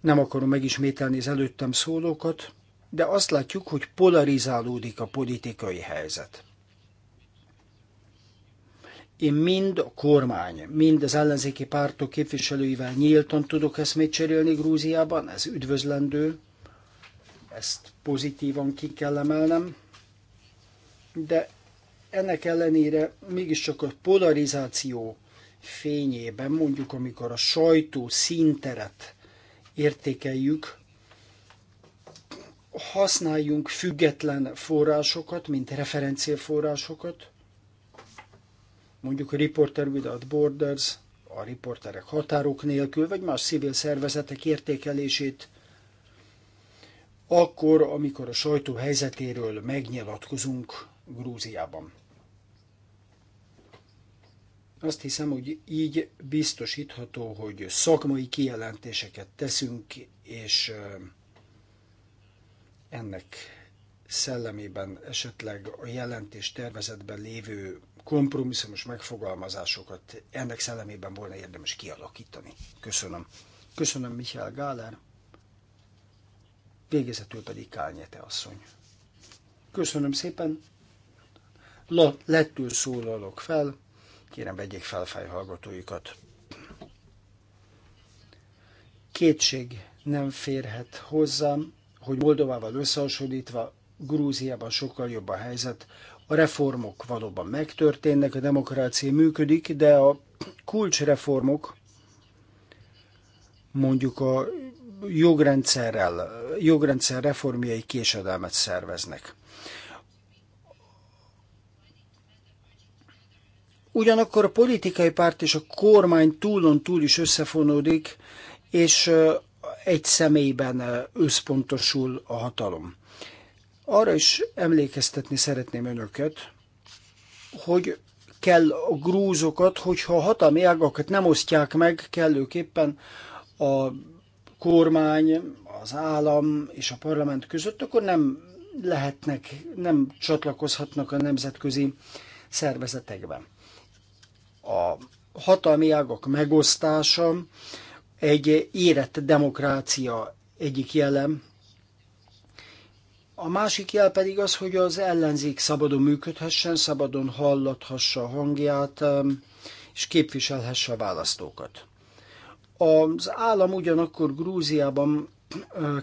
S1: Nem akarom megismételni az előttem szólókat, de azt látjuk, hogy polarizálódik a politikai helyzet. Én mind a kormány, mind az ellenzéki pártok képviselőivel nyíltan tudok eszmét cserélni Grúziában, ez üdvözlendő, ezt pozitívan ki kell emelnem, de ennek ellenére mégiscsak a polarizáció fényében, mondjuk amikor a sajtó színteret értékeljük, használjunk független forrásokat, mint referenciaforrásokat, mondjuk a Reporter Without Borders, a riporterek határok nélkül, vagy más civil szervezetek értékelését, akkor, amikor a sajtó helyzetéről megnyilatkozunk Grúziában. Azt hiszem, hogy így biztosítható, hogy szakmai kijelentéseket teszünk, és ennek szellemében esetleg a jelentés tervezetben lévő kompromisszumos megfogalmazásokat ennek szellemében volna érdemes kialakítani. Köszönöm. Köszönöm Michel Gáler, végezetül pedig Kálnyete asszony. Köszönöm szépen. La, lettül szólalok fel. Kérem, vegyék fel fejhallgatóikat. Kétség nem férhet hozzám, hogy Moldovával összehasonlítva Grúziában sokkal jobb a helyzet, a reformok valóban megtörténnek, a demokrácia működik, de a kulcsreformok, mondjuk a jogrendszerrel, jogrendszer reformjai késedelmet szerveznek. Ugyanakkor a politikai párt és a kormány túlon túl is összefonódik, és egy személyben összpontosul a hatalom. Arra is emlékeztetni szeretném önöket, hogy kell a grúzokat, hogyha a hatalmi ágakat nem osztják meg kellőképpen a kormány, az állam és a parlament között, akkor nem lehetnek, nem csatlakozhatnak a nemzetközi szervezetekben. A hatalmi ágak megosztása egy érett demokrácia egyik jelem, a másik jel pedig az, hogy az ellenzék szabadon működhessen, szabadon hallathassa a hangját, és képviselhesse a választókat. Az állam ugyanakkor Grúziában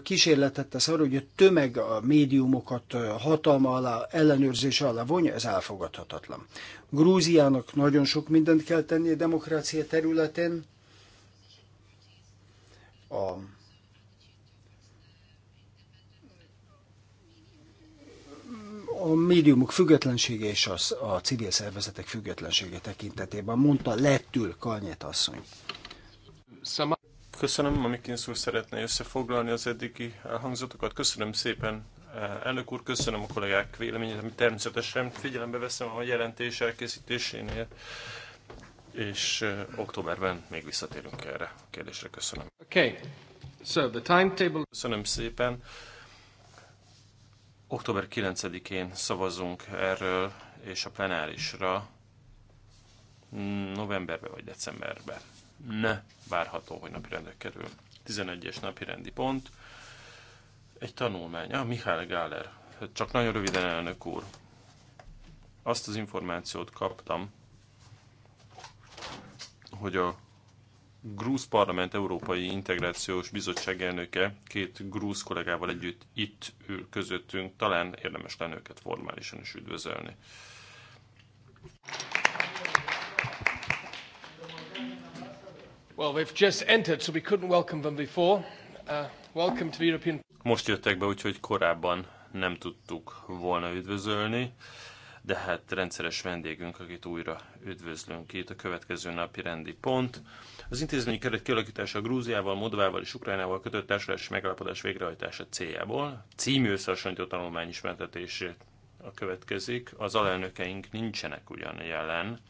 S1: kísérletet tesz arra, hogy a tömeg a médiumokat hatalma alá, ellenőrzés alá vonja, ez elfogadhatatlan. Grúziának nagyon sok mindent kell tenni a demokrácia területén. A a médiumok függetlensége és az, a civil szervezetek függetlensége tekintetében, mondta lettül Kalnyet asszony. Köszönöm,
S4: Mamikins úr szeretné összefoglalni az eddigi elhangzatokat. Köszönöm szépen, eh, elnök úr, köszönöm a kollégák véleményét, amit természetesen figyelembe veszem a jelentés elkészítésénél, és eh, októberben még visszatérünk erre a kérdésre. Köszönöm. Okay. So the timetable... Köszönöm szépen. Október 9-én szavazunk erről, és a plenárisra novemberbe vagy decemberbe ne várható, hogy napirendre kerül. 11-es napirendi pont. Egy tanulmány, a ah, Mihály Gáler. Csak nagyon röviden, elnök úr. Azt az információt kaptam, hogy a Grúz Parlament Európai Integrációs Bizottság elnöke két grúz kollégával együtt itt ül közöttünk, talán érdemes lenne őket formálisan is üdvözölni. Well, they've just entered, so we couldn't
S2: welcome them before. Uh, welcome to the European...
S4: Most jöttek be, úgyhogy korábban nem tudtuk volna üdvözölni de hát rendszeres vendégünk, akit újra üdvözlünk itt a következő napi rendi pont. Az intézményi keret kialakítása Grúziával, Modvával és Ukrajnával kötött társulási megállapodás végrehajtása céljából. Című összehasonlító tanulmány ismertetését a következik. Az alelnökeink nincsenek ugyan jelen,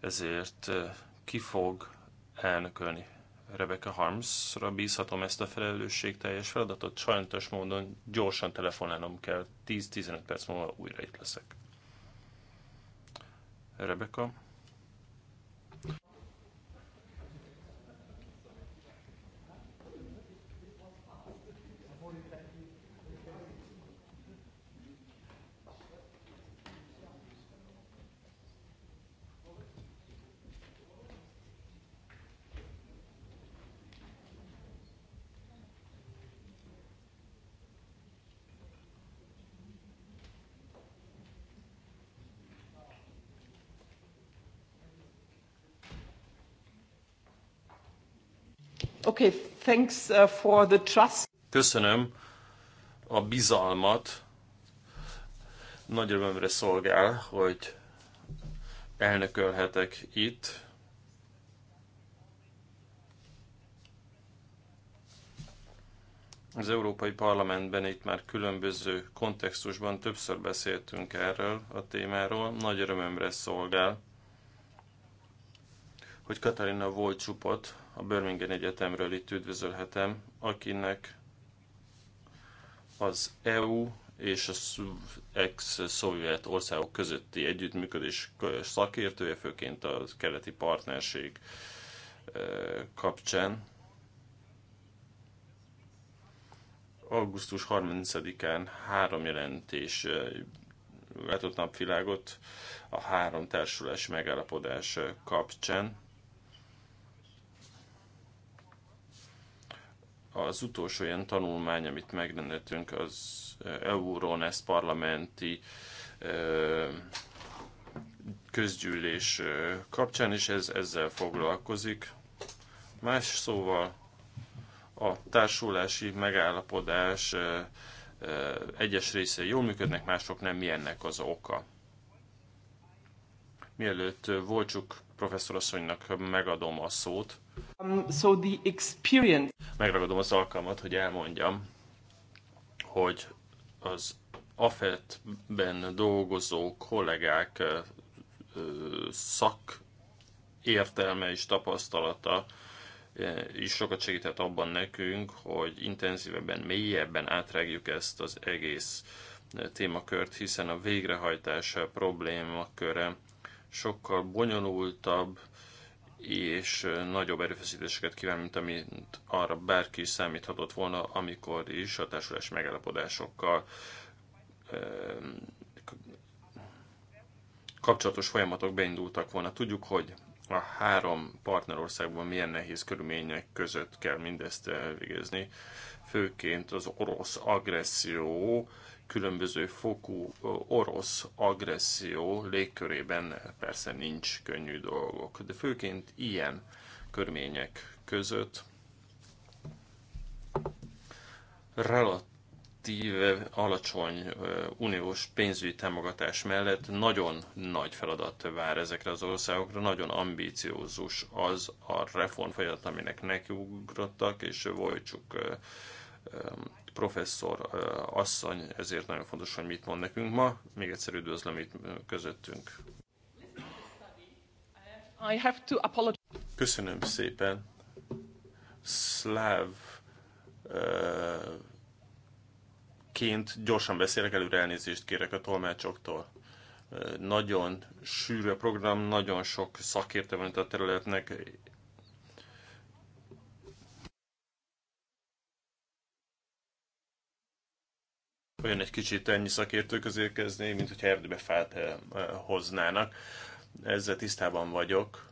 S4: ezért eh, ki fog elnökölni Rebecca Harmsra bízhatom ezt a teljes feladatot. Sajnos módon gyorsan telefonálnom kell, 10-15 perc múlva újra itt leszek. Rebecca?
S6: Okay, thanks uh, for the trust.
S4: Köszönöm a bizalmat. Nagy örömömre szolgál, hogy elnökölhetek itt. Az Európai Parlamentben itt már különböző kontextusban többször beszéltünk erről a témáról. Nagy örömömre szolgál, hogy Katalina Volcsupot, a Birmingham Egyetemről itt üdvözölhetem, akinek az EU és a ex-szovjet országok közötti együttműködés szakértője, főként a keleti partnerség e, kapcsán. Augusztus 30-án három jelentés e, látott napvilágot a három társulási megállapodás e, kapcsán. az utolsó ilyen tanulmány, amit megrendeltünk, az Euronest parlamenti közgyűlés kapcsán, és ez ezzel foglalkozik. Más szóval a társulási megállapodás egyes részei jól működnek, mások nem, mi ennek az oka. Mielőtt Volcsuk professzorasszonynak megadom a szót, Um, so the experience... Megragadom az alkalmat, hogy elmondjam, hogy az AFET-ben dolgozó kollégák szak értelme és tapasztalata is sokat segített abban nekünk, hogy intenzívebben, mélyebben átrágjuk ezt az egész témakört, hiszen a végrehajtás problémaköre sokkal bonyolultabb, és nagyobb erőfeszítéseket kíván, mint amit arra bárki is számíthatott volna, amikor is a társulási megállapodásokkal kapcsolatos folyamatok beindultak volna. Tudjuk, hogy a három partnerországban milyen nehéz körülmények között kell mindezt elvégezni, főként az orosz agresszió különböző fokú orosz agresszió légkörében persze nincs könnyű dolgok, de főként ilyen körmények között relatíve alacsony uniós pénzügyi támogatás mellett nagyon nagy feladat vár ezekre az országokra, nagyon ambíciózus az a reformfolyamat, aminek nekiugrottak, és Vojcsuk professzor asszony, ezért nagyon fontos, hogy mit mond nekünk ma. Még egyszer üdvözlöm itt közöttünk.
S6: I have to apologize.
S4: Köszönöm szépen. Szláv ként gyorsan beszélek, előre elnézést kérek a tolmácsoktól. Nagyon sűrű a program, nagyon sok szakértő van itt a területnek, olyan egy kicsit ennyi szakértő közé kezdeni, mint hogy erdőbe fát eh, eh, hoznának. Ezzel tisztában vagyok.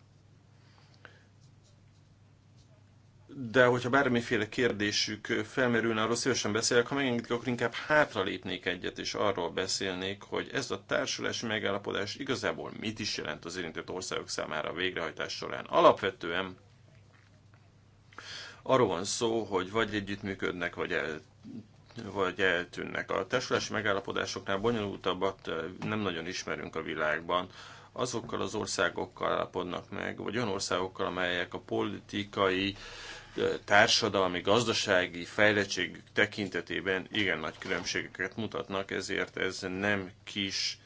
S4: De hogyha bármiféle kérdésük eh, felmerülne, arról szívesen beszélek. Ha megengedik, akkor inkább hátralépnék egyet, és arról beszélnék, hogy ez a társulási megállapodás igazából mit is jelent az érintett országok számára a végrehajtás során. Alapvetően arról van szó, hogy vagy együttműködnek, vagy el vagy eltűnnek. A társulási megállapodásoknál bonyolultabbat nem nagyon ismerünk a világban. Azokkal az országokkal állapodnak meg, vagy olyan országokkal, amelyek a politikai, társadalmi, gazdasági fejlettség tekintetében igen nagy különbségeket mutatnak, ezért ez nem kis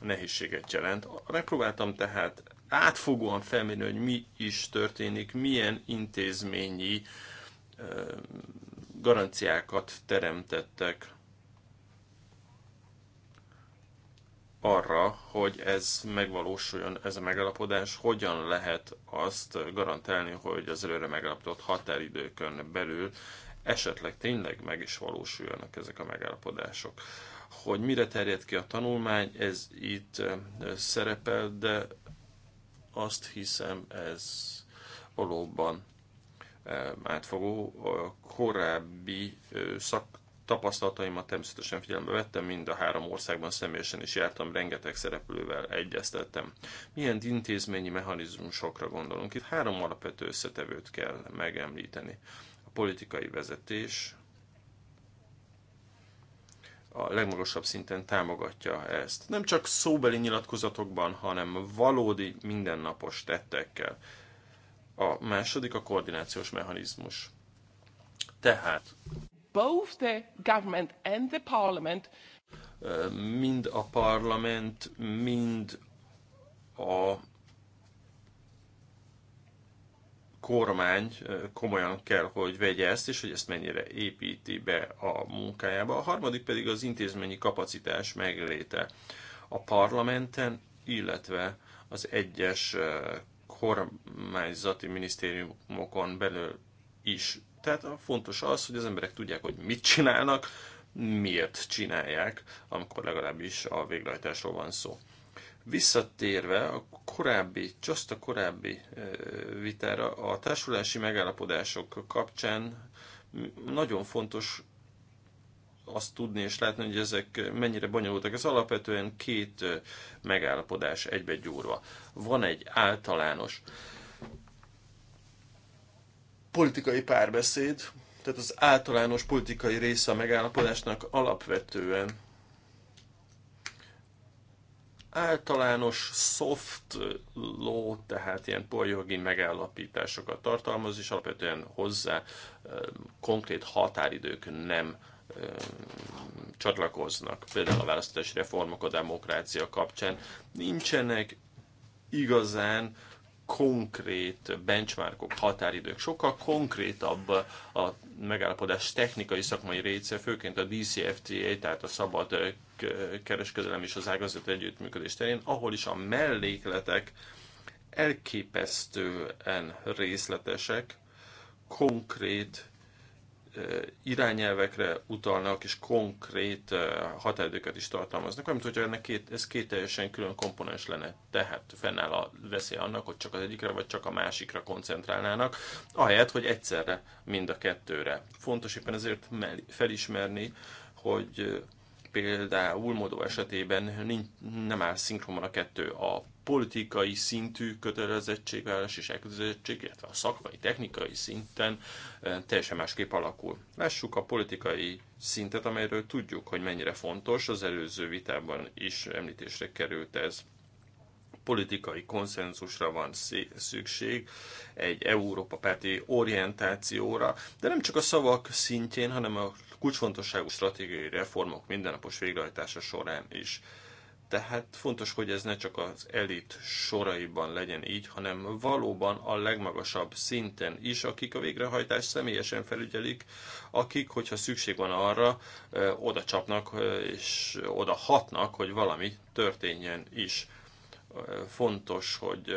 S4: nehézséget jelent. Megpróbáltam tehát átfogóan felmérni, hogy mi is történik, milyen intézményi garanciákat teremtettek arra, hogy ez megvalósuljon, ez a megalapodás, hogyan lehet azt garantálni, hogy az előre megalapodott határidőkön belül esetleg tényleg meg is valósuljanak ezek a megállapodások. Hogy mire terjed ki a tanulmány, ez itt eh, szerepel, de azt hiszem ez valóban átfogó. A korábbi tapasztalataimat természetesen figyelembe vettem, mind a három országban személyesen is jártam, rengeteg szereplővel egyeztettem. Milyen intézményi mechanizmusokra gondolunk? Itt három alapvető összetevőt kell megemlíteni. A politikai vezetés, a legmagasabb szinten támogatja ezt. Nem csak szóbeli nyilatkozatokban, hanem valódi mindennapos tettekkel. A második a koordinációs mechanizmus. Tehát
S6: both the government and the parliament
S4: mind a parlament, mind a kormány komolyan kell, hogy vegye ezt, és hogy ezt mennyire építi be a munkájába. A harmadik pedig az intézményi kapacitás megléte a parlamenten, illetve az egyes kormányzati minisztériumokon belül is. Tehát fontos az, hogy az emberek tudják, hogy mit csinálnak, miért csinálják, amikor legalábbis a végrehajtásról van szó. Visszatérve a korábbi, csak a korábbi vitára, a társulási megállapodások kapcsán nagyon fontos azt tudni és látni, hogy ezek mennyire bonyolultak. Ez alapvetően két megállapodás egybe gyúrva. Van egy általános politikai párbeszéd, tehát az általános politikai része a megállapodásnak alapvetően általános soft law, tehát ilyen poljogi megállapításokat tartalmaz, és alapvetően hozzá konkrét határidők nem csatlakoznak, például a választási reformok a demokrácia kapcsán, nincsenek igazán konkrét benchmarkok, határidők, sokkal konkrétabb a megállapodás technikai szakmai része, főként a DCFTA, tehát a szabad kereskedelem és az ágazat együttműködés terén, ahol is a mellékletek elképesztően részletesek, konkrét irányelvekre utalnak, és konkrét határidőket is tartalmaznak, amit hogyha ennek két, ez két teljesen külön komponens lenne. Tehát fennáll a veszély annak, hogy csak az egyikre vagy csak a másikra koncentrálnának, ahelyett, hogy egyszerre mind a kettőre. Fontos éppen ezért felismerni, hogy például Moldova esetében nem áll szinkronban a kettő. A politikai szintű kötelezettségvállalás és elkötelezettség, illetve a szakmai, technikai szinten eh, teljesen másképp alakul. Lássuk a politikai szintet, amelyről tudjuk, hogy mennyire fontos, az előző vitában is említésre került ez politikai konszenzusra van szükség, egy Európa párti orientációra, de nem csak a szavak szintjén, hanem a kulcsfontosságú stratégiai reformok mindennapos végrehajtása során is. Tehát fontos, hogy ez ne csak az elit soraiban legyen így, hanem valóban a legmagasabb szinten is, akik a végrehajtást személyesen felügyelik, akik, hogyha szükség van arra, oda csapnak és oda hatnak, hogy valami történjen is fontos, hogy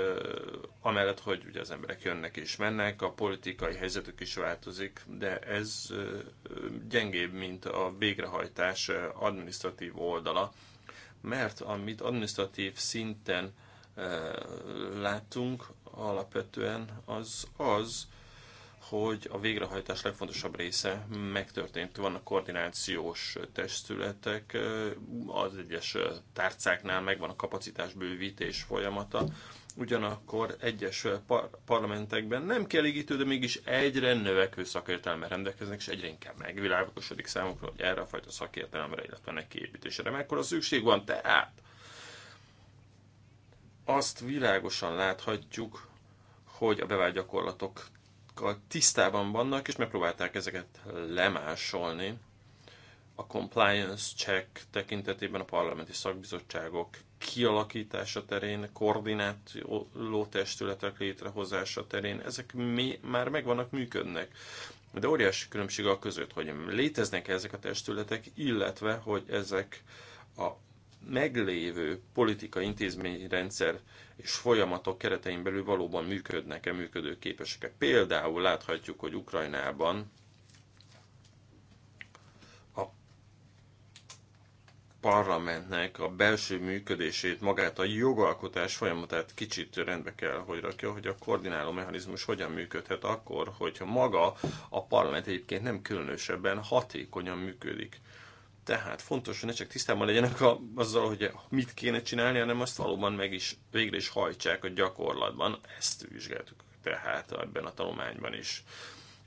S4: amellett, hogy ugye az emberek jönnek és mennek, a politikai helyzetük is változik, de ez gyengébb, mint a végrehajtás administratív oldala, mert amit administratív szinten látunk alapvetően az az, hogy a végrehajtás legfontosabb része megtörtént. Vannak koordinációs testületek, az egyes tárcáknál megvan a kapacitás bővítés folyamata, ugyanakkor egyes par- parlamentekben nem kielégítő, de mégis egyre növekvő szakértelemmel rendelkeznek, és egyre inkább megvilágosodik számukra, hogy erre a fajta szakértelemre, illetve neki kiépítésére mekkora szükség van. Tehát azt világosan láthatjuk, hogy a bevált gyakorlatok tisztában vannak, és megpróbálták ezeket lemásolni. A compliance check tekintetében a parlamenti szakbizottságok kialakítása terén, koordináló testületek létrehozása terén, ezek mi már megvannak, működnek. De óriási különbség a között, hogy léteznek -e ezek a testületek, illetve hogy ezek a meglévő politikai intézményrendszer és folyamatok keretein belül valóban működnek-e, működőképesek-e. Például láthatjuk, hogy Ukrajnában a parlamentnek a belső működését, magát a jogalkotás folyamatát kicsit rendbe kell, hogy rakja, hogy a koordináló mechanizmus hogyan működhet akkor, hogyha maga a parlament egyébként nem különösebben hatékonyan működik tehát fontos, hogy ne csak tisztában legyenek a, azzal, hogy mit kéne csinálni, hanem azt valóban meg is végre is hajtsák a gyakorlatban. Ezt vizsgáltuk tehát ebben a tanulmányban is.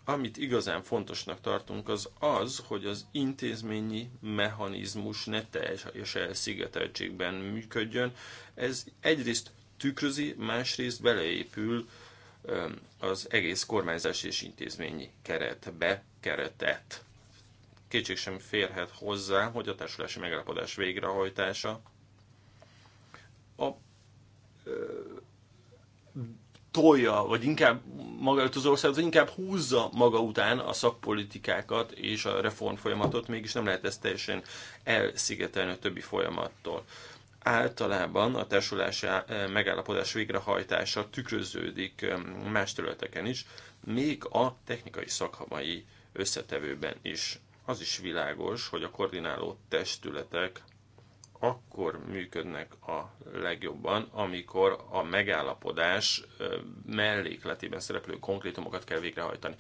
S4: Amit igazán fontosnak tartunk, az az, hogy az intézményi mechanizmus ne teljes elszigeteltségben működjön. Ez egyrészt tükrözi, másrészt beleépül az egész kormányzás és intézményi keretbe, keretet kétség sem férhet hozzá, hogy a társulási megállapodás végrehajtása a tolja, vagy inkább maga az ország, vagy inkább húzza maga után a szakpolitikákat és a reform folyamatot, mégis nem lehet ezt teljesen elszigetelni a többi folyamattól. Általában a társulási megállapodás végrehajtása tükröződik más területeken is, még a technikai szakmai összetevőben is az is világos, hogy a koordináló testületek akkor működnek a legjobban, amikor a megállapodás mellékletében szereplő konkrétumokat kell végrehajtani.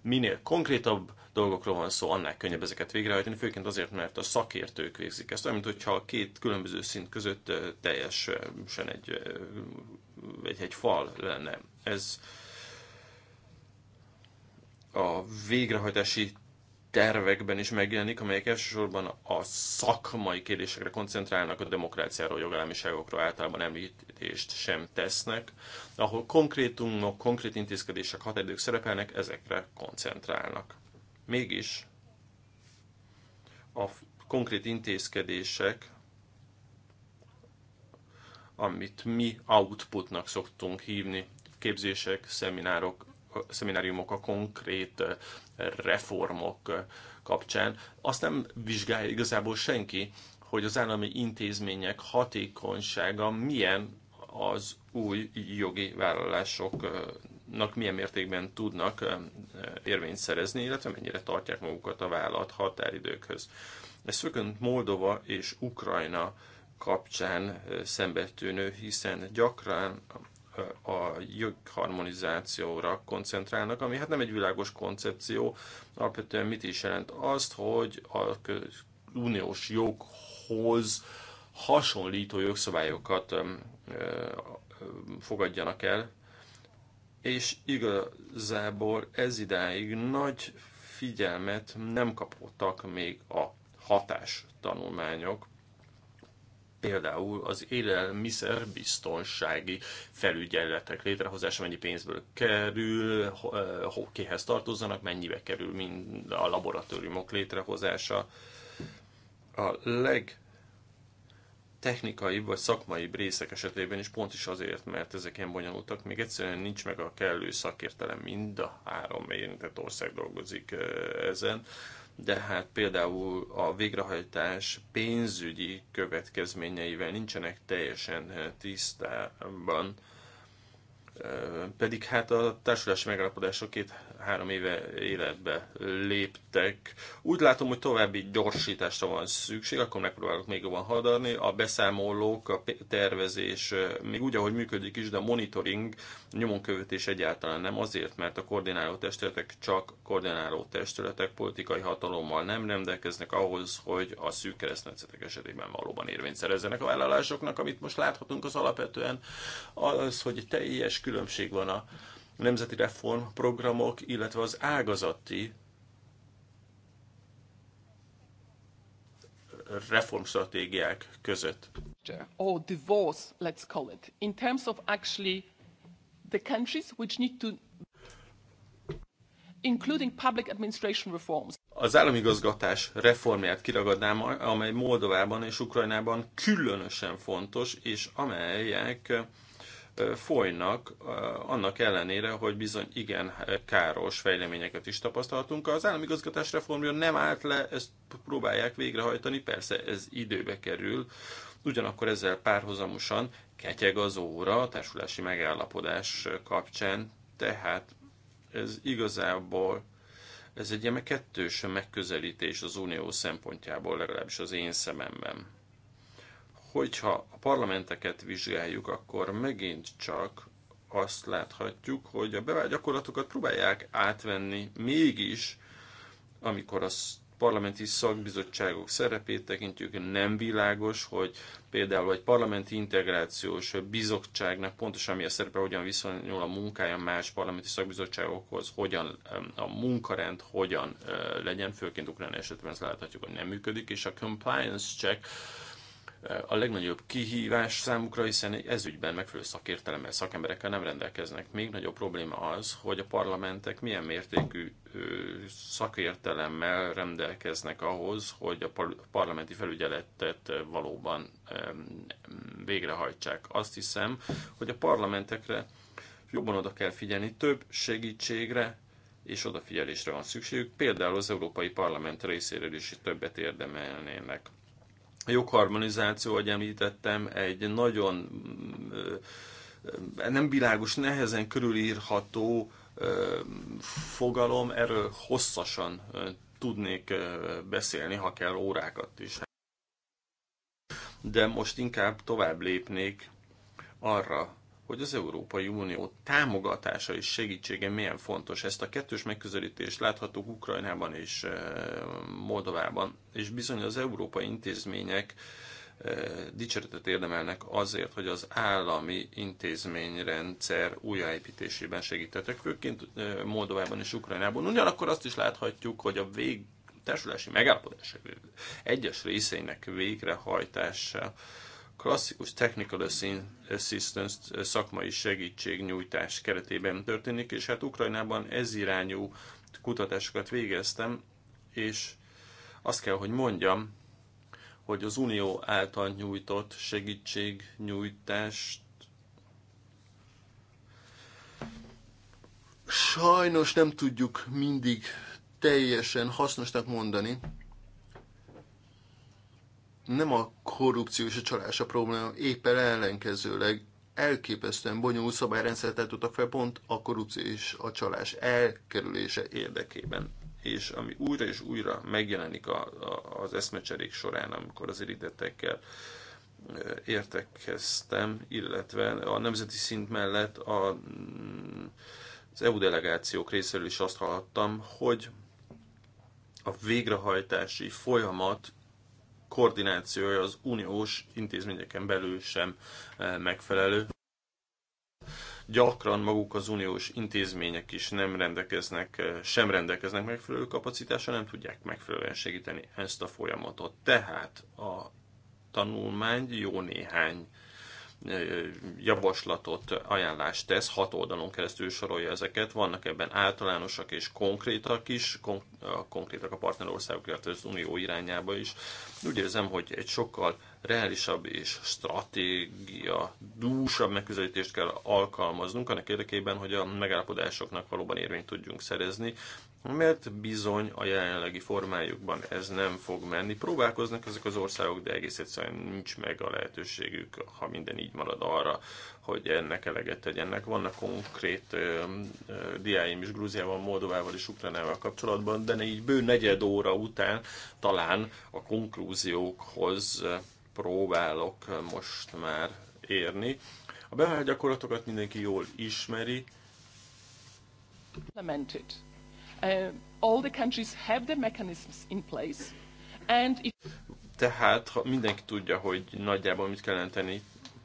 S4: Minél konkrétabb dolgokról van szó, annál könnyebb ezeket végrehajtani, főként azért, mert a szakértők végzik ezt, olyan, hogyha a két különböző szint között teljesen egy, egy, egy fal lenne. Ez a végrehajtási tervekben is megjelenik, amelyek elsősorban a szakmai kérdésekre koncentrálnak, a demokráciáról, jogállamiságokról általában említést sem tesznek. Ahol konkrétumok, konkrét intézkedések, határidők szerepelnek, ezekre koncentrálnak. Mégis a konkrét intézkedések, amit mi outputnak szoktunk hívni, képzések, szeminárok, szemináriumok, a konkrét reformok kapcsán. Azt nem vizsgálja igazából senki, hogy az állami intézmények hatékonysága milyen az új jogi vállalásoknak milyen mértékben tudnak érvényt szerezni, illetve mennyire tartják magukat a vállalat határidőkhöz. Ez főként Moldova és Ukrajna kapcsán szembetűnő, hiszen gyakran a jogharmonizációra koncentrálnak, ami hát nem egy világos koncepció. Alapvetően mit is jelent azt, hogy a uniós joghoz hasonlító jogszabályokat fogadjanak el, és igazából ez idáig nagy figyelmet nem kapottak még a hatás tanulmányok például az élelmiszer biztonsági felügyeletek létrehozása mennyi pénzből kerül, kihez tartozzanak, mennyibe kerül mind a laboratóriumok létrehozása. A leg technikai vagy szakmai részek esetében is pont is azért, mert ezek ilyen bonyolultak, még egyszerűen nincs meg a kellő szakértelem, mind a három érintett ország dolgozik ezen de hát például a végrehajtás pénzügyi következményeivel nincsenek teljesen eh, tisztában. Eh, pedig hát a társulási megállapodások két három éve életbe léptek. Úgy látom, hogy további gyorsításra van szükség, akkor megpróbálok még jobban hadarni. A beszámolók, a tervezés még úgy, ahogy működik is, de a monitoring, nyomonkövetés egyáltalán nem azért, mert a koordináló testületek csak koordináló testületek politikai hatalommal nem rendelkeznek ahhoz, hogy a szűk keresztmetszetek esetében valóban érvényt szerezzenek a vállalásoknak, amit most láthatunk az alapvetően az, hogy teljes különbség van a nemzeti reformprogramok, illetve az ágazati reformstratégiák között.
S6: Or divorce, let's call it, in terms of actually the countries which need to including public administration reforms.
S4: Az állami gazgatás reformját kiragadnám, amely Moldovában és Ukrajnában különösen fontos, és amelyek folynak, annak ellenére, hogy bizony igen káros fejleményeket is tapasztalhatunk. Az államigazgatás reformja nem állt le, ezt próbálják végrehajtani, persze ez időbe kerül, ugyanakkor ezzel párhuzamosan ketyeg az óra a társulási megállapodás kapcsán, tehát ez igazából ez egy ilyen kettős megközelítés az unió szempontjából, legalábbis az én szememben. Hogyha a parlamenteket vizsgáljuk, akkor megint csak azt láthatjuk, hogy a bevált gyakorlatokat próbálják átvenni, mégis, amikor a parlamenti szakbizottságok szerepét tekintjük, nem világos, hogy például egy parlamenti integrációs bizottságnak pontosan mi a szerepe, hogyan viszonyul a munkája más parlamenti szakbizottságokhoz, hogyan a munkarend hogyan legyen, főként Ukrán esetben ezt láthatjuk, hogy nem működik, és a compliance check a legnagyobb kihívás számukra, hiszen ez ügyben megfelelő szakértelemmel, szakemberekkel nem rendelkeznek. Még nagyobb probléma az, hogy a parlamentek milyen mértékű szakértelemmel rendelkeznek ahhoz, hogy a parlamenti felügyeletet valóban végrehajtsák. Azt hiszem, hogy a parlamentekre jobban oda kell figyelni, több segítségre és odafigyelésre van szükségük. Például az Európai Parlament részéről is többet érdemelnének a jogharmonizáció, ahogy említettem, egy nagyon mm, nem világos, nehezen körülírható fogalom, erről hosszasan tudnék beszélni, ha kell órákat is. De most inkább tovább lépnék arra hogy az Európai Unió támogatása és segítsége milyen fontos. Ezt a kettős megközelítést láthatók Ukrajnában és Moldovában, és bizony az európai intézmények dicséretet érdemelnek azért, hogy az állami intézményrendszer újjáépítésében segítettek, főként Moldovában és Ukrajnában. Ugyanakkor azt is láthatjuk, hogy a vég társulási megállapodás egyes részeinek végrehajtása klasszikus technical assistance eh, szakmai segítségnyújtás keretében történik, és hát Ukrajnában ez irányú kutatásokat végeztem, és azt kell, hogy mondjam, hogy az Unió által nyújtott segítségnyújtást sajnos nem tudjuk mindig teljesen hasznosnak mondani, nem a korrupció és a csalás a probléma, éppen ellenkezőleg elképesztően bonyolult szabályrendszert állítottak fel pont a korrupció és a csalás elkerülése érdekében. És ami újra és újra megjelenik a, a, az eszmecserék során, amikor az érintettekkel értekeztem, illetve a nemzeti szint mellett a, mm, az EU delegációk részéről is azt hallottam, hogy a végrehajtási folyamat koordinációja az uniós intézményeken belül sem eh, megfelelő. Gyakran maguk az uniós intézmények is nem rendelkeznek, eh, sem rendelkeznek megfelelő kapacitással, nem tudják megfelelően segíteni ezt a folyamatot. Tehát a tanulmány jó néhány javaslatot, ajánlást tesz, hat oldalon keresztül sorolja ezeket. Vannak ebben általánosak és konkrétak is, konkrétak a partnerországok, illetve az Unió irányába is. Úgy érzem, hogy egy sokkal reálisabb és stratégia dúsabb megközelítést kell alkalmaznunk annak érdekében, hogy a megállapodásoknak valóban érvényt tudjunk szerezni, mert bizony a jelenlegi formájukban ez nem fog menni. Próbálkoznak ezek az országok, de egész egyszerűen nincs meg a lehetőségük, ha minden így marad arra, hogy ennek eleget tegyenek. Vannak konkrét ö, ö, diáim is Grúziával, Moldovával és Ukránával kapcsolatban, de így bő negyed óra után talán a konklúziókhoz próbálok most már érni. A bevált gyakorlatokat mindenki jól ismeri.
S6: Implemented. Uh, all the countries have the mechanisms in place. And if...
S4: Tehát ha mindenki tudja, hogy nagyjából mit kell tenni,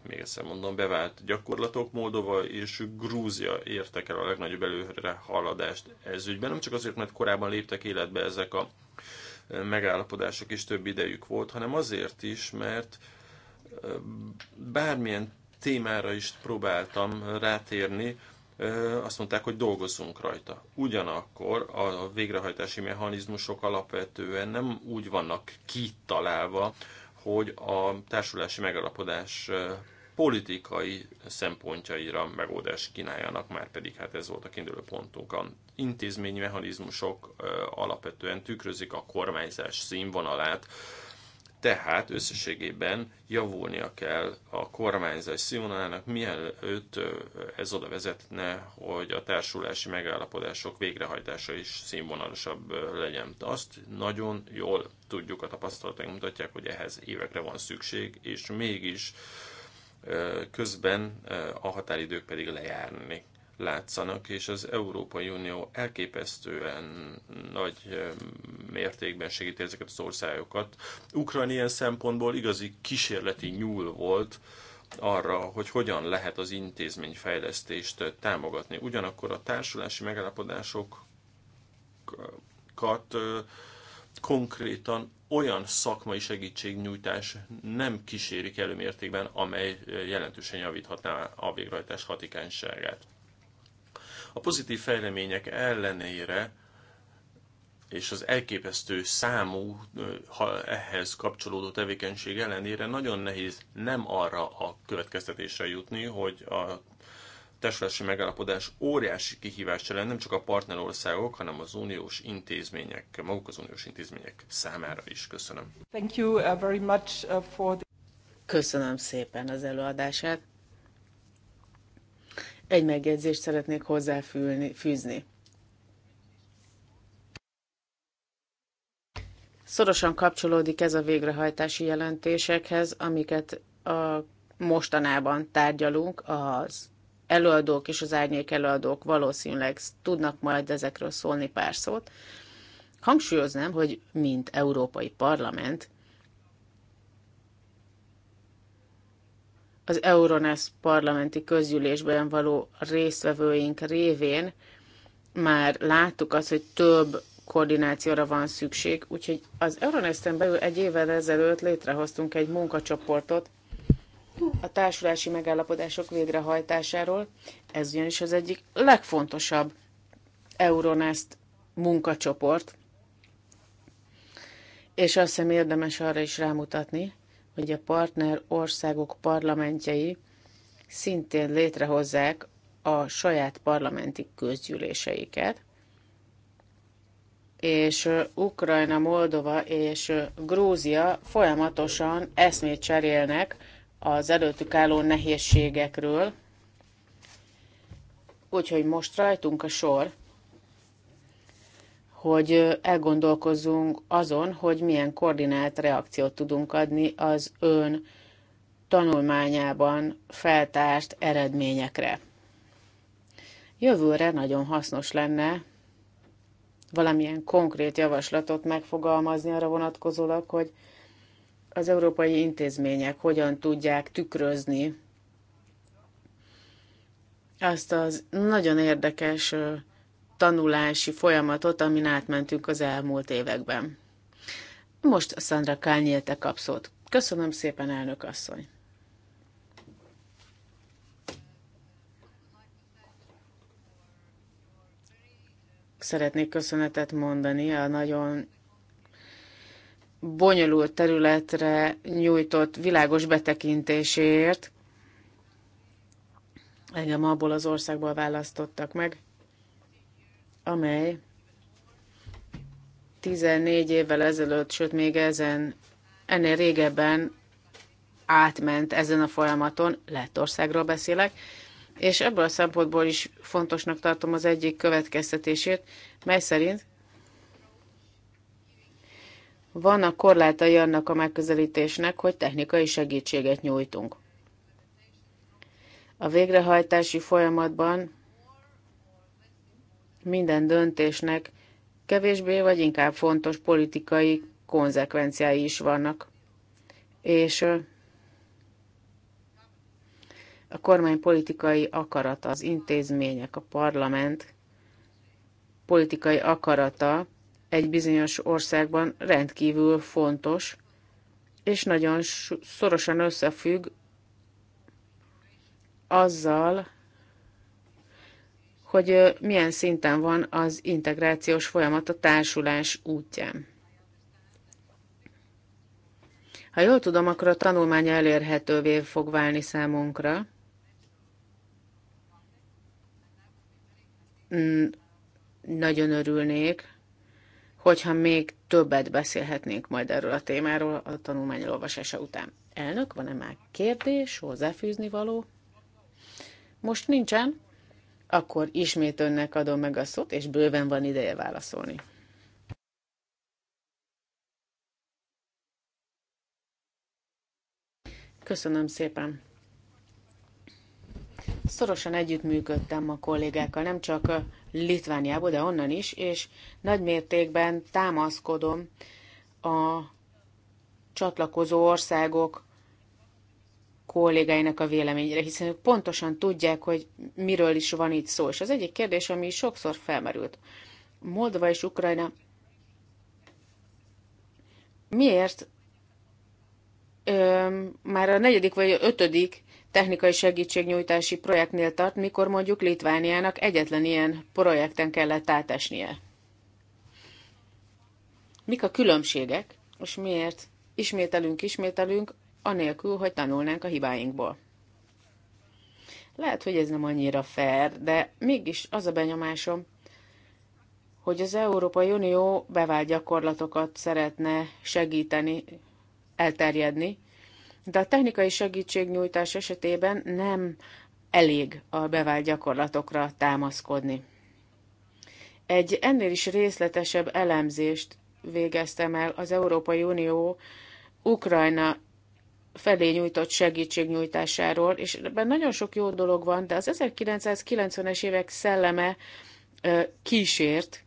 S4: még egyszer mondom, bevált gyakorlatok Moldova és Grúzia értek el a legnagyobb előre haladást ez ügyben. Nem csak azért, mert korábban léptek életbe ezek a megállapodások is több idejük volt, hanem azért is, mert bármilyen témára is próbáltam rátérni, azt mondták, hogy dolgozzunk rajta. Ugyanakkor a végrehajtási mechanizmusok alapvetően nem úgy vannak kitalálva, hogy a társulási megalapodás politikai szempontjaira megoldást kínáljanak, már pedig hát ez volt a kiinduló pontunk. A intézménymechanizmusok alapvetően tükrözik a kormányzás színvonalát, tehát összességében javulnia kell a kormányzás színvonalának, mielőtt ez oda vezetne, hogy a társulási megállapodások végrehajtása is színvonalasabb legyen. Azt nagyon jól tudjuk, a tapasztalataink mutatják, hogy ehhez évekre van szükség, és mégis közben a határidők pedig lejárni látszanak, és az Európai Unió elképesztően nagy mértékben segíti ezeket az országokat. Ukrajna ilyen szempontból igazi kísérleti nyúl volt arra, hogy hogyan lehet az intézményfejlesztést támogatni. Ugyanakkor a társulási megállapodásokat konkrétan olyan szakmai segítségnyújtás nem kísérik előmértékben, amely eh, jelentősen javíthatná a végrehajtás hatékonyságát. A pozitív fejlemények ellenére és az elképesztő számú eh, ehhez kapcsolódó tevékenység ellenére nagyon nehéz nem arra a következtetésre jutni, hogy a társulási megállapodás óriási kihívást jelent nem csak a partnerországok, hanem az uniós intézmények, maguk az uniós intézmények számára is. Köszönöm.
S3: Thank
S5: you uh, very much uh, for the... Köszönöm szépen az előadását. Egy megjegyzést szeretnék hozzáfűzni. Szorosan kapcsolódik ez a végrehajtási jelentésekhez, amiket a mostanában tárgyalunk az előadók és az árnyék előadók valószínűleg tudnak majd ezekről szólni pár szót. Hangsúlyoznám, hogy mint Európai Parlament az Euronesz parlamenti közgyűlésben való résztvevőink révén már láttuk azt, hogy több koordinációra van szükség, úgyhogy az Euronesten belül egy évvel ezelőtt létrehoztunk egy munkacsoportot, a társulási megállapodások végrehajtásáról. Ez ugyanis az egyik legfontosabb Euronest munkacsoport, és azt hiszem érdemes arra is rámutatni, hogy a partner országok parlamentjei szintén létrehozzák a saját parlamenti közgyűléseiket, és Ukrajna, Moldova és Grúzia folyamatosan eszmét cserélnek az előttük álló nehézségekről, úgyhogy most rajtunk a sor, hogy elgondolkozzunk azon, hogy milyen koordinált reakciót tudunk adni az ön tanulmányában feltárt eredményekre. Jövőre nagyon hasznos lenne valamilyen konkrét javaslatot megfogalmazni arra vonatkozólag, hogy az európai intézmények hogyan tudják tükrözni azt az nagyon érdekes tanulási folyamatot, amin átmentünk az elmúlt években. Most Szandra te kapszót. Köszönöm szépen, elnök asszony! Szeretnék köszönetet mondani a nagyon bonyolult területre nyújtott világos betekintésért. Engem abból az országból választottak meg, amely 14 évvel ezelőtt, sőt még ezen, ennél régebben átment ezen a folyamaton, Lettországról beszélek, és ebből a szempontból is fontosnak tartom az egyik következtetését, mely szerint vannak korlátai annak a megközelítésnek, hogy technikai segítséget nyújtunk. A végrehajtási folyamatban minden döntésnek kevésbé vagy inkább fontos politikai konzekvenciái is vannak. És a kormány politikai akarata, az intézmények, a parlament politikai akarata egy bizonyos országban rendkívül fontos, és nagyon szorosan összefügg azzal, hogy milyen szinten van az integrációs folyamat a társulás útján. Ha jól tudom, akkor a tanulmány elérhetővé fog válni számunkra. Nagyon örülnék, hogyha még többet beszélhetnénk majd erről a témáról a tanulmány olvasása után. Elnök, van-e már kérdés, hozzáfűzni való? Most nincsen? Akkor ismét önnek adom meg a szót, és bőven van ideje válaszolni. Köszönöm szépen. Szorosan együttműködtem a kollégákkal, nem csak Litvániából, de onnan is, és nagy mértékben támaszkodom a csatlakozó országok kollégáinak a véleményére, hiszen ők pontosan tudják, hogy miről is van itt szó. És az egyik kérdés, ami sokszor felmerült. Moldova és Ukrajna miért ö, már a negyedik vagy a ötödik technikai segítségnyújtási projektnél tart, mikor mondjuk Litvániának egyetlen ilyen projekten kellett átesnie. Mik a különbségek, és miért ismételünk, ismételünk, anélkül, hogy tanulnánk a hibáinkból? Lehet, hogy ez nem annyira fair, de mégis az a benyomásom, hogy az Európai Unió bevált gyakorlatokat szeretne segíteni, elterjedni, de a technikai segítségnyújtás esetében nem elég a bevált gyakorlatokra támaszkodni. Egy ennél is részletesebb elemzést végeztem el az Európai Unió Ukrajna felé nyújtott segítségnyújtásáról, és ebben nagyon sok jó dolog van, de az 1990-es évek szelleme kísért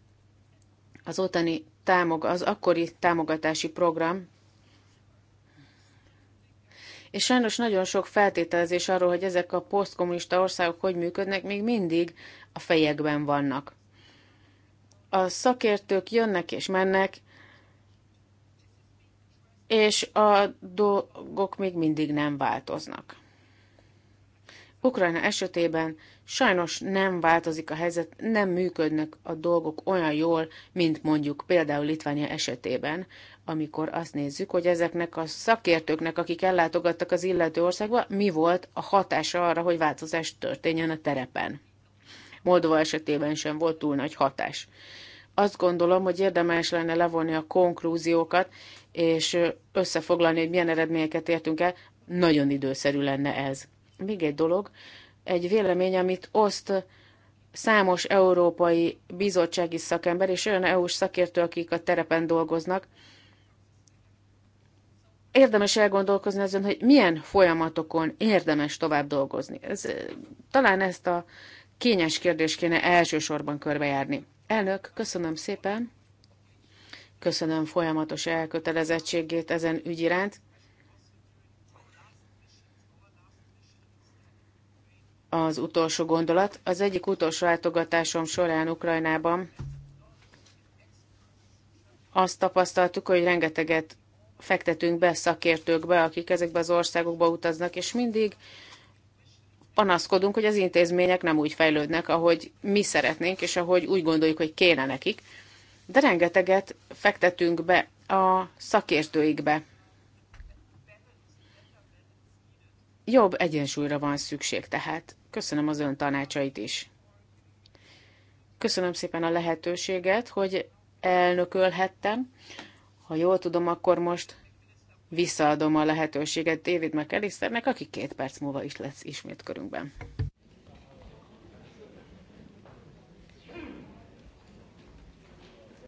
S5: az ottani támog, az akkori támogatási program, és sajnos nagyon sok feltételezés arról, hogy ezek a posztkommunista országok hogy működnek, még mindig a fejekben vannak. A szakértők jönnek és mennek, és a dolgok még mindig nem változnak. Ukrajna esetében sajnos nem változik a helyzet, nem működnek a dolgok olyan jól, mint mondjuk például Litvánia esetében, amikor azt nézzük, hogy ezeknek a szakértőknek, akik ellátogattak az illető országba, mi volt a hatása arra, hogy változás történjen a terepen. Moldova esetében sem volt túl nagy hatás. Azt gondolom, hogy érdemes lenne levonni a konklúziókat, és összefoglalni, hogy milyen eredményeket értünk el. Nagyon időszerű lenne ez. Még egy dolog, egy vélemény, amit oszt számos európai bizottsági szakember és olyan EU-s szakértő, akik a terepen dolgoznak, érdemes elgondolkozni azon, hogy milyen folyamatokon érdemes tovább dolgozni. Ez, talán ezt a kényes kérdést kéne elsősorban körbejárni. Elnök, köszönöm szépen. Köszönöm folyamatos elkötelezettségét ezen ügy iránt. Az utolsó gondolat. Az egyik utolsó látogatásom során Ukrajnában azt tapasztaltuk, hogy rengeteget fektetünk be szakértőkbe, akik ezekbe az országokba utaznak, és mindig panaszkodunk, hogy az intézmények nem úgy fejlődnek, ahogy mi szeretnénk, és ahogy úgy gondoljuk, hogy kéne nekik. De rengeteget fektetünk be a szakértőikbe. Jobb egyensúlyra van szükség tehát. Köszönöm az ön tanácsait is. Köszönöm szépen a lehetőséget, hogy elnökölhettem. Ha jól tudom, akkor most visszaadom a lehetőséget David McAllisternek, aki két perc múlva is lesz ismét körünkben.